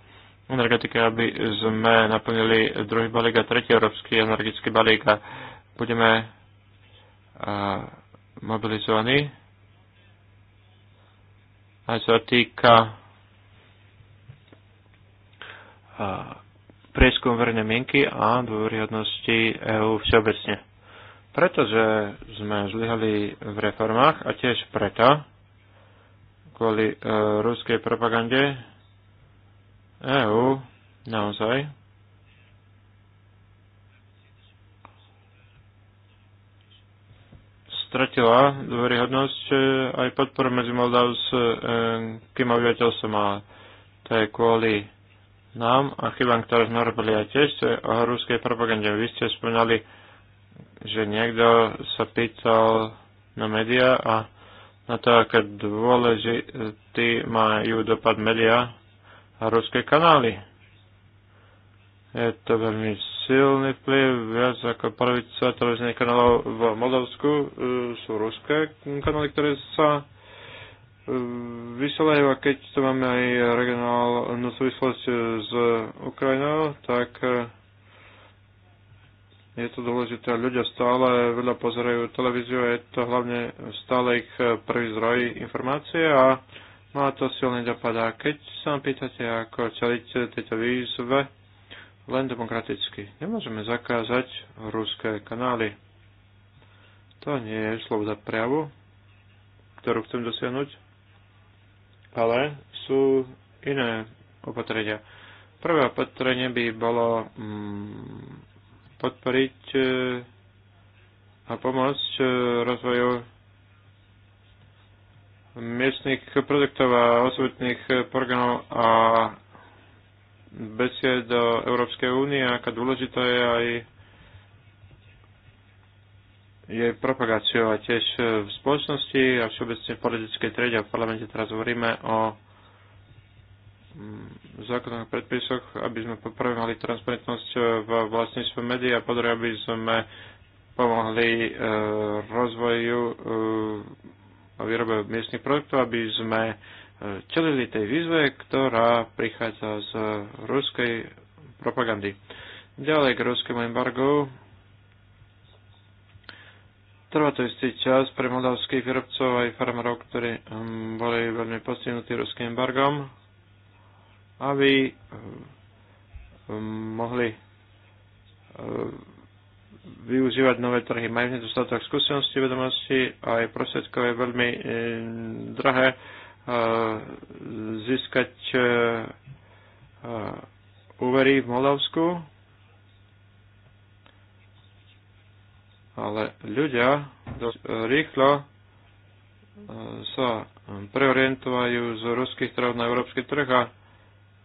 energetike, aby sme naplnili druhý balík a tretí európsky energetický balík a budeme eh, mobilizovaní. A sa týka eh, prieskum verejnej mienky a dôveryhodnosti EÚ všeobecne pretože sme zlyhali v reformách a tiež preto, kvôli e, ruskej propagande, EU naozaj stratila dôveryhodnosť e, aj podporu medzi e, kým obyvateľstvom a to je kvôli nám a chybám, ktoré sme robili aj tiež, to je o ruskej propagande. Vy ste spomínali e, že niekto sa pýtal na médiá a na to, aké dôležitý majú dopad médiá a ruské kanály. Je to veľmi silný vplyv, viac ako polovica televíznych kanálov v Moldavsku e, sú ruské kanály, ktoré sa e, vysielajú a keď to máme aj regionálnu súvislosť e, s Ukrajinou, tak je to dôležité. Ľudia stále veľa pozerajú televíziu a je to hlavne stále ich eh, prvý zdroj informácie a má to silný dopad. A keď sa pýtate, ako čeliť tejto výzve, len demokraticky. Nemôžeme zakázať ruské kanály. To nie je sloboda prejavu, ktorú chcem dosiahnuť, ale sú iné opatrenia. Prvé opatrenie by bolo mm, podporiť e, a pomôcť e, rozvoju miestnych produktov a osobitných programov a besie do Európskej únie, aká dôležitá je aj jej propagáciou a tiež v spoločnosti a všeobecne v politickej triede a v parlamente teraz hovoríme o v zákonných predpisoch, aby sme popravili transparentnosť e, v vlastníctve médií a podre, aby sme pomohli e, rozvoju e, a výrobe miestnych produktov, aby sme čelili tej výzve, ktorá prichádza z ruskej propagandy. Ďalej k ruskému embargu. Trvá to istý čas pre moldavských výrobcov aj farmárov, ktorí boli veľmi postihnutí ruským embargom aby ehm, ehm, mohli ehm, využívať nové trhy. Majú nedostatok skúsenosti, vedomosti a aj prostriedkov je veľmi drahé získať úvery v Moldavsku. Ale ľudia dosť rýchlo sa preorientovajú z ruských trhov na európsky trh a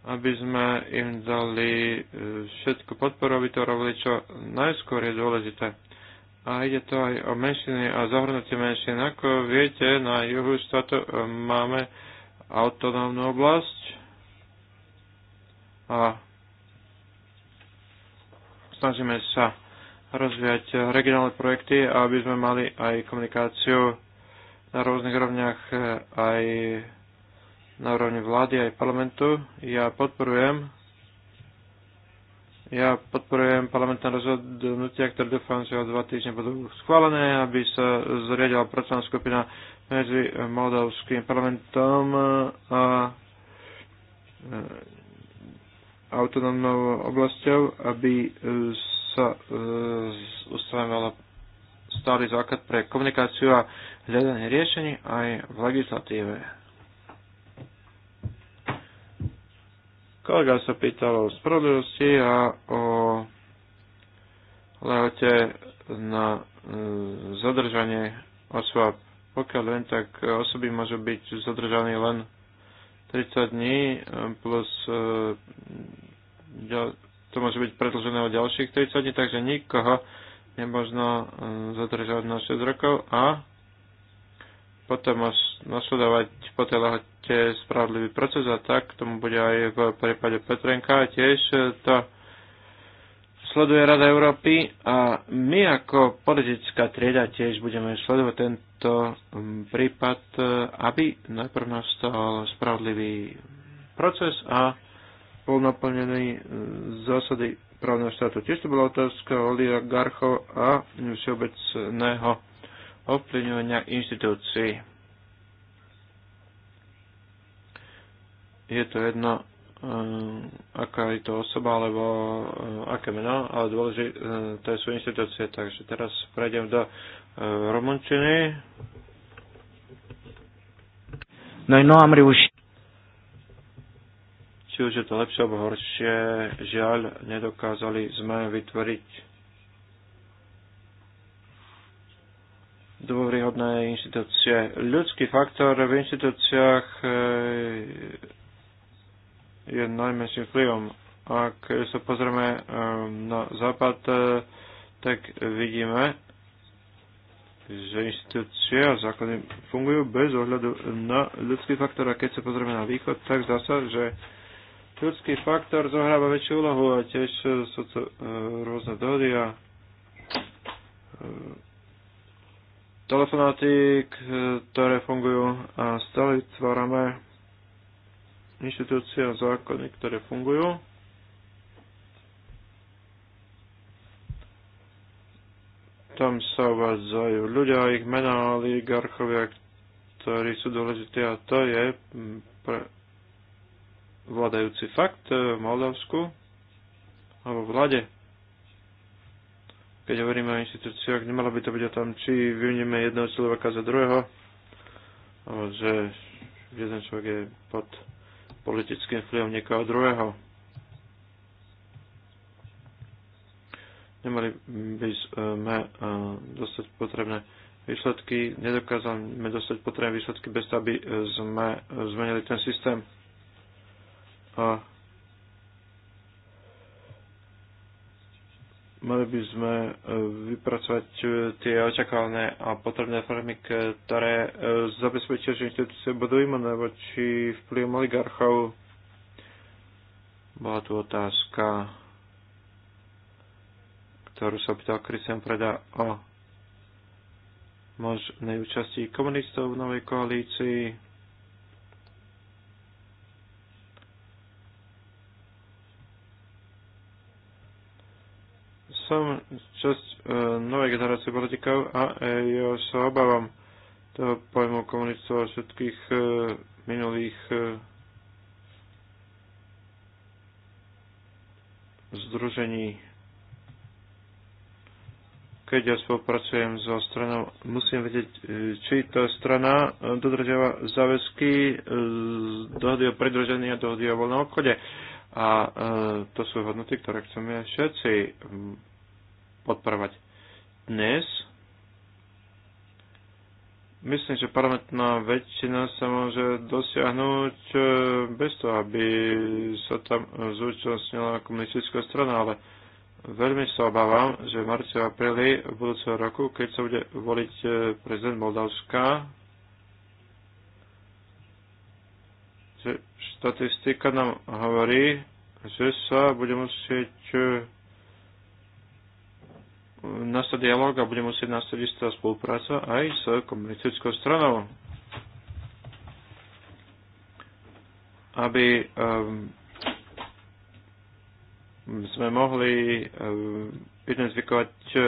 aby sme im dali e, všetku podporu, aby to robili čo najskôr je dôležité. A ide to aj o menšiny a zahrnutie menšiny, Ako viete, na juhu štátu e, máme autonómnu oblasť a snažíme sa rozvíjať regionálne projekty, aby sme mali aj komunikáciu na rôznych rovniach, e, aj na úrovni vlády aj parlamentu. Ja podporujem ja podporujem parlamentné rozhodnutia, ktoré dúfam, že o dva týždne budú schválené, aby sa zriadila pracovná skupina medzi Moldavským parlamentom a e, autonómnou oblasťou, aby sa e, ustanovala stály základ pre komunikáciu a hľadanie riešení aj v legislatíve. Kolega sa pýtal o spravodlivosti a o lehote na e, zadržanie osôb. Pokiaľ viem, tak osoby môžu byť zadržané len 30 dní e, plus e, to môže byť predlžené o ďalších 30 dní, takže nikoho nemôžno zadržať na 6 rokov a potom nasledovať po tej lehote spravodlivý proces a tak tomu bude aj v prípade Petrenka. Tiež e, to sleduje Rada Európy a my ako politická trieda tiež budeme sledovať tento prípad, e, aby najprv nastal spravodlivý proces a bol naplnený e, zásady právneho štátu. Tiež to bola otázka oligarchov a všeobecného ovplyvňovania inštitúcií. Je to jedno, eh, aká je to osoba, alebo eh, aké meno, ale dôležité eh, sú inštitúcie. Takže teraz prejdem do Romunčiny. Noi no, no am Či už je to lepšie alebo horšie, žiaľ, nedokázali sme vytvoriť dôvryhodné inštitúcie. Ľudský faktor v inštitúciách e, je najmenším vplyvom. Ak sa pozrieme e, na západ, e, tak vidíme, že inštitúcie a základy fungujú bez ohľadu na ľudský faktor. A keď sa pozrieme na východ, tak zdá sa, že ľudský faktor zohráva väčšiu úlohu a tiež sú to rôzne dohody a telefonáty, ktoré fungujú a stále vytvárame inštitúcie a zákony, ktoré fungujú. Tam sa uvádzajú ľudia, ich mená, oligarchovia, ktorí sú dôležití a to je mm, pre vládajúci fakt v Moldavsku alebo vláde keď hovoríme o inštitúciách, nemalo by to byť o tom, či vyvinieme jedného človeka za druhého, alebo že jeden človek je pod politickým vplyvom niekoho druhého. Nemali by sme eh, dostať potrebné výsledky, nedokázali sme dostať potrebné výsledky bez toho, aby sme zmenili ten systém. A mali by sme e, vypracovať e, tie očakávané a potrebné formy, ktoré e, zabezpečia, že inštitúcie budú imunné voči vplyvom oligarchov. Bola tu otázka, ktorú sa pýtal Christian Preda o možnej účasti komunistov v novej koalícii. som časť e, novej generácie politikov a ja sa obávam toho pojmu komunistov a všetkých e, minulých e, združení. Keď ja spolupracujem so stranou, musím vedieť, či tá strana dodržiava záväzky dohody o pridružení a dohody o voľnom obchode. A to sú hodnoty, ktoré chceme všetci podporovať. Dnes myslím, že parlamentná väčšina sa môže dosiahnuť e, bez toho, aby sa tam zúčastnila komunistická strana, ale veľmi sa obávam, že v marci a apríli v budúceho roku, keď sa bude voliť e, prezident Moldavska, že štatistika nám hovorí, že sa bude musieť e, nastať dialog a bude musieť nastať istá spolupráca aj s komunistickou stranou. Aby um, sme mohli um, identifikovať uh,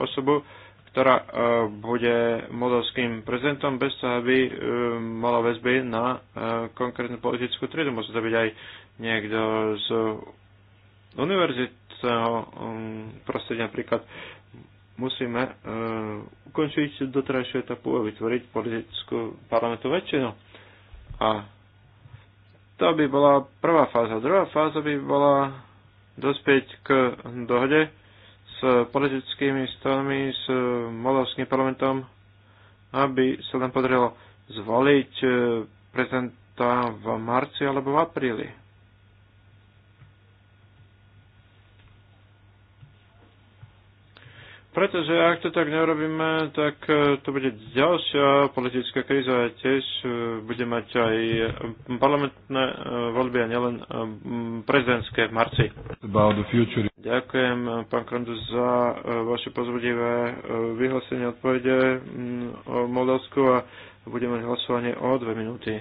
osobu, ktorá uh, bude modelským prezidentom bez toho, aby um, mala väzby na uh, konkrétnu politickú triedu. Môže to byť aj niekto z univerzitného ehm, prostredia, napríklad musíme e, ukončiť doterajšiu etapu a vytvoriť politickú parlamentu väčšinu. A to by bola prvá fáza. Druhá fáza by bola dospieť k dohode s politickými stranami, s moldavským parlamentom, aby sa nám podarilo zvoliť e, prezidenta v marci alebo v apríli. Pretože ak to tak neurobíme, tak e, to bude ďalšia politická kríza a tiež e, bude mať aj e, parlamentné voľby a nielen prezidentské v marci. Ďakujem, pán Krandu za vaše pozvodivé vyhlásenie odpovede o Moldavsku a budeme hlasovanie o dve minúty.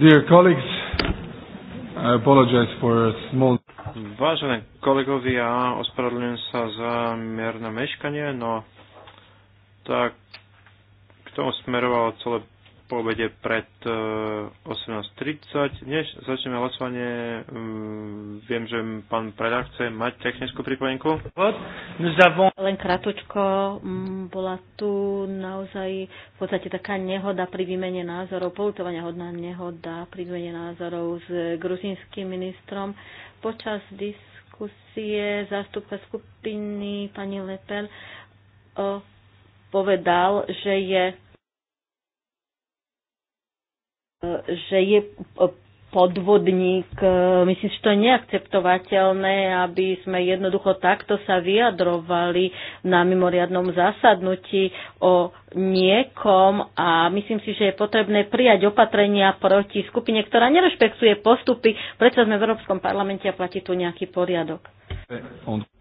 Dear colleagues, I apologize for a small... Vážené kolegovia, ospravedlňujem sa za mierne meškanie, no tak k tomu smerovalo celé po obede pred 18.30. E, Dnes začneme hlasovanie, mm, viem, že pán Preda chce mať technickú pripojenku. Len kratočko mm, bola tu naozaj v podstate taká nehoda pri výmene názorov, poutovania hodná nehoda pri výmene názorov s gruzinským ministrom počas diskusie zástupca skupiny pani Lepel e, povedal, že je že je podvodník. Myslím, že to je neakceptovateľné, aby sme jednoducho takto sa vyjadrovali na mimoriadnom zasadnutí o niekom a myslím si, že je potrebné prijať opatrenia proti skupine, ktorá nerešpektuje postupy. Prečo sme v Európskom parlamente a platí tu nejaký poriadok?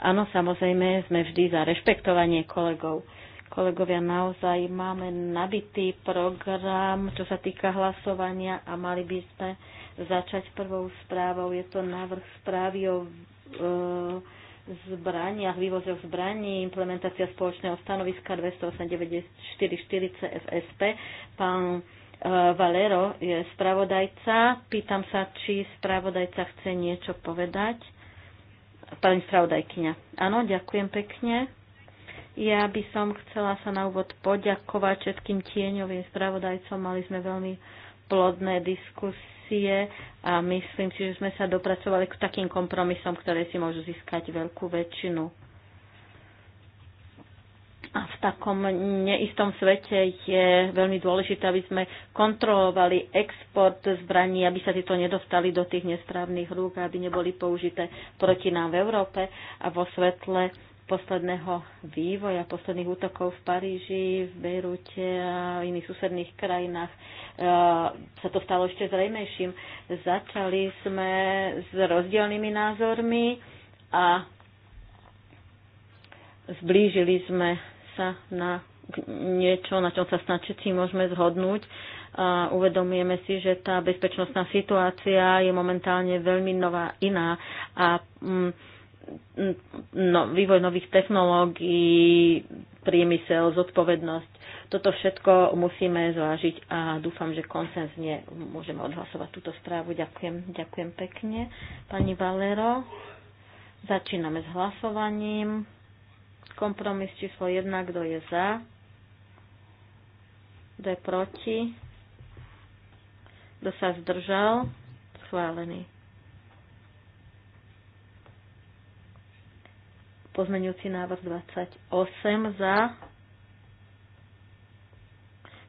Áno, samozrejme, sme vždy za rešpektovanie kolegov. Kolegovia, naozaj máme nabitý program, čo sa týka hlasovania a mali by sme začať prvou správou. Je to návrh správy o e, zbraniach, vývozoch zbraní, implementácia spoločného stanoviska 284 CFSP. Pán e, Valero je spravodajca. Pýtam sa, či spravodajca chce niečo povedať. Pani spravodajkyňa. Áno, ďakujem pekne. Ja by som chcela sa na úvod poďakovať všetkým tieňovým spravodajcom. Mali sme veľmi plodné diskusie a myslím si, že sme sa dopracovali k takým kompromisom, ktoré si môžu získať veľkú väčšinu. A v takom neistom svete je veľmi dôležité, aby sme kontrolovali export zbraní, aby sa tieto nedostali do tých nesprávnych rúk, aby neboli použité proti nám v Európe a vo svetle posledného vývoja, posledných útokov v Paríži, v Bejrute a iných susedných krajinách e, sa to stalo ešte zrejmejším. Začali sme s rozdielnymi názormi a zblížili sme sa na niečo, na čom sa snad všetci môžeme zhodnúť. A uvedomujeme si, že tá bezpečnostná situácia je momentálne veľmi nová, iná a mm, no, vývoj nových technológií, priemysel, zodpovednosť. Toto všetko musíme zvážiť a dúfam, že konsenzne môžeme odhlasovať túto správu. Ďakujem, ďakujem pekne. Pani Valero, začíname s hlasovaním. Kompromis číslo 1, kto je za? Kto je proti? Kto sa zdržal? Schválený. Pozmeňujúci návrh 28 za,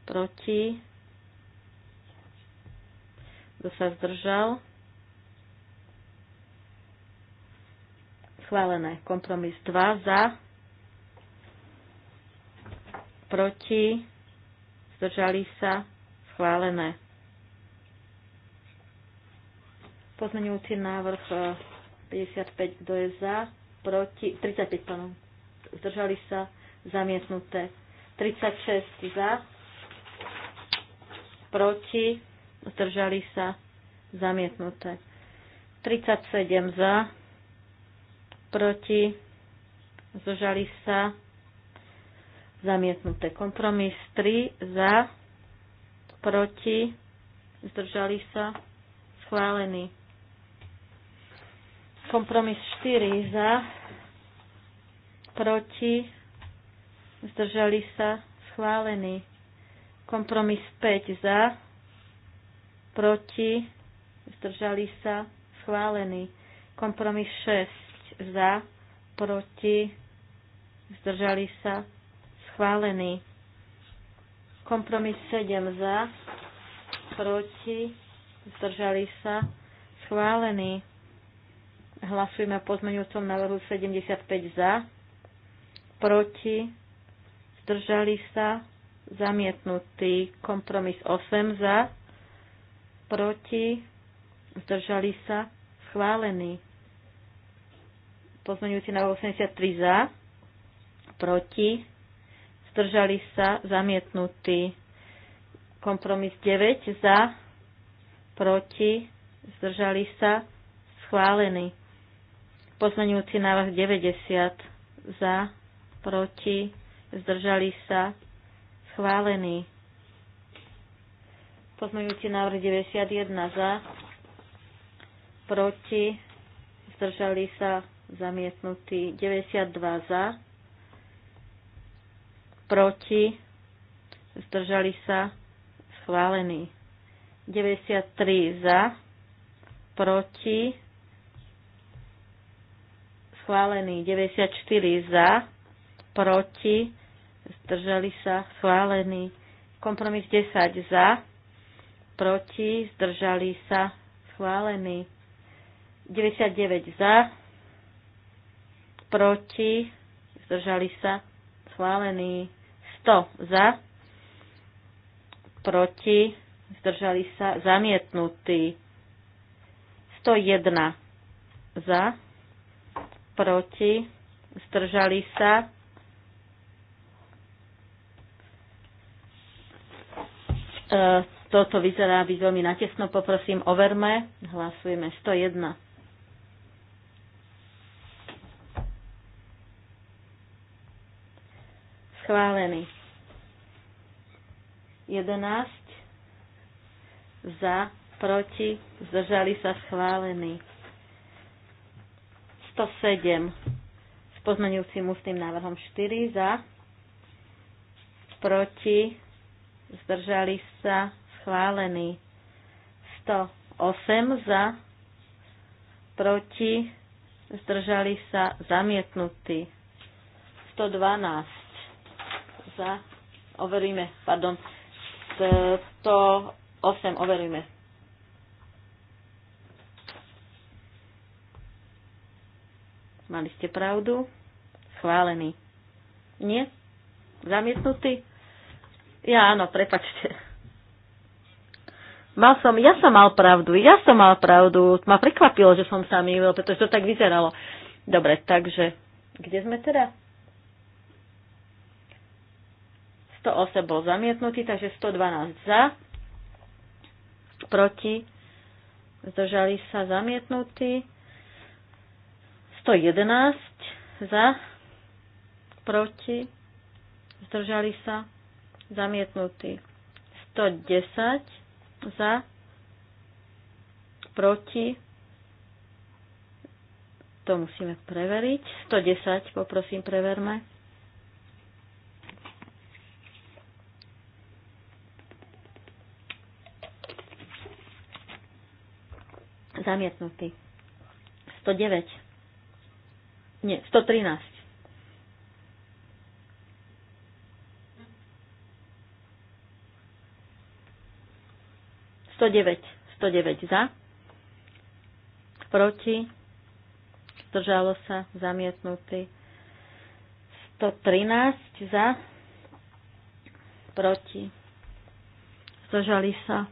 proti, kto sa zdržal. Schválené. Kompromis 2 za, proti, zdržali sa, schválené. Pozmeňujúci návrh 55, eh, kto je za, proti, 35, pardon, zdržali sa, zamietnuté. 36 za, proti, zdržali sa, zamietnuté. 37 za, proti, zdržali sa, zamietnuté. Kompromis 3 za, proti, zdržali sa, schválený. Kompromis 4 za, proti, zdržali sa, schválený. Kompromis 5 za, proti, zdržali sa, schválený. Kompromis 6 za, proti, zdržali sa, schválený. Kompromis 7 za, proti, zdržali sa, schválený. Hlasujeme o pozmeňujúcom návrhu 75 za, proti, zdržali sa, zamietnutý kompromis 8 za, proti, zdržali sa, schválený. Pozmeňujúci na 83 za, proti, zdržali sa, zamietnutý. Kompromis 9 za, proti, zdržali sa, schválený. Pozmeňujúci návrh 90 za, proti, zdržali sa, schválení. Pozmeňujúci návrh 91 za, proti, zdržali sa, zamietnutí, 92 za, proti, zdržali sa, schválení, 93 za, proti, schválený. 94 za, proti, zdržali sa, schválený. Kompromis 10 za, proti, zdržali sa, schválený. 99 za, proti, zdržali sa, schválený. 100 za, proti, zdržali sa, zamietnutý. 101 za, proti, zdržali sa, E, toto vyzerá byť veľmi natesno. Poprosím, overme. Hlasujeme 101. Schválený. 11. Za, proti, zdržali sa schválený. 107. S pozmenujúcim ústnym návrhom 4. Za, proti, zdržali sa, schválený. 108 za, proti, zdržali sa, zamietnutí. 112 za, overíme, pardon, 108 overíme. Mali ste pravdu? Schválený. Nie? Zamietnutý? Ja áno, prepačte. Mal som, ja som mal pravdu, ja som mal pravdu. Ma prekvapilo, že som sa mýlil, pretože to tak vyzeralo. Dobre, takže, kde sme teda? 108 bol zamietnutý, takže 112 za, proti, zdržali sa zamietnutí, 111 za, proti, zdržali sa zamietnutý. 110 za, proti, to musíme preveriť. 110, poprosím, preverme. Zamietnutý. 109. Nie, 113 109. 109 za. Proti. Zdržalo sa. Zamietnutý. 113 za. Proti. Zdržali sa.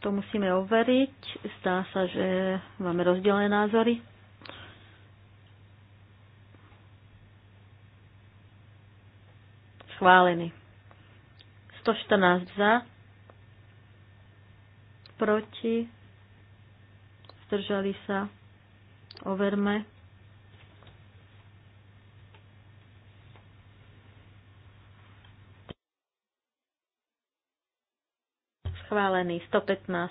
To musíme overiť. Zdá sa, že máme rozdielne názory. Schválený. 114 za proti, zdržali sa, overme. Schválený 115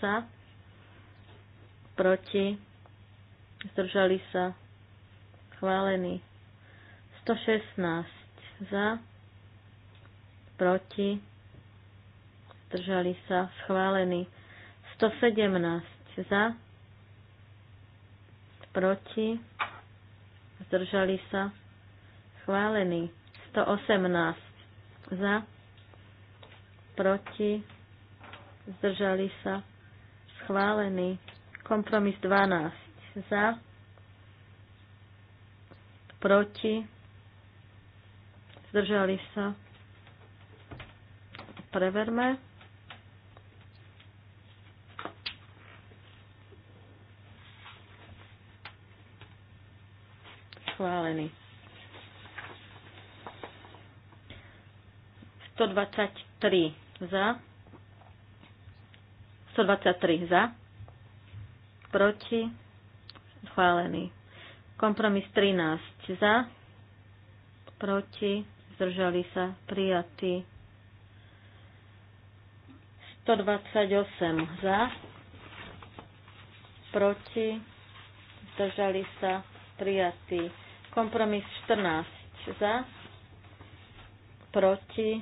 za, proti, zdržali sa, schválený 116 za, proti, zdržali sa, schválený 117 za, proti, zdržali sa, schválený. 118 za, proti, zdržali sa, schválený. Kompromis 12 za, proti, zdržali sa. Preverme. schválený. 123 za, 123 za, proti, schválený. Kompromis 13 za, proti, zdržali sa, prijatý. 128 za, proti, zdržali sa, prijatý. Kompromis 14 za, proti,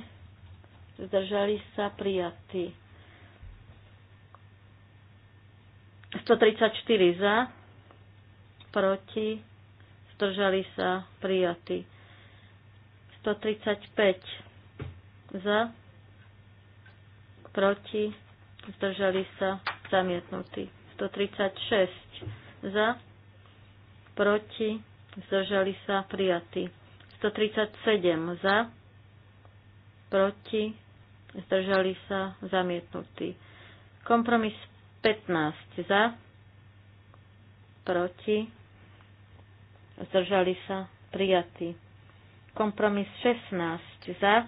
zdržali sa prijatí. 134 za, proti, zdržali sa prijatí. 135 za, proti, zdržali sa zamietnutí. 136 za, proti, zdržali sa prijatí. 137 za, proti, zdržali sa zamietnutí. Kompromis 15 za, proti, zdržali sa prijatí. Kompromis 16 za,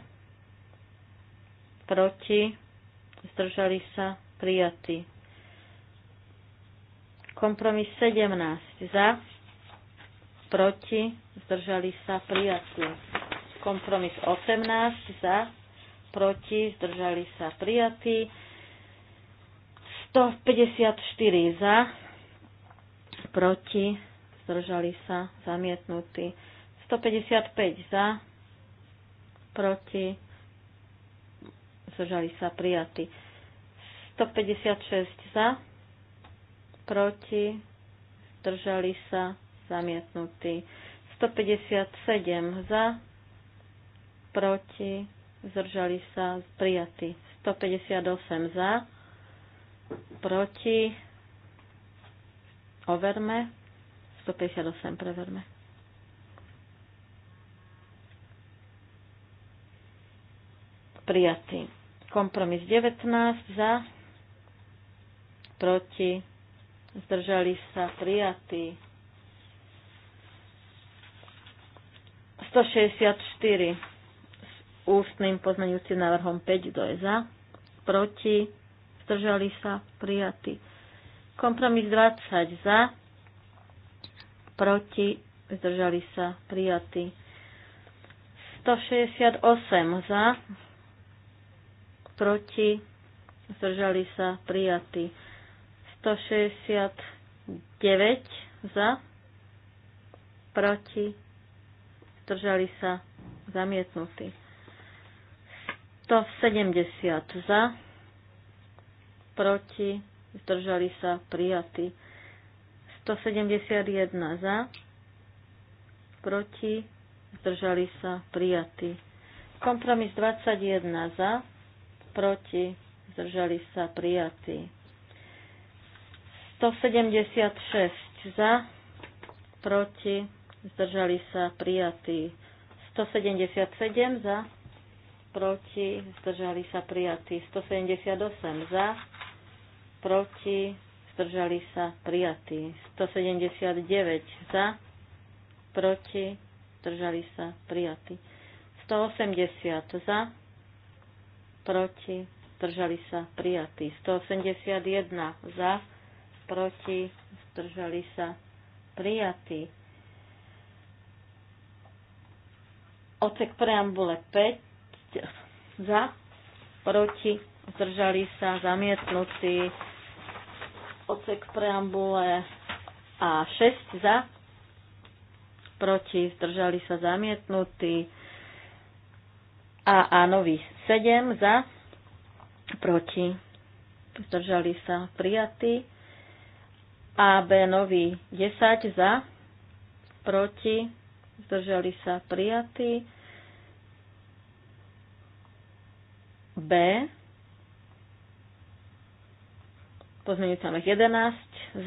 proti, zdržali sa prijatí. Kompromis 17 za, proti, zdržali sa prijatí. Kompromis 18 za, proti, zdržali sa prijatí. 154 za, proti, zdržali sa zamietnutí. 155 za, proti, zdržali sa prijatí. 156 za, proti, zdržali sa zamietnutý. 157 za, proti, zdržali sa, prijatý. 158 za, proti, overme, 158 preverme. Prijatý. Kompromis 19 za, proti, zdržali sa, prijatý. 164 s ústnym pozmeňujúcim návrhom 5, kto je za, proti, zdržali sa, prijatí. Kompromis 20 za, proti, zdržali sa, prijatí. 168 za, proti, zdržali sa, prijatí. 169 za, proti, zdržali sa, zamietnutí. 170 za, proti, zdržali sa, prijatí. 171 za, proti, zdržali sa, prijatí. Kompromis 21 za, proti, zdržali sa, prijatí. 176 za, proti, zdržali sa prijatí. 177 za, proti, zdržali sa prijatí. 178 za, proti, zdržali sa prijatí. 179 za, proti, zdržali sa prijatí. 180 za, proti, zdržali sa prijatí. 181 za, proti, zdržali sa prijatí. Odsek preambule 5 za, proti, zdržali sa, zamietnutí. Odsek preambule a 6 za, proti, zdržali sa, zamietnutí. A, a nový 7 za, proti, zdržali sa, prijatí. A B nový 10 za, proti, zdržali sa prijatí. B, pozmeňujúci návrh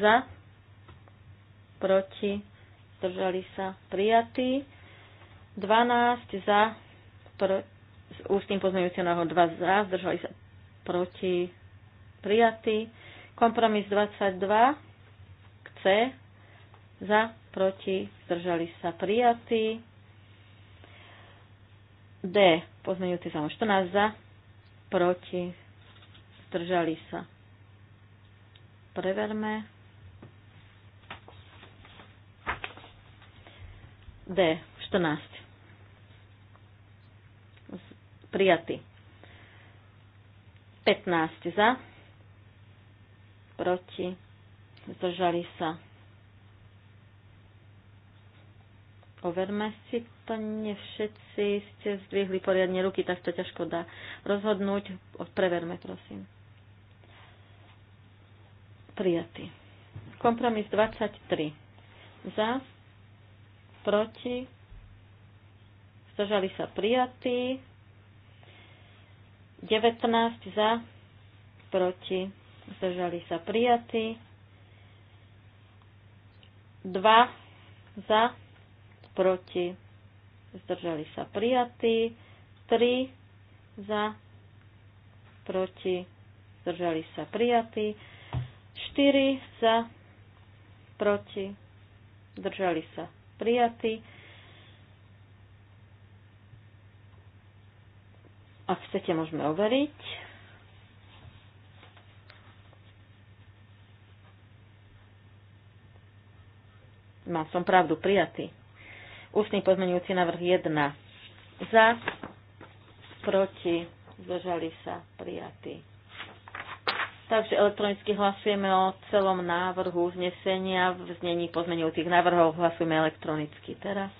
11, za, proti, zdržali sa prijatí. 12 za, pro, s ústnym pozmeňujúcim návrhom 2 za, zdržali sa proti, prijatí. Kompromis 22 k C za, proti, zdržali sa prijatí. D, pozmeňujúci sa 14 za, proti, zdržali sa. Preverme. D, 14. Prijatý. 15 za, proti, zdržali sa Overme si to, nie všetci ste zdvihli poriadne ruky, tak to ťažko dá rozhodnúť. Preverme, prosím. Prijatý. Kompromis 23. Za, proti, zdržali sa prijatí, 19 za, proti, zdržali sa prijatí, 2 za, proti, zdržali sa prijatí, 3 za, proti, zdržali sa prijatí, 4 za, proti, zdržali sa prijatí. Ak chcete, môžeme overiť. Mal som pravdu, prijatý. Ústny pozmenujúci návrh 1. Za, proti, zdržali sa, prijatí. Takže elektronicky hlasujeme o celom návrhu uznesenia v znení pozmeňujúcich návrhov. Hlasujeme elektronicky teraz.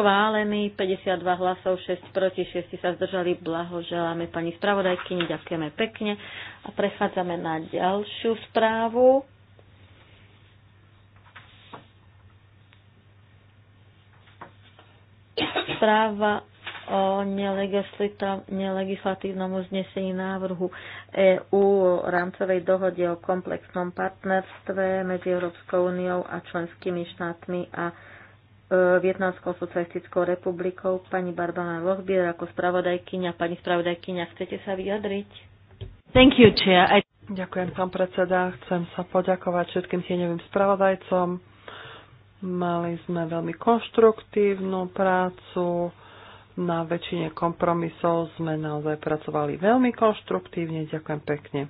schválený, 52 hlasov, 6 proti, 6 sa zdržali, blahoželáme pani spravodajkyni, ďakujeme pekne a prechádzame na ďalšiu správu. Správa o nelegislatívnom uznesení návrhu EÚ o rámcovej dohode o komplexnom partnerstve medzi Európskou úniou a členskými štátmi a Vietnamskou socialistickou republikou, pani Barbara Lochbier ako spravodajkyňa. Pani spravodajkyňa, chcete sa vyjadriť? Thank you, chair. I... Ďakujem, pán predseda. Chcem sa poďakovať všetkým tieňovým spravodajcom. Mali sme veľmi konštruktívnu prácu. Na väčšine kompromisov sme naozaj pracovali veľmi konštruktívne. Ďakujem pekne.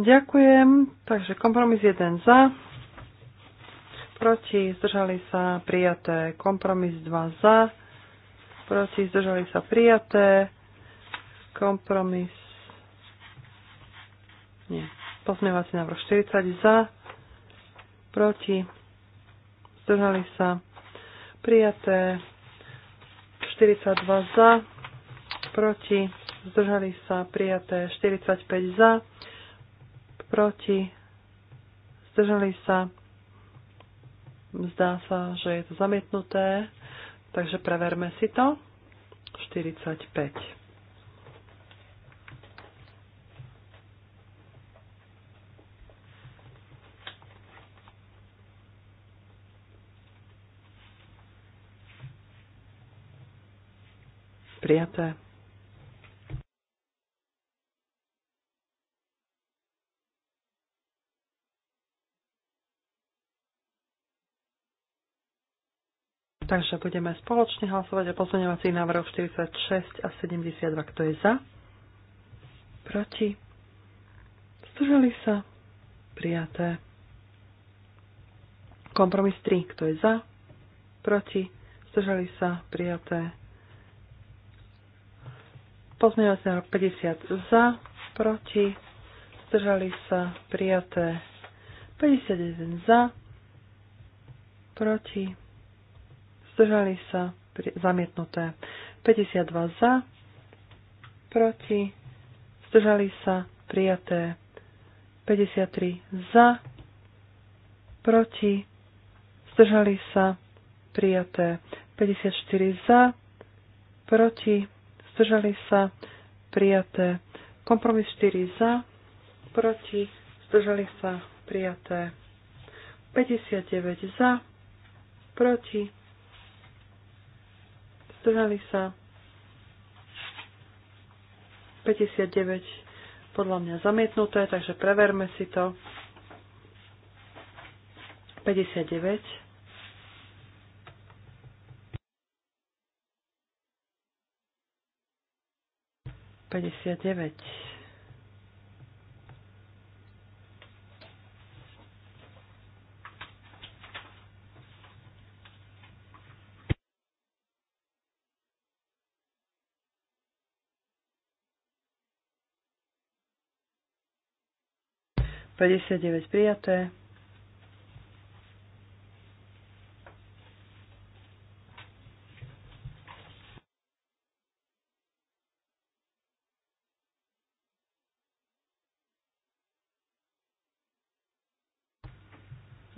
Ďakujem. Takže kompromis 1 za, proti, zdržali sa prijaté. Kompromis 2 za, proti, zdržali sa prijaté. Kompromis. Nie. Pozmievací návrh 40 za, proti, zdržali sa prijaté. 42 za, proti, zdržali sa prijaté. 45 za, proti, zdržali sa prijaté Zdá sa, že je to zamietnuté, takže preverme si to. 45. Prijaté. Takže budeme spoločne hlasovať o pozmeňovacích návrhoch 46 a 72. Kto je za? Proti? Zdržali sa? Prijaté. Kompromis 3. Kto je za? Proti? Zdržali sa? Prijaté. Pozmeňovací návrh 50 za? Proti? Zdržali sa? Prijaté. 51 za? Proti? zdržali sa, zamietnuté. 52 za, proti, zdržali sa, prijaté. 53 za, proti, zdržali sa, prijaté. 54 za, proti, zdržali sa, prijaté. Kompromis 4 za, proti, zdržali sa, prijaté. 59 za, proti, Zdržali sa 59 podľa mňa zamietnuté, takže preverme si to. 59. 59. 59 prijaté.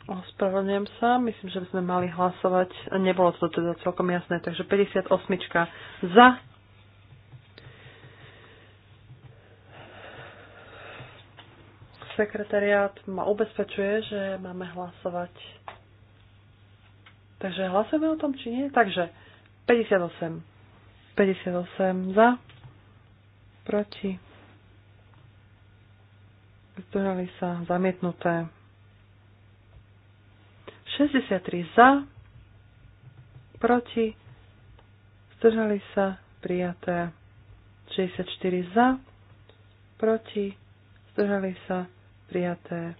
Ospravedlňujem sa, myslím, že by sme mali hlasovať. Nebolo to teda celkom jasné, takže 58 za sekretariát ma ubezpečuje, že máme hlasovať. Takže hlasujeme o tom, či nie? Takže 58. 58 za, proti. Zdržali sa zamietnuté. 63 za, proti. Zdržali sa prijaté. 64 za, proti. Zdržali sa prijaté.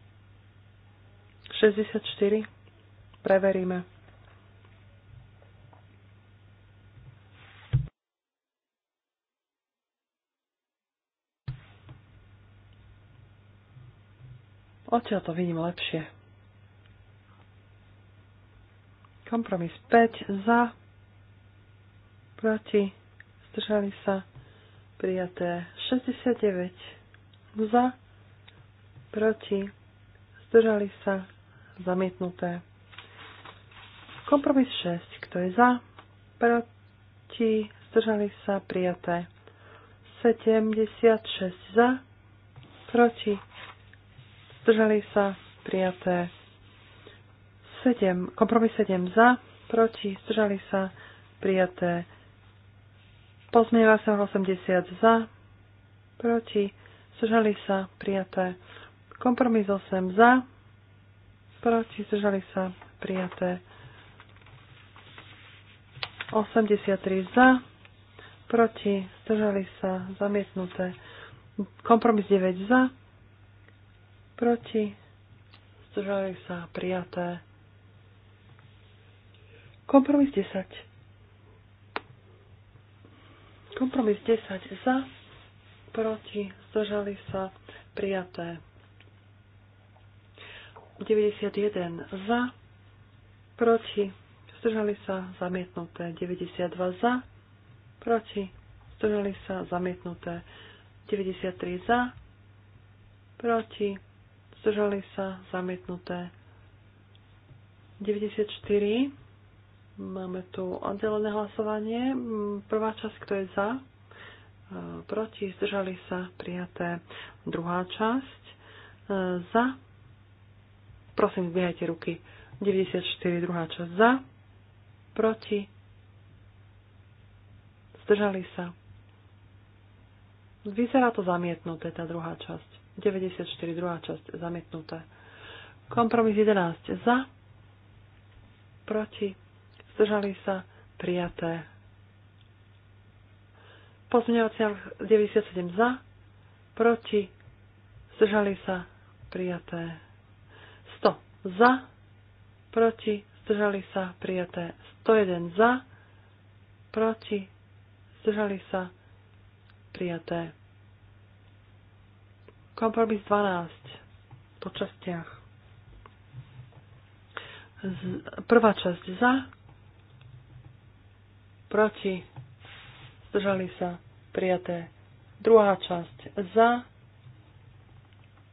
64. Preveríme. Odtiaľ to vidím lepšie. Kompromis 5 za, proti, zdržali sa, prijaté 69 za, proti, zdržali sa, zamietnuté. Kompromis 6, kto je za, proti, zdržali sa, prijaté. 76 za, proti, zdržali sa, prijaté. 7, kompromis 7 za, proti, zdržali sa, prijaté. Pozmieva sa 80 za, proti, zdržali sa, prijaté. Kompromis 8 za, proti, zdržali sa, prijaté. 83 za, proti, zdržali sa, zamietnuté. Kompromis 9 za, proti, zdržali sa, prijaté. Kompromis 10. Kompromis 10 za, proti, zdržali sa, prijaté. 91 za, proti, zdržali sa, zamietnuté. 92 za, proti, zdržali sa, zamietnuté. 93 za, proti, zdržali sa, zamietnuté. 94. Máme tu oddelené hlasovanie. Prvá časť, kto je za, proti, zdržali sa, prijaté. Druhá časť, e, za, Prosím, zbiehajte ruky. 94, druhá časť za, proti, zdržali sa. Vyzerá to zamietnuté, tá druhá časť. 94, druhá časť, zamietnuté. Kompromis 11, za, proti, zdržali sa, prijaté. Pozmeňovací 97 za, proti, zdržali sa, prijaté za, proti, zdržali sa, prijaté. 101 za, proti, zdržali sa, prijaté. Kompromis 12 po častiach. Z, prvá časť za, proti, zdržali sa, prijaté. Druhá časť za,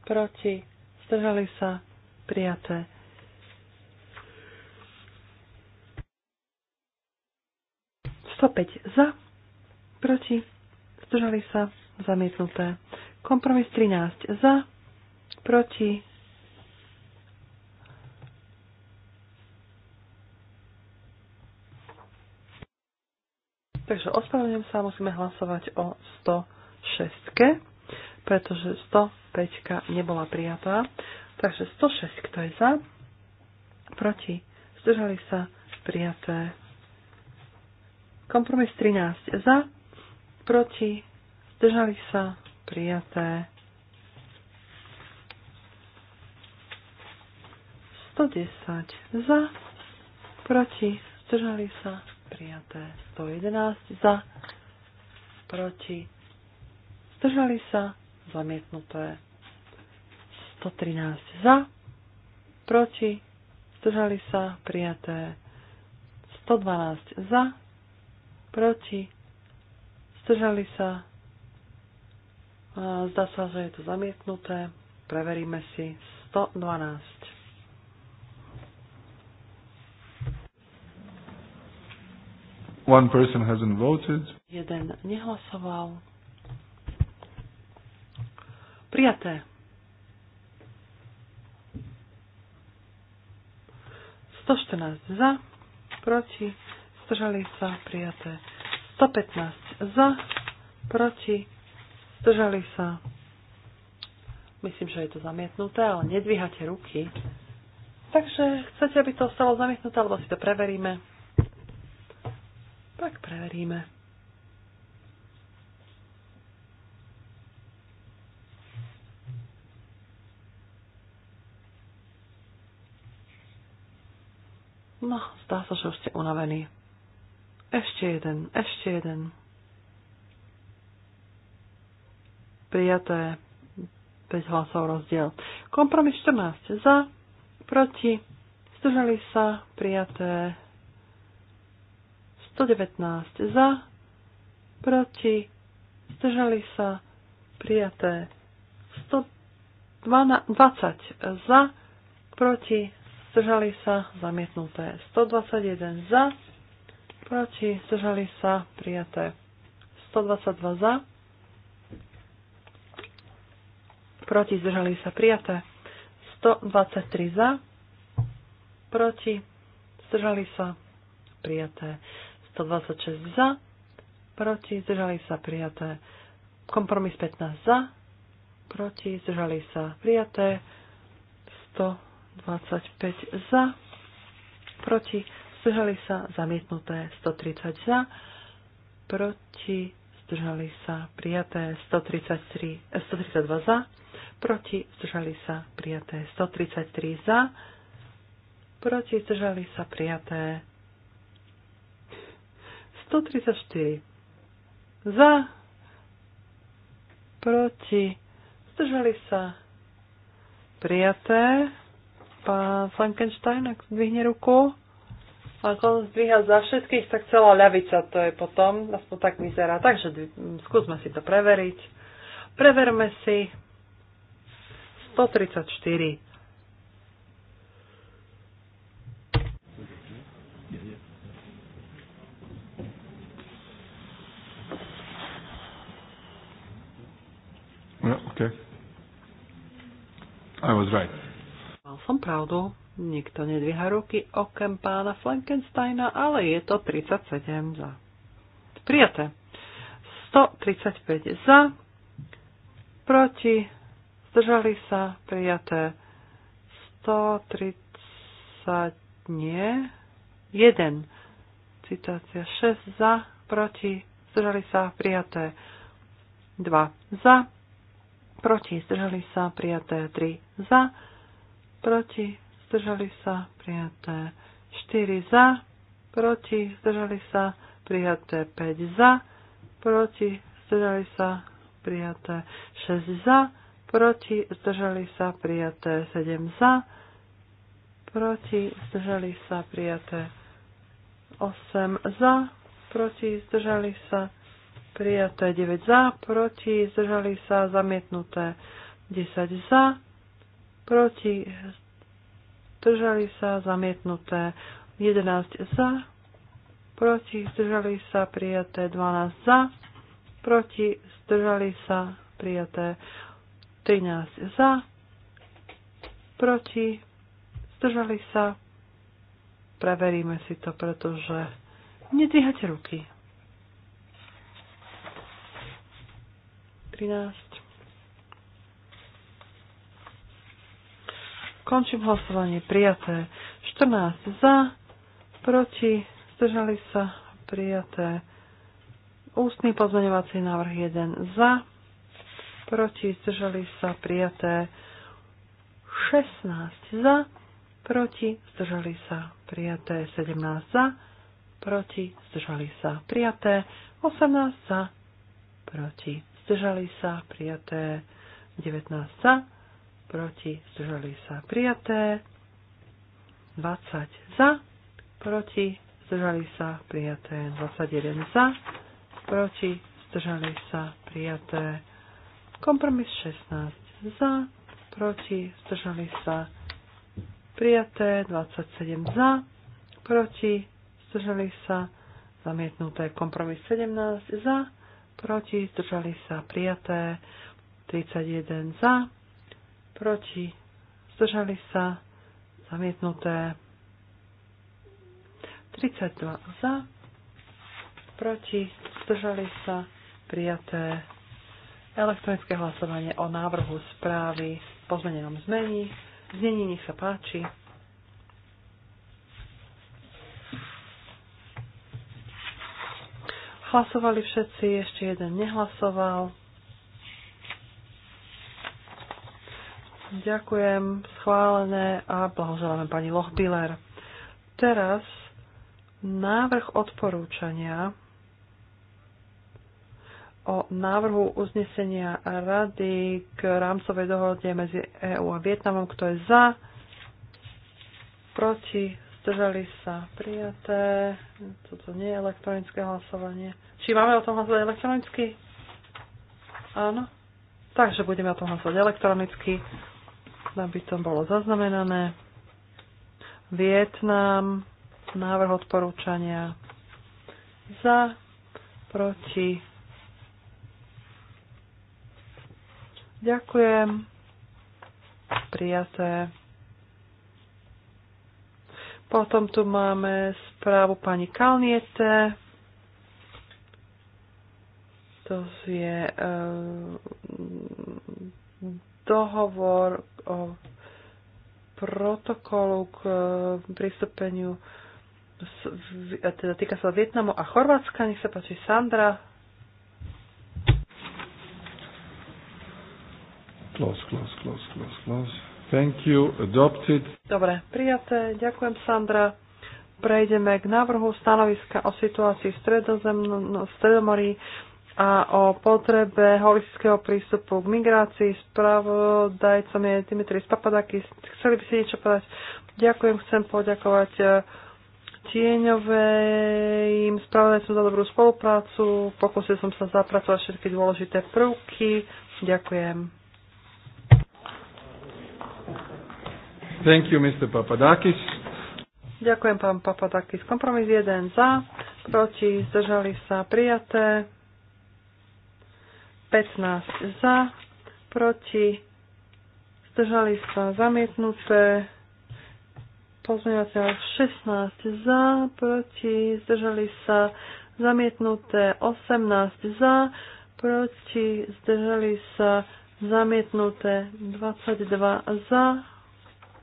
proti, zdržali sa, Prijaté. Stopäť za, proti, zdržali sa, zamietnuté. Kompromis 13 za, proti, Takže ospravedlňujem sa, musíme hlasovať o 106, pretože 105 nebola prijatá. Takže 106, kto je za? Proti. Zdržali sa prijaté. Kompromis 13 za, proti, zdržali sa prijaté. 110 za, proti, zdržali sa prijaté. 111 za, proti, zdržali sa zamietnuté. 113 za, proti, zdržali sa, prijaté 112 za, proti, zdržali sa, zdá sa, že je to zamietnuté, preveríme si 112. One person hasn't voted. Jeden nehlasoval. Prijaté. 114 za, proti, zdržali sa, prijaté. 115 za, proti, zdržali sa. Myslím, že je to zamietnuté, ale nedvíhate ruky. Takže chcete, aby to stalo zamietnuté, alebo si to preveríme? Tak preveríme. No, zdá sa, že už ste unavení. Ešte jeden, ešte jeden. Prijaté 5 hlasov rozdiel. Kompromis 14 za, proti, zdržali sa, prijaté 119 za, proti, zdržali sa, prijaté 120 za, proti, zdržali sa, zamietnuté. 121 za, proti, zdržali sa, prijaté. 122 za, proti, zdržali sa, prijaté. 123 za, proti, zdržali sa, prijaté. 126 za, proti, zdržali sa, prijaté. Kompromis 15 za, proti, zdržali sa, prijaté. 100 25 za, proti, zdržali sa, zamietnuté 130 za, proti, zdržali sa, prijaté 133, 132 eh, za, proti, zdržali sa, prijaté 133 za, proti, zdržali sa, prijaté 134 za, proti, zdržali sa, prijaté Pán Frankenstein, ak zdvihne ruku. Ak on zdvíha za všetkých, tak celá ľavica to je potom, aspoň tak vyzerá. Takže skúsme si to preveriť. Preverme si 134. Yeah, no, okay. I was right. Mal som pravdu, nikto nedvíha ruky okem pána Frankensteina, ale je to 37 za. Prijaté. 135 za, proti, zdržali sa, prijaté. 130 nie, 1. Citácia 6 za, proti, zdržali sa, prijaté. 2 za, proti, zdržali sa, prijaté. 3 za, proti, zdržali sa, prijaté 4 za, proti, zdržali sa, prijaté 5 za, proti, zdržali sa, prijaté 6 za, proti, zdržali sa, prijaté 7 za, proti, zdržali sa, prijaté 8 za, proti, zdržali sa, prijaté 9 za, proti, zdržali sa, zamietnuté 10 za, proti, zdržali sa, zamietnuté. 11 za, proti, zdržali sa, prijaté. 12 za, proti, zdržali sa, prijaté. 13 za, proti, zdržali sa. Preveríme si to, pretože nedvíhate ruky. 13. Končím hlasovanie prijaté. 14 za, proti, zdržali sa prijaté. Ústny pozmeňovací návrh 1 za, proti, zdržali sa prijaté. 16 za, proti, zdržali sa prijaté. 17 za, proti, zdržali sa prijaté. 18 za, proti, zdržali sa prijaté. 19 za, proti, zdržali sa prijaté. 20 za, proti, zdržali sa prijaté. 21 za, proti, zdržali sa prijaté. Kompromis 16 za, proti, zdržali sa prijaté. 27 za, proti, zdržali sa zamietnuté. Kompromis 17 za, proti, zdržali sa prijaté. 31 za, proti, zdržali sa, zamietnuté. 32 za, proti, zdržali sa, prijaté. Elektronické hlasovanie o návrhu správy po zmenenom zmení. Znení nech sa páči. Hlasovali všetci, ešte jeden nehlasoval. Ďakujem, schválené a blahoželáme pani Lochbiller. Teraz návrh odporúčania o návrhu uznesenia Rady k rámcovej dohode medzi EÚ a Vietnamom. Kto je za? Proti? Zdržali sa? Prijaté? Toto nie je elektronické hlasovanie. Či máme o tom hlasovať elektronicky? Áno. Takže budeme o tom hlasovať elektronicky aby to bolo zaznamenané. Vietnam, návrh odporúčania za, proti. Ďakujem. Prijaté. Potom tu máme správu pani Kalniete. To je eh, dohovor o protokolu k e, pristúpeniu teda týka sa Vietnamu a Chorvátska. Nech sa páči Sandra. Close, close, close, close, close. Thank you. Adopted. Dobre, prijaté. Ďakujem, Sandra. Prejdeme k návrhu stanoviska o situácii v no, Stredomorí a o potrebe holistického prístupu k migrácii. Spravodajcom je Dimitris Papadakis. Chceli by si niečo povedať? Ďakujem, chcem poďakovať eh, tieňovým spravodajcom za dobrú spoluprácu. Pokúsil som sa zapracovať všetky dôležité prvky. Ďakujem. Thank you, Mr. Papadakis. Ďakujem, pán Papadakis. Kompromis 1 za, proti, zdržali sa, prijaté. 15 za, proti, zdržali sa zamietnuté, pozmeňovací 16 za, proti, zdržali sa zamietnuté 18 za, proti, zdržali sa zamietnuté 22 za,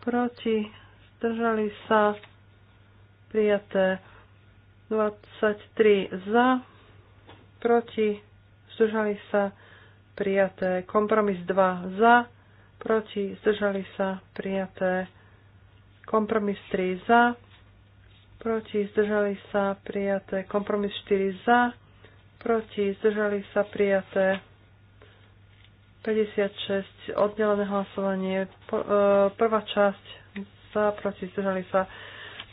proti, zdržali sa prijaté 23 za, proti, zdržali sa, prijaté. Kompromis 2 za, proti, zdržali sa, prijaté. Kompromis 3 za, proti, zdržali sa, prijaté. Kompromis 4 za, proti, zdržali sa, prijaté. 56, oddelené hlasovanie, e, prvá časť za, proti, zdržali sa,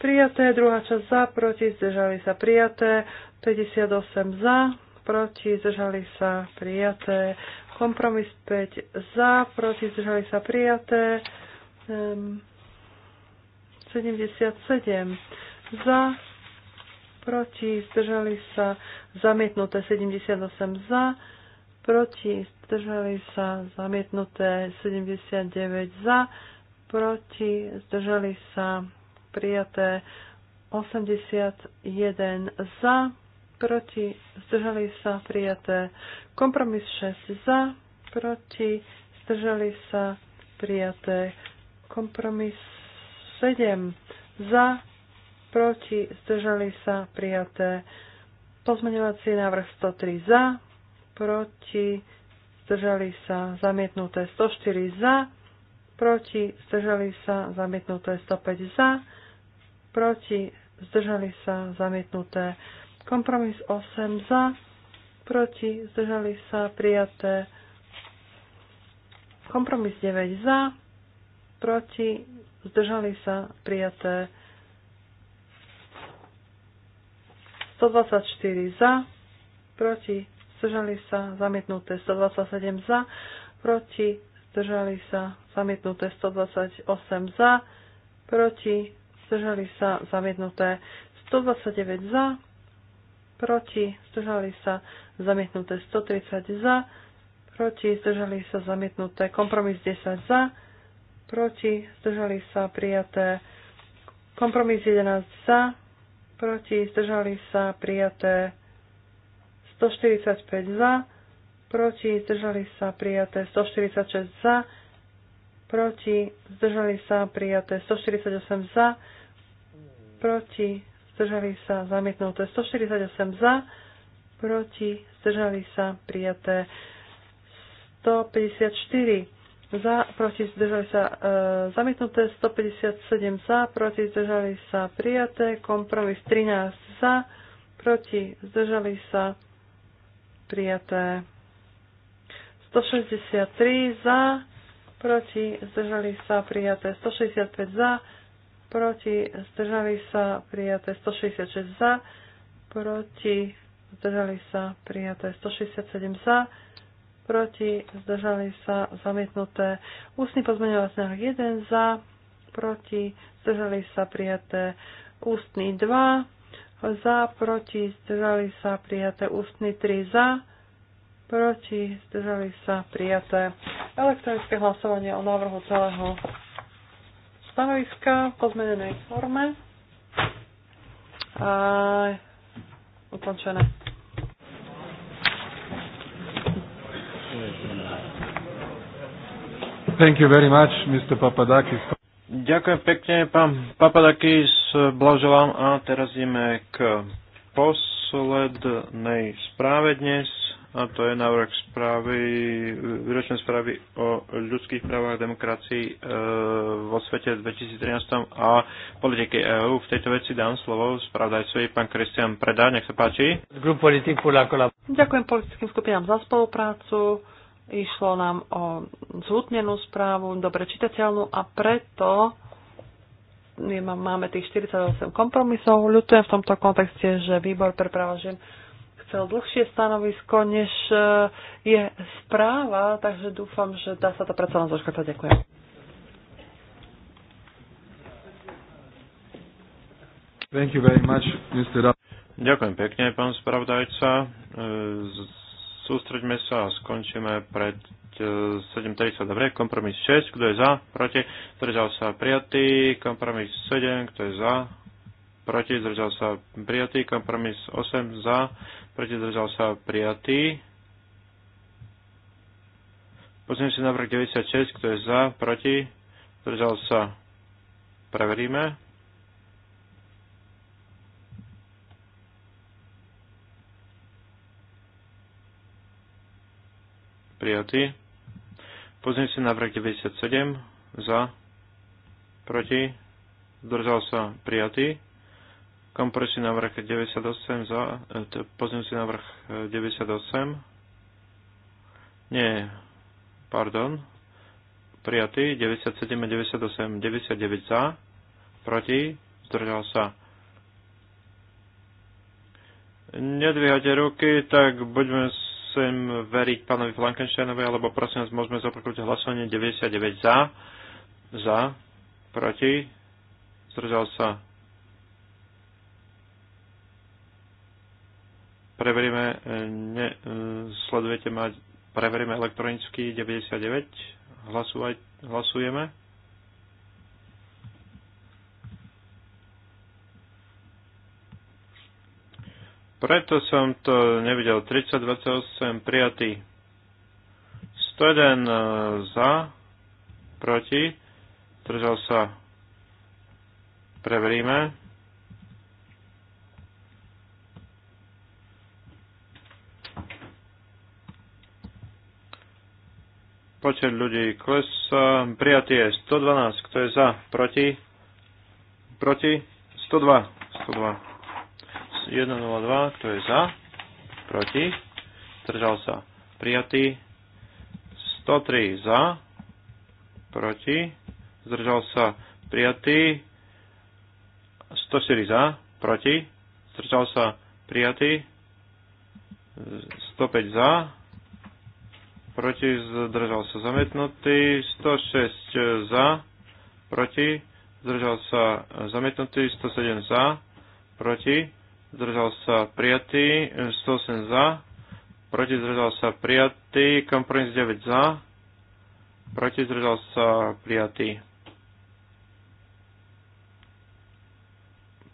prijaté, druhá časť za, proti, zdržali sa, prijaté, 58 za, proti, zdržali sa prijaté. Kompromis 5 za, proti, zdržali sa prijaté. 77 za, proti, zdržali sa zamietnuté 78 za, proti, zdržali sa zamietnuté 79 za, proti, zdržali sa prijaté 81 za, proti, zdržali sa prijaté. Kompromis 6 za, proti, zdržali sa prijaté. Kompromis 7 za, proti, zdržali sa prijaté. Pozmeňovací návrh 103 za, proti, zdržali sa zamietnuté 104 za, proti, zdržali sa zamietnuté 105 za, proti, zdržali sa zamietnuté Kompromis 8 za, proti, zdržali sa, prijaté. Kompromis 9 za, proti, zdržali sa, prijaté. 124 za, proti, zdržali sa, zamietnuté 127 za, proti, zdržali sa, zamietnuté 128 za, proti, zdržali sa, zamietnuté 129 za, proti, zdržali sa zamietnuté 130 za, proti, zdržali sa zamietnuté kompromis 10 za, proti, zdržali sa prijaté kompromis 11 za, proti, zdržali sa prijaté 145 za, proti, zdržali sa prijaté 146 za, proti, zdržali sa prijaté 148 za, proti, zdržali sa, zamietnuté 148 za, proti, zdržali sa, prijaté 154 za, proti, zdržali sa, e, zamietnuté 157 za, proti, zdržali sa, prijaté, kompromis 13 za, proti, zdržali sa, prijaté 163 za, proti, zdržali sa, prijaté 165 za, proti, zdržali sa, prijaté 166 za, proti, zdržali sa, prijaté 167 za, proti, zdržali sa, zamietnuté ústny pozmeňovací návrh 1 za, proti, zdržali sa, prijaté ústny 2 za, proti, zdržali sa, prijaté ústny 3 za, proti, zdržali sa, prijaté elektronické hlasovanie o návrhu celého stanoviska v pozmenenej forme. A ukončené. Thank you very much, Mr. Papadakis. Ďakujem pekne, pán Papadakis. Blahoželám a teraz ideme k poslednej správe dnes a to je návrh správy, výročné správy o ľudských právach a demokracii e, vo svete 2013 a politike EÚ. V tejto veci dám slovo spravodajcovi pán Kristian Preda, nech sa páči. Ďakujem politickým skupinám za spoluprácu. Išlo nám o zhutnenú správu, dobre čitateľnú a preto máme tých 48 kompromisov. Ľutujem v tomto kontexte, že výbor pre práva žien chcel dlhšie stanovisko, než e, je správa, takže dúfam, že dá sa to predsa len zoškrtať. Ďakujem. Thank you very much, Mr. Ďakujem pekne, pán spravodajca. E, sústreďme sa a skončíme pred 7.30. E, Dobre, kompromis 6, kto je za, proti, zdržal sa prijatý, kompromis 7, kto je za, proti, zdržal sa prijatý, kompromis 8 za, proti zdržal sa prijatý. Pozrieme na návrh 96, kto je za, proti, zdržal sa, preveríme. Prijatý. Pozrieme na návrh 97, za, proti, zdržal sa, prijatý. Kompresný návrh 98 za, e, pozmeňujúci návrh 98. E, Nie, pardon. Prijatý 97 98, 99 za, proti, zdržal sa. Nedvíhate ruky, tak buďme sem veriť pánovi Flankensteinovi, alebo prosím vás, môžeme zopakovať hlasovanie 99 za, za, proti, zdržal sa Preveríme, e, e, sledujete mať, preveríme elektronicky 99, hlasuj, hlasujeme. Preto som to nevidel. 3028 prijatý. 101 e, za, proti, držal sa. Preveríme. Počet ľudí klesá. Prijatý je 112. Kto je za? Proti? Proti? 102. 102. 102. Kto je za? Proti? Držal sa. Prijatý. 103 za. Proti. Zdržal sa. Prijatý. 104 za. Proti. Zdržal sa. Prijatý. 105 za proti, zdržal sa zamietnutý, 106 e, za, proti, zdržal sa e, zamietnutý, 107 za, proti, zdržal sa prijatý, 108 e, za, proti, zdržal sa prijatý, kompromis 9 za, proti, zdržal sa prijatý.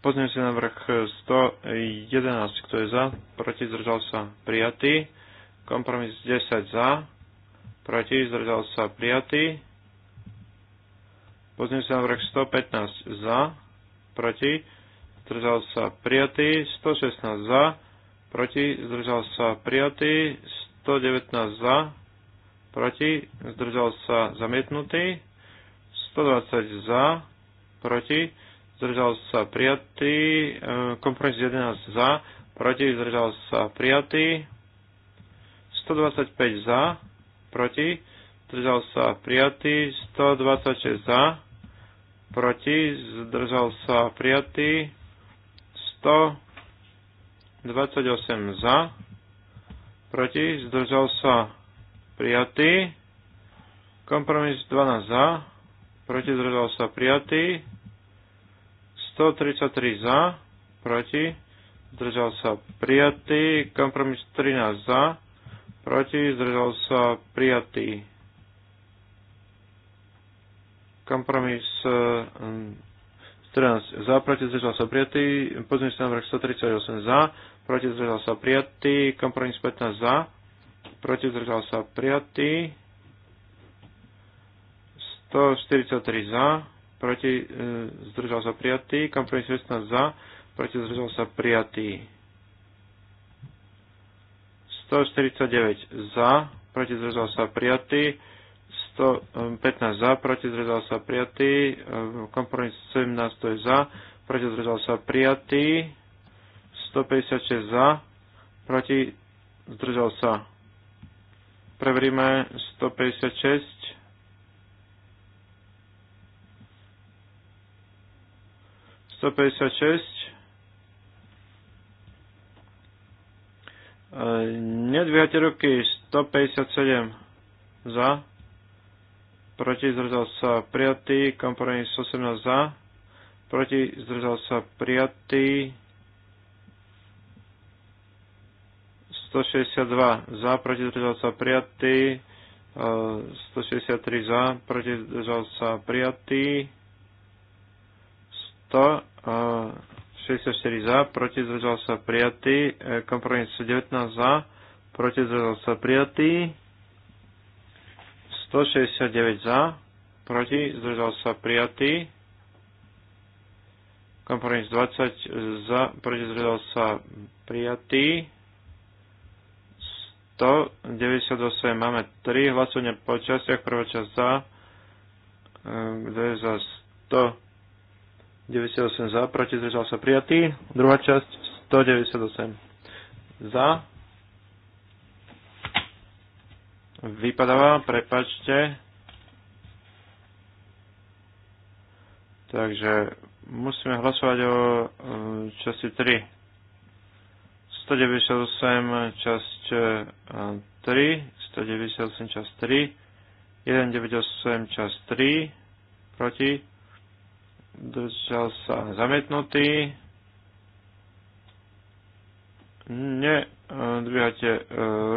Pozrieme si na návrh 111, kto je za, proti, zdržal sa prijatý, kompromis 10 za, proti, zdržal sa prijatý. Pozrieme sa návrh 115 za, proti, zdržal sa prijatý, 116 za, proti, zdržal sa prijatý, 119 za, proti, zdržal sa zamietnutý, 120 za, proti, zdržal sa prijatý, e, kompromis 11 za, proti, zdržal sa prijatý, 125 za, proti, zdržal sa prijatý, 126 za, proti, zdržal sa prijatý, 128 za, proti, zdržal sa prijatý, kompromis 12 za, proti, zdržal sa prijatý, 133 za, proti, zdržal sa prijatý, kompromis 13 za, proti, zdržal sa prijatý. Kompromis 14 eh, za, proti, zdržal sa prijatý, pozmeňujúci návrh 138 za, proti, zdržal sa prijatý, kompromis 15 za, proti, zdržal sa prijatý, 143 eh, za, proti, zdržal sa prijatý, kompromis 16 za, proti, zdržal sa prijatý. 149 za, proti zdržal sa prijatý, 115 hm, za, proti zdržal sa prijatý, hm, kompromis 17 to je za, proti zdržal sa prijatý, 156 za, proti zdržal sa. Preveríme 156. Sto Nedvíhate ruky 157 za, proti zdržal sa prijatý, kompromis 18 za, proti zdržal sa prijatý, 162 za, proti zdržal sa prijatý, 163 e, za, proti zdržal sa prijatý, 100 64 e, za, proti zdržal sa prijatý, kompromis 19 za, proti zdržal sa prijatý, 169 za, proti zdržal sa prijatý, kompromis 20 za, proti zdržal sa prijatý, 198 máme 3 hlasovania po častiach, prvá časť za, 2 e, je za 100, 98 za, proti zdržal sa prijatý. Druhá časť 198 za. Vypadáva, prepačte. Takže musíme hlasovať o e, časti 3. 198 časť 3, e, 198 časť 3, 198 časť 3, proti, Držal sa zamietnutý. Nedvíhate e,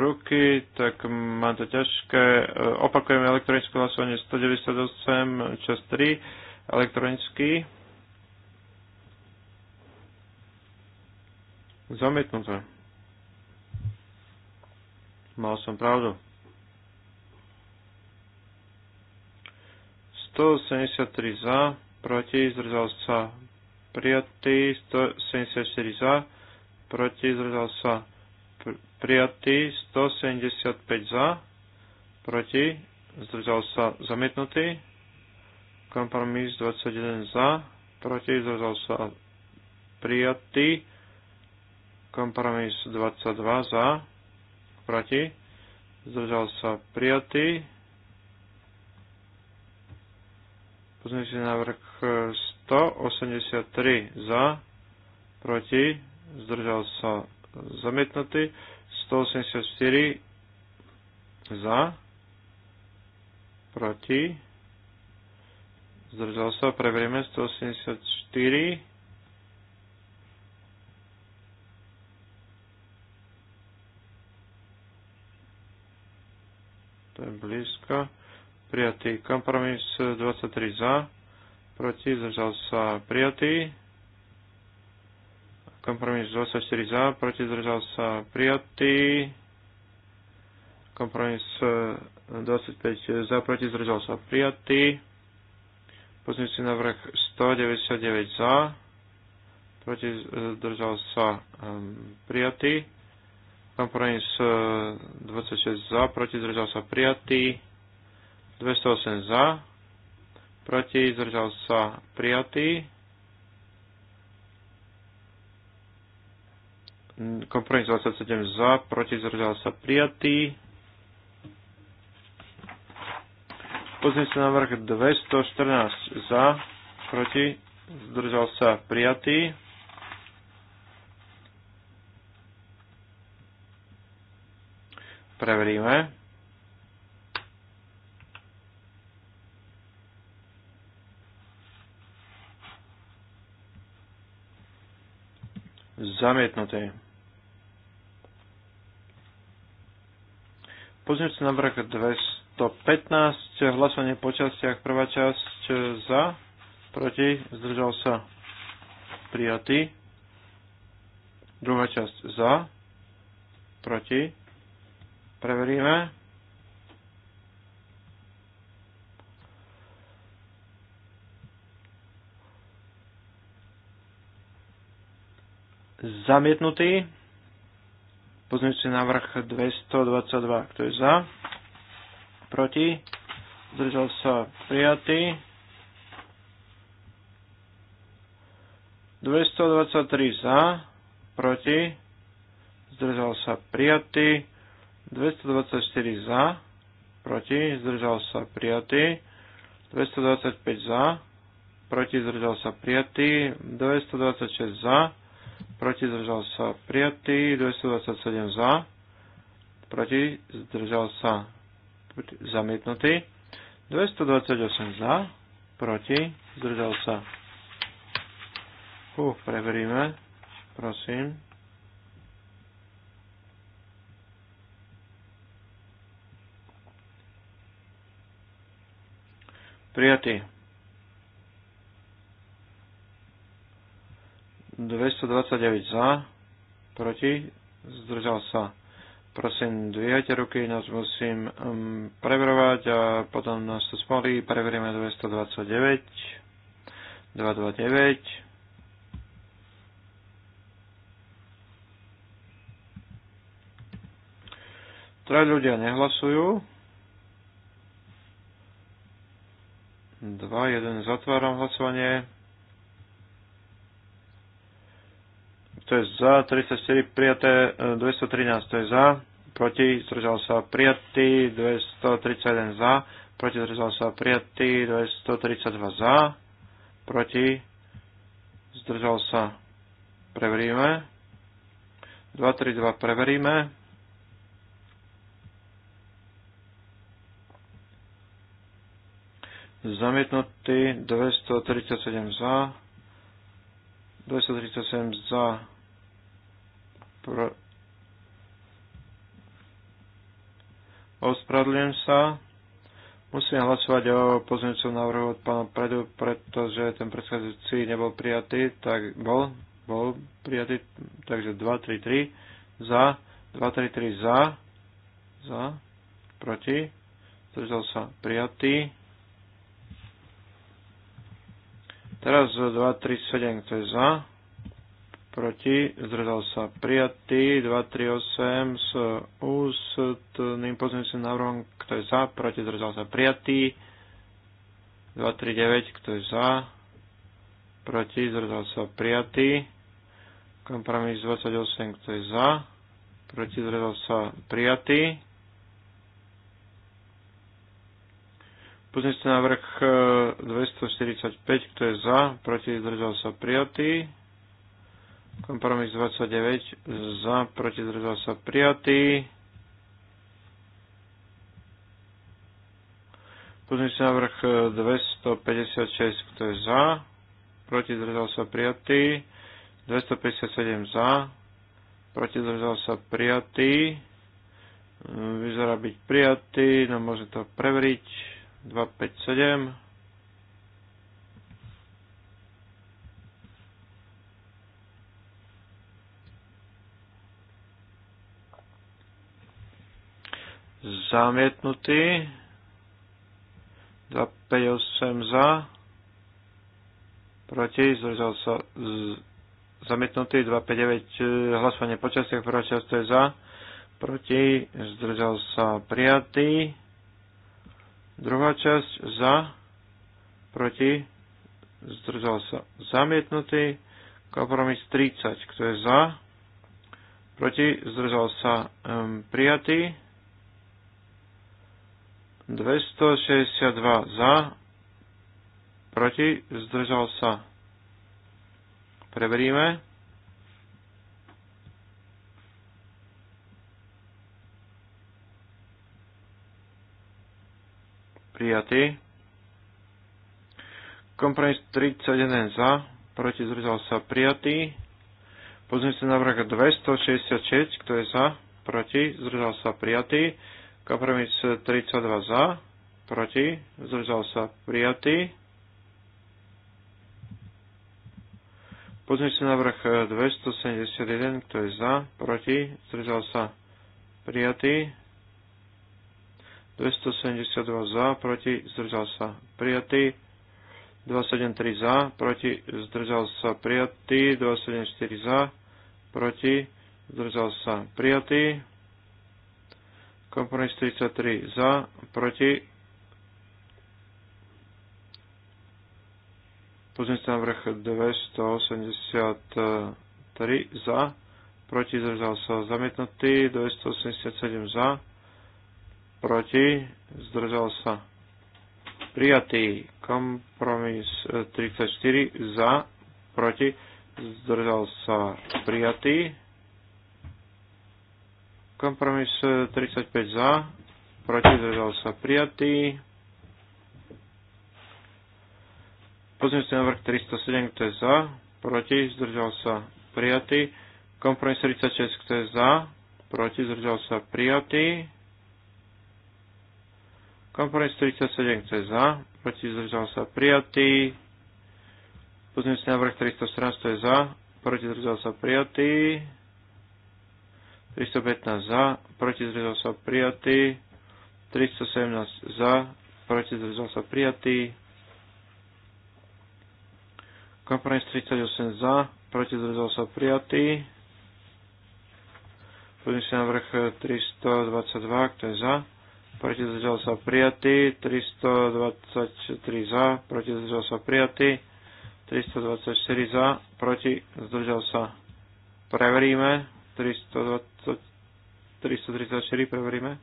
ruky, tak mám to ťažké. E, opakujeme elektronické hlasovanie 198, čas 3, elektronicky. Zamietnuté. Mal som pravdu. 173 za, proti, zdržal sa prijatý, 174 za, proti, zdržal sa prijatý, 175 za, proti, zdržal sa zamietnutý, kompromis 21 za, proti, zdržal sa prijati, kompromis 22 za, proti, zdržal sa prijatý, Pozmeňujúci návrh 183 e, za, proti, zdržal sa zamietnutý, 184 za, proti, zdržal sa, preverieme 184, to je blízko, prijatý. Kompromis 23 e, za, proti, zdržal sa prijatý. Kompromis 24 za, proti, zdržal sa prijatý. Kompromis 25 e, za, proti, zdržal sa prijatý. Pozmeňujúci návrh 199 e, za, proti zdržal sa prijatý. Kompromis 26 za, proti zdržal sa prijatý. 208 za, proti, zdržal sa prijatý. Kompromis 27 za, proti, zdržal sa prijatý. na vrch 214 za, proti, zdržal sa prijatý. Preveríme. Zamietnuté. sa na vrch 215, hlasovanie po častiach, prvá časť e, za, proti, zdržal sa prijatý. Druhá časť za, proti. Preveríme. Zamietnutý. Pozmeňujúci návrh 222. Kto je za? Proti? Zdržal sa prijatý. 223 za, proti, zdržal sa prijatý. 224 za, proti, zdržal sa prijatý. 225 za, proti, zdržal sa prijatý. 226 za, proti zdržal sa prijatý, 227 za, proti zdržal sa zamietnutý, 228 za, proti zdržal sa. Uh, preveríme, prosím. Prijatý. 229 za, proti, zdržal sa. Prosím, dvíhajte ruky, nás musím um, preverovať a potom nás to spolí. Preveríme 229. 229. Traj ľudia nehlasujú. 2, 1, zatváram hlasovanie. to je za, 34 prijaté, 213 e, to je za, proti, zdržal sa prijatý, 231 za, proti, zdržal sa prijatý, 232 za, proti, zdržal sa, preveríme, 232 preveríme, zamietnutý, 237 za, 237 za, Pro... Ospravedlňujem sa. Musím hlasovať o pozmeňujúcom návrhu od pána Predu, pretože ten predchádzajúci nebol prijatý, tak bol, bol prijatý, takže 2, 3, 3 za, 2, 3, 3 za, za, proti, zdržal sa prijatý. Teraz 2, 3, 7, to je za, proti, zdržal sa prijatý, 238 s ústným pozmeňujúcim návrhom, kto je za, proti, zdržal sa prijatý, 239, kto je za, proti, zdržal sa prijatý, kompromis 28, kto je za, proti, zdržal sa prijatý, pozmeňujúci návrh 245, e, kto je za, proti, zdržal sa prijatý, Kompromis 29 za, proti zdržal sa prijatý. Pozmeňujúci návrh 256, kto je za, proti zdržal sa prijatý. 257 za, proti zdržal sa prijatý. Vyzerá byť prijatý, no môže to preveriť. 257. zamietnutý. 258 za, proti, zdržal sa z, zamietnutý. 259 e, hlasovanie po prvá časť to je za, proti, zdržal sa prijatý. Druhá časť za, proti, zdržal sa zamietnutý. Kompromis 30, kto je za, proti, zdržal sa um, prijatý. 262 za, proti, zdržal sa. Preveríme. Prijatý. Kompromis 31 za, proti zdržal sa prijatý. Pozrieme sa návrh 266, kto je za, proti, zdržal sa prijatý. Kompromis 32 za, proti, zdržal sa prijatý. Pozmeňujúci návrh 271, kto je za, proti, zdržal sa prijatý. 272 za, proti, zdržal sa prijatý. 273 za, proti, zdržal sa prijatý. 274 za, proti, zdržal sa prijatý. Kompromis 43 za, proti. na vrch 283 za, proti zdržal sa zamietnutý, 287 za, proti zdržal sa prijatý kompromis 34 za, proti zdržal sa prijatý. Kompromis 35 e, za, proti zdržal sa prijatý. Pozmeňujúci návrh 307, kto je za, proti zdržal sa prijatý. Kompromis 36, kto je za, proti zdržal sa prijatý. Kompromis 37, kto je za, proti zdržal sa prijatý. Pozmeňujúci návrh 317, kto je za, proti zdržal sa prijatý. 315 za, proti zrezov sa prijatý. 317 za, proti zdržal sa prijatý. Kompromis 38 za, proti zdržal sa prijatý. Pozrieme sa na vrch 322, kto je za. Proti zdržal sa prijatý. 323 za, proti zdržal sa prijatý. 324 za, proti zdržal sa preveríme. 334 preveríme.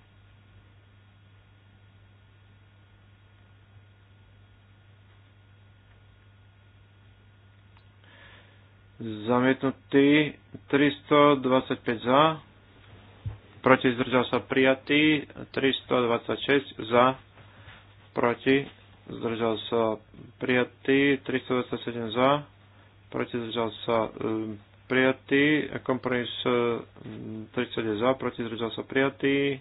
Zamietnutý 325 za. Proti zdržal sa prijatý 326 za. Proti zdržal sa prijatý 327 za. Proti zdržal sa um, prijatý. Kompromis 30 e, je za, proti 30 sa prijatý.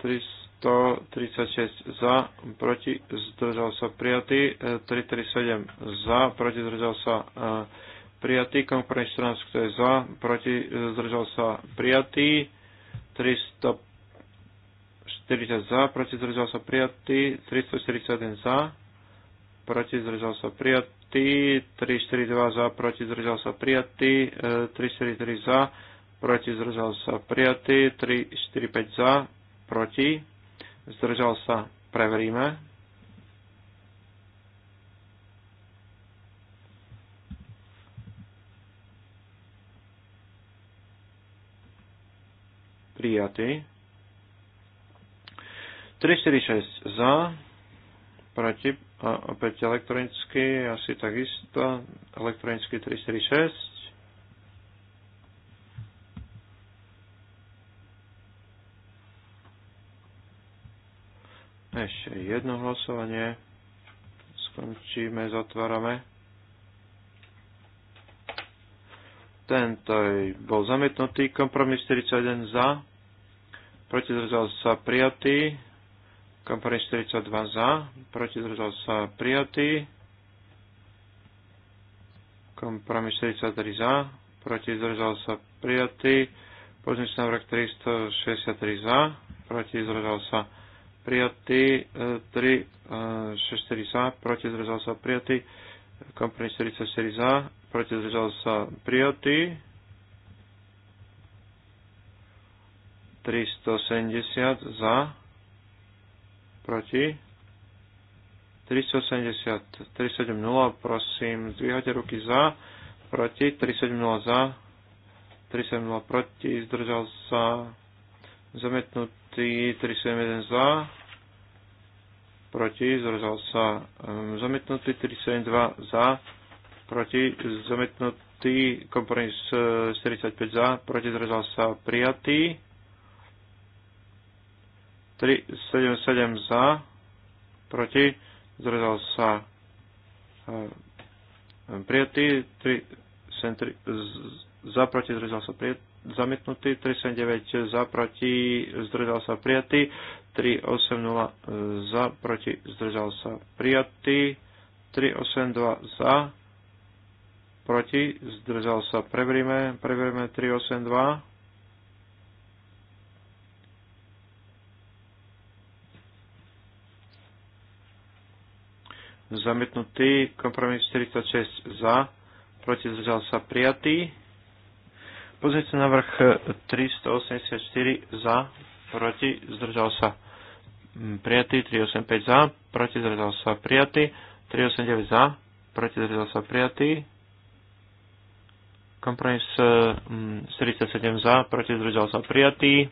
336 za, proti zdržal sa prijatý. 337 za, proti zdržal sa prijatý. E, e, Kompromis 14, kto je za, proti zdržal sa prijatý. 340 za, proti zdržal sa prijatý. 341 za proti zdržal sa prijatý, 342 za, proti zdržal sa prijatý, 343 e, za, proti zdržal sa prijatý, 345 za, proti, zdržal sa, preveríme. Prijatý. 346 za, proti, a opäť elektronicky, asi takisto, elektronicky 346. Ešte jedno hlasovanie. Skončíme, zatvárame. Tento bol zamietnutý. Kompromis 41 za. Proti sa prijatý. Kompromis 42 za, proti zdržal sa prijatý. Kompromis 43 za, proti zdržal sa prijatý. Pozmeňujúci návrh 363 za, proti zdržal sa prijatý. 364 e, e, za, proti zdržal sa prijatý. Kompromis 44 za, proti zdržal sa prijatý. 370 za, proti 380, 370, prosím, zdvíhajte ruky za, proti 370 za, 370 proti, zdržal sa zamietnutý 371 za, proti, zdržal sa ehm, zamietnutý 372 za, proti, zamietnutý kompromis 45 eh, za, proti, zdržal sa prijatý 377 e, za, proti, zdržal sa prijatý, 373 e, za, proti, zdržal sa prijatý, zamietnutý, 379 za, proti, zdržal sa prijatý, 380 za, proti, zdržal sa prijatý, 382 za, proti, zdržal sa, preveríme, preveríme 382, zamietnutý, kompromis 46 za, proti zdržal sa prijatý. Pozrite vrch 384 mm, za, proti zdržal sa prijatý, 385 za, proti zdržal sa prijatý, 389 za, proti zdržal sa prijatý. Kompromis 47 e, mm, za, proti zdržal sa prijatý.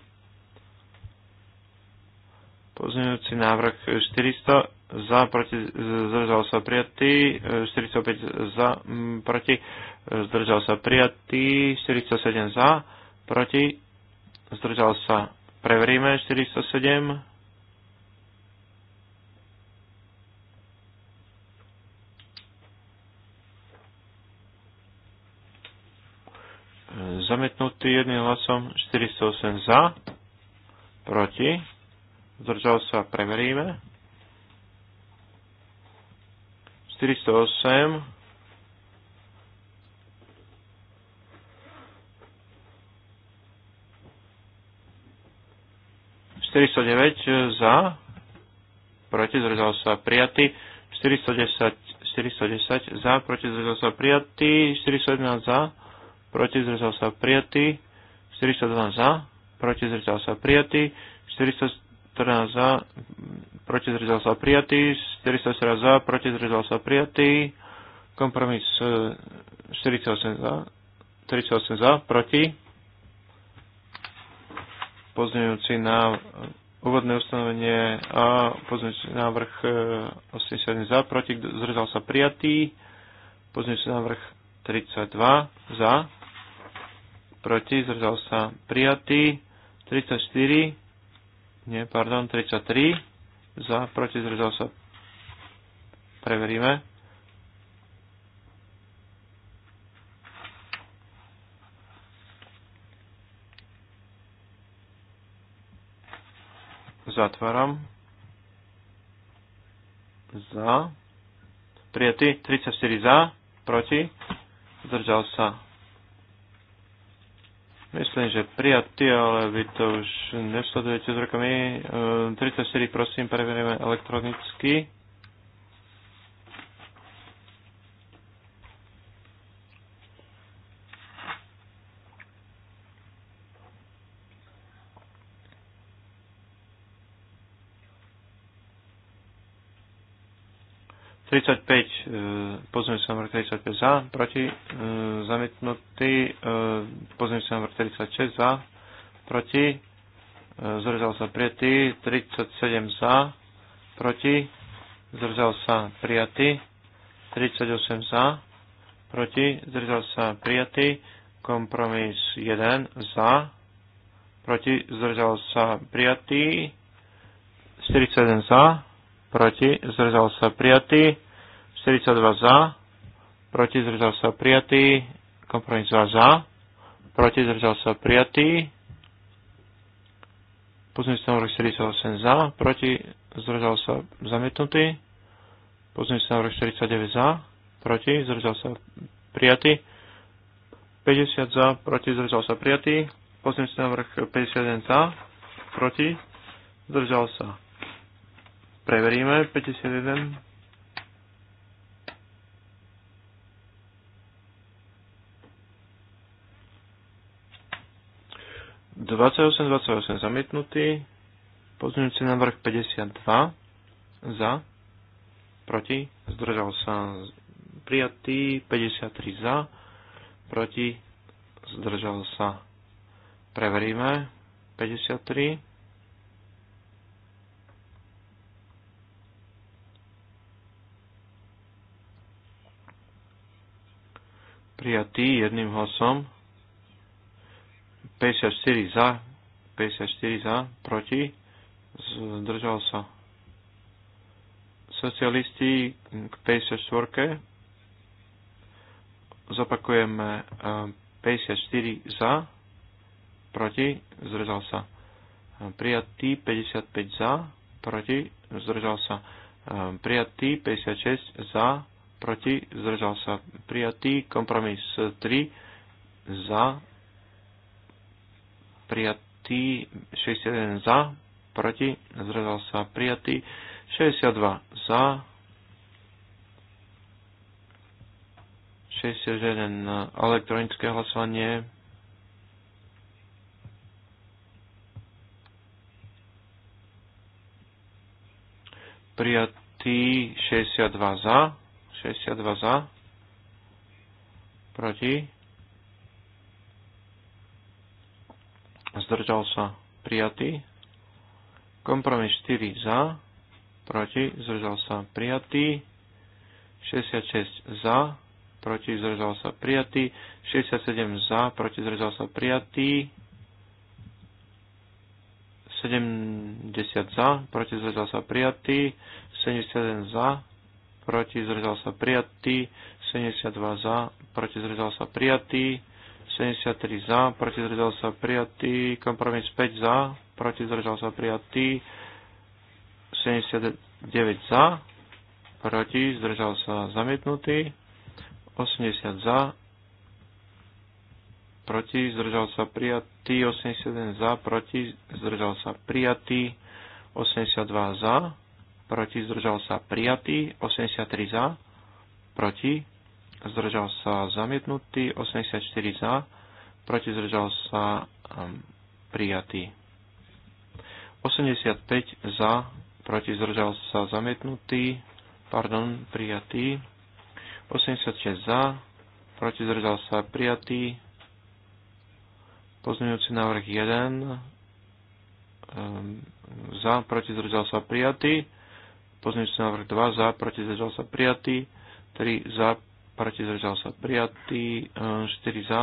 Pozmeňujúci návrh 400 za, proti, zdržal sa prijatý, 45 e, za, proti, e, zdržal sa prijatý, 47 za, proti, zdržal sa, preveríme, 407. E, zamietnutý jedným hlasom 408 za, proti, zdržal sa, preveríme. 408 409 e, za, proti zrezal sa prijatý, 410, 410 za, proti zrezal sa prijatý, 411 za, proti zrezal sa prijatý, 412 za, proti zrezal sa prijatý, 414 za, proti zdržal sa prijatý, 414 za, proti zdržal sa prijatý, kompromis 48 e, za, 38 za, proti, pozmeňujúci na úvodné ustanovenie a pozmeňujúci návrh 87 e, za, proti, zdržal sa prijatý, pozmeňujúci návrh 32 za, proti, zdržal sa prijatý, 34, nie, pardon, 33, za, proti, zdržal sa. Preveríme. Zatváram. Za. Prijatý. 34 za. Proti. Zdržal sa Myslím, že prijatý, ale vy to už nesledujete s rokami. E, 34 prosím, preverujeme elektronicky. 35, e, pozmeňujúci návrh 35 za, proti, e, zamietnutý, e, pozmeňujúci návrh 36 za, proti, zrezal sa prijatý, 37 za, proti, zrezal sa prijatý, 38 za, proti, zrezal sa prijatý, kompromis 1 za, proti, zrezal sa prijatý, 41 za, proti, zdržal sa prijatý, 42 za, proti, zdržal sa prijatý, kompromis 2 za, proti, zdržal sa prijatý, pozmeňujúci návrh 48 za, proti, zdržal sa zamietnutý, pozmeňujúci návrh 49 za, proti, zdržal sa prijatý, 50 za, proti, zdržal sa prijatý, pozmeňujúci návrh 51 za, proti, zdržal sa Preveríme 51. Dvadsaťosem, dvadsaťosem zamietnutý. Pozmeňujúci návrh 52 za, proti, zdržal sa prijatý, 53 za, proti, zdržal sa. Preveríme 53. prijatý jedným hlasom. 54 za, 54 za, proti, zdržal sa. Socialisti k 54. Zopakujeme 54 e, za, proti, zdržal sa. Prijatý 55 za, proti, zdržal sa. Prijatý 56 za, proti, zdržal sa prijatý, kompromis 3 za, prijatý, 61 za, proti, zdržal sa prijatý, 62 za, 61 elektronické hlasovanie, prijatý 62 za, 62 za, proti, zdržal sa prijatý, kompromis 4 za, proti, zdržal sa prijatý, 66 za, proti, zdržal sa prijatý, 67 za, proti, zdržal sa prijatý, 70 za, proti zdržal sa prijatý, 71 za, proti zdržal sa prijatý, 72 za, proti zdržal sa prijatý, 73 za, proti zdržal sa prijatý, kompromis 5 za, proti zdržal sa prijatý, 79 za, proti zdržal sa zamietnutý, 80 za, proti zdržal sa prijatý, 81 za, proti zdržal sa prijatý, 82 za, proti, zdržal sa prijatý, 83 za, proti, zdržal sa zamietnutý, 84 za, proti, zdržal sa um, prijatý. 85 za, proti, zdržal sa zamietnutý, pardon, prijatý. 86 za, proti, zdržal sa prijatý. Pozmeňujúci návrh 1, um, za, proti zdržal sa prijatý. Pozmeňujúci návrh 2 za, proti zdržal sa prijatý. 3 za, proti zdržal sa prijatý. 4 e, za,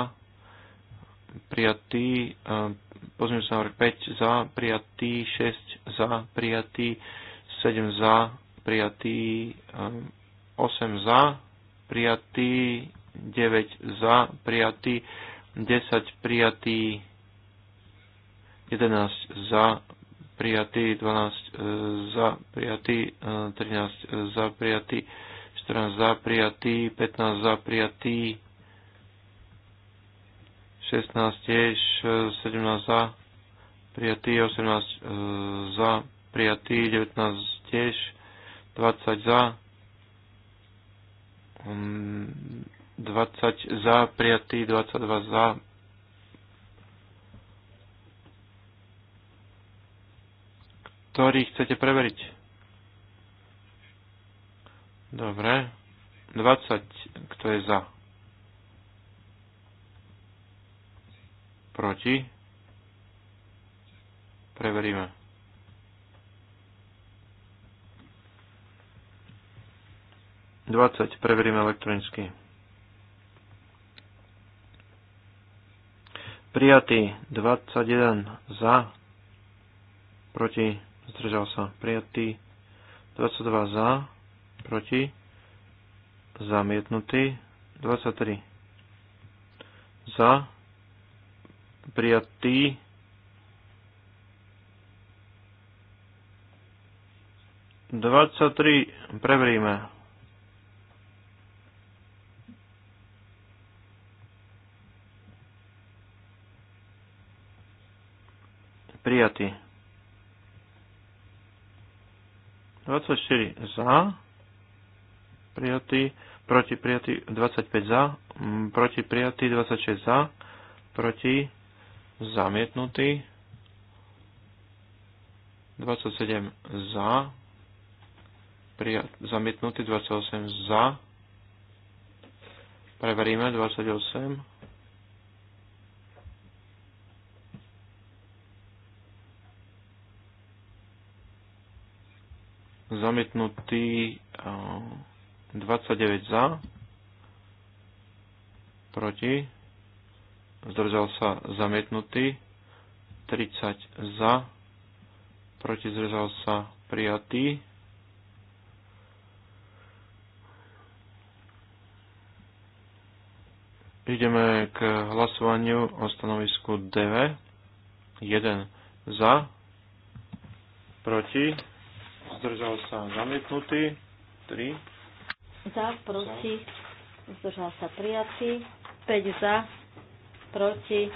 prijatý. E, pozmeňujúci návrh 5 za, prijatý. 6 za, prijatý. 7 za, prijatý. 8 e, za, prijatý. 9 za, prijatý. 10 prijatý. 11 za, prijatý, 12 e, za prijatý, 13 e, e, za prijatý, 14 za prijatý, 15 za prijatý, 16 tiež, 17 za prijatý, 18 za prijatý, 19 tiež, 20 za, 20 mm, za prijatý, 22 za ktorý chcete preveriť. Dobre. 20. Kto je za? Proti? Preveríme. Dvadsať. Preveríme elektronicky. Prijatý. 21 za. Proti zdržal sa prijatý, 22 za, proti, zamietnutý, 23 za, prijatý, Dvadsaťtri, preveríme. Prijatý. 24 za, prijatý, proti prijatý 25 za, proti prijatý 26 za, proti zamietnutý 27 za, prijat, zamietnutý 28 za, preveríme 28 zamietnutý 29 e, za, proti, zdržal sa zamietnutý, 30 za, proti zdržal sa prijatý, Ideme k hlasovaniu o stanovisku DV. 1 za, proti, zdržal sa zamietnutý, 3. Za, proti, zdržal sa prijatý, 5 za, proti,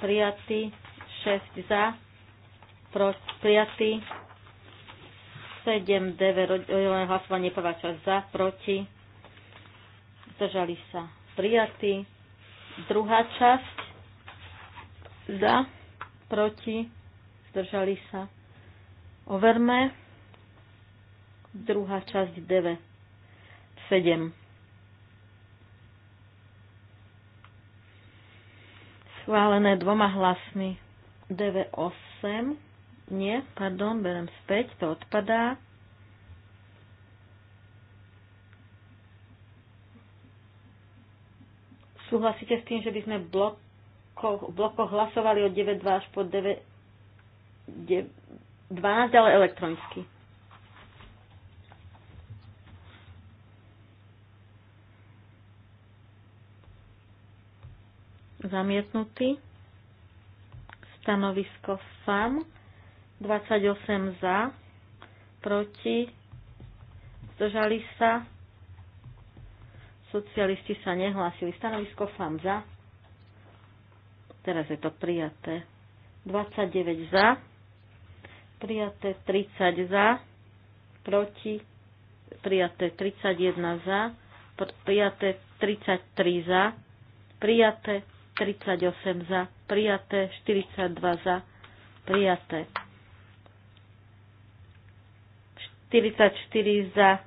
prijatý, 6 za, proti. prijatý, 7, 9, hlasovanie prvá časť za, proti, zdržali sa prijatí, druhá časť za, proti, zdržali sa. Overme. Druhá časť Deve 7. Schválené dvoma hlasmi. Deve 8. Nie, pardon, berem späť, to odpadá. Súhlasíte s tým, že by sme v blokoch, blokoch hlasovali od 9.2 až po 9, 9, 12, ale elektronicky? zamietnutý. Stanovisko FAM 28 za, proti, zdržali sa, socialisti sa nehlásili. Stanovisko FAM za, teraz je to prijaté, 29 za, prijaté 30 za, proti, prijaté 31 za, prijaté 33 za, prijaté 38 za, prijaté, 42 za, prijaté. 44 za,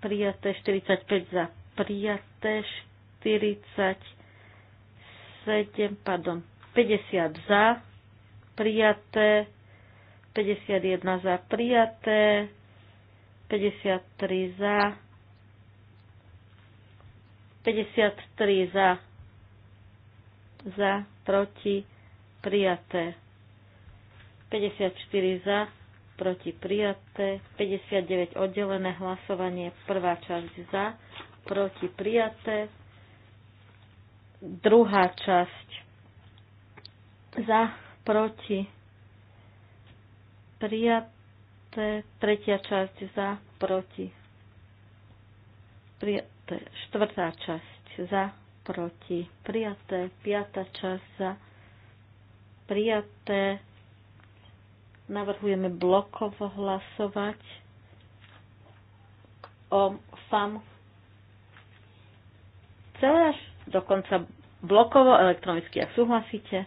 prijaté, 45 za, prijaté, 47, pardon, 50 za, prijaté, 51 za, prijaté, 53 za, 53 za, za, proti, prijaté. 54 za, proti prijaté, 59 oddelené hlasovanie, prvá časť za, proti prijaté, druhá časť za, proti prijaté, tretia časť za, proti prijaté, štvrtá časť za, proti, prijaté, piata časť za, prijaté, navrhujeme blokovo hlasovať o FAM celé až dokonca blokovo elektronicky, ak súhlasíte.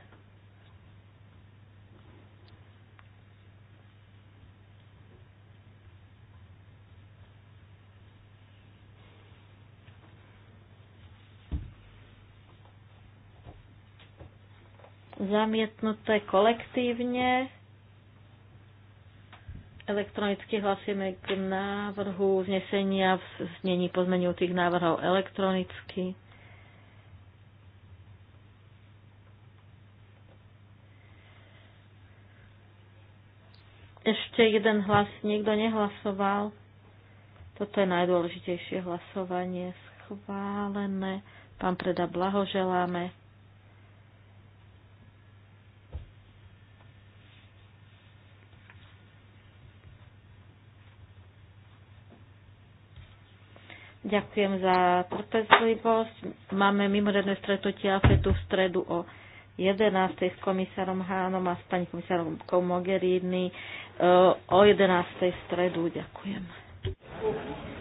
zamietnuté kolektívne. Elektronicky hlasíme k návrhu znesenia v znení pozmenujúcich návrhov elektronicky. Ešte jeden hlas, nikto nehlasoval. Toto je najdôležitejšie hlasovanie. Schválené. Pán preda, blahoželáme. Ďakujem za trpezlivosť. Máme mimoriadne stretnutie AFETu v stredu o 11. s komisárom Hánom a s pani komisárom Mogherini e, o 11. stredu. Ďakujem.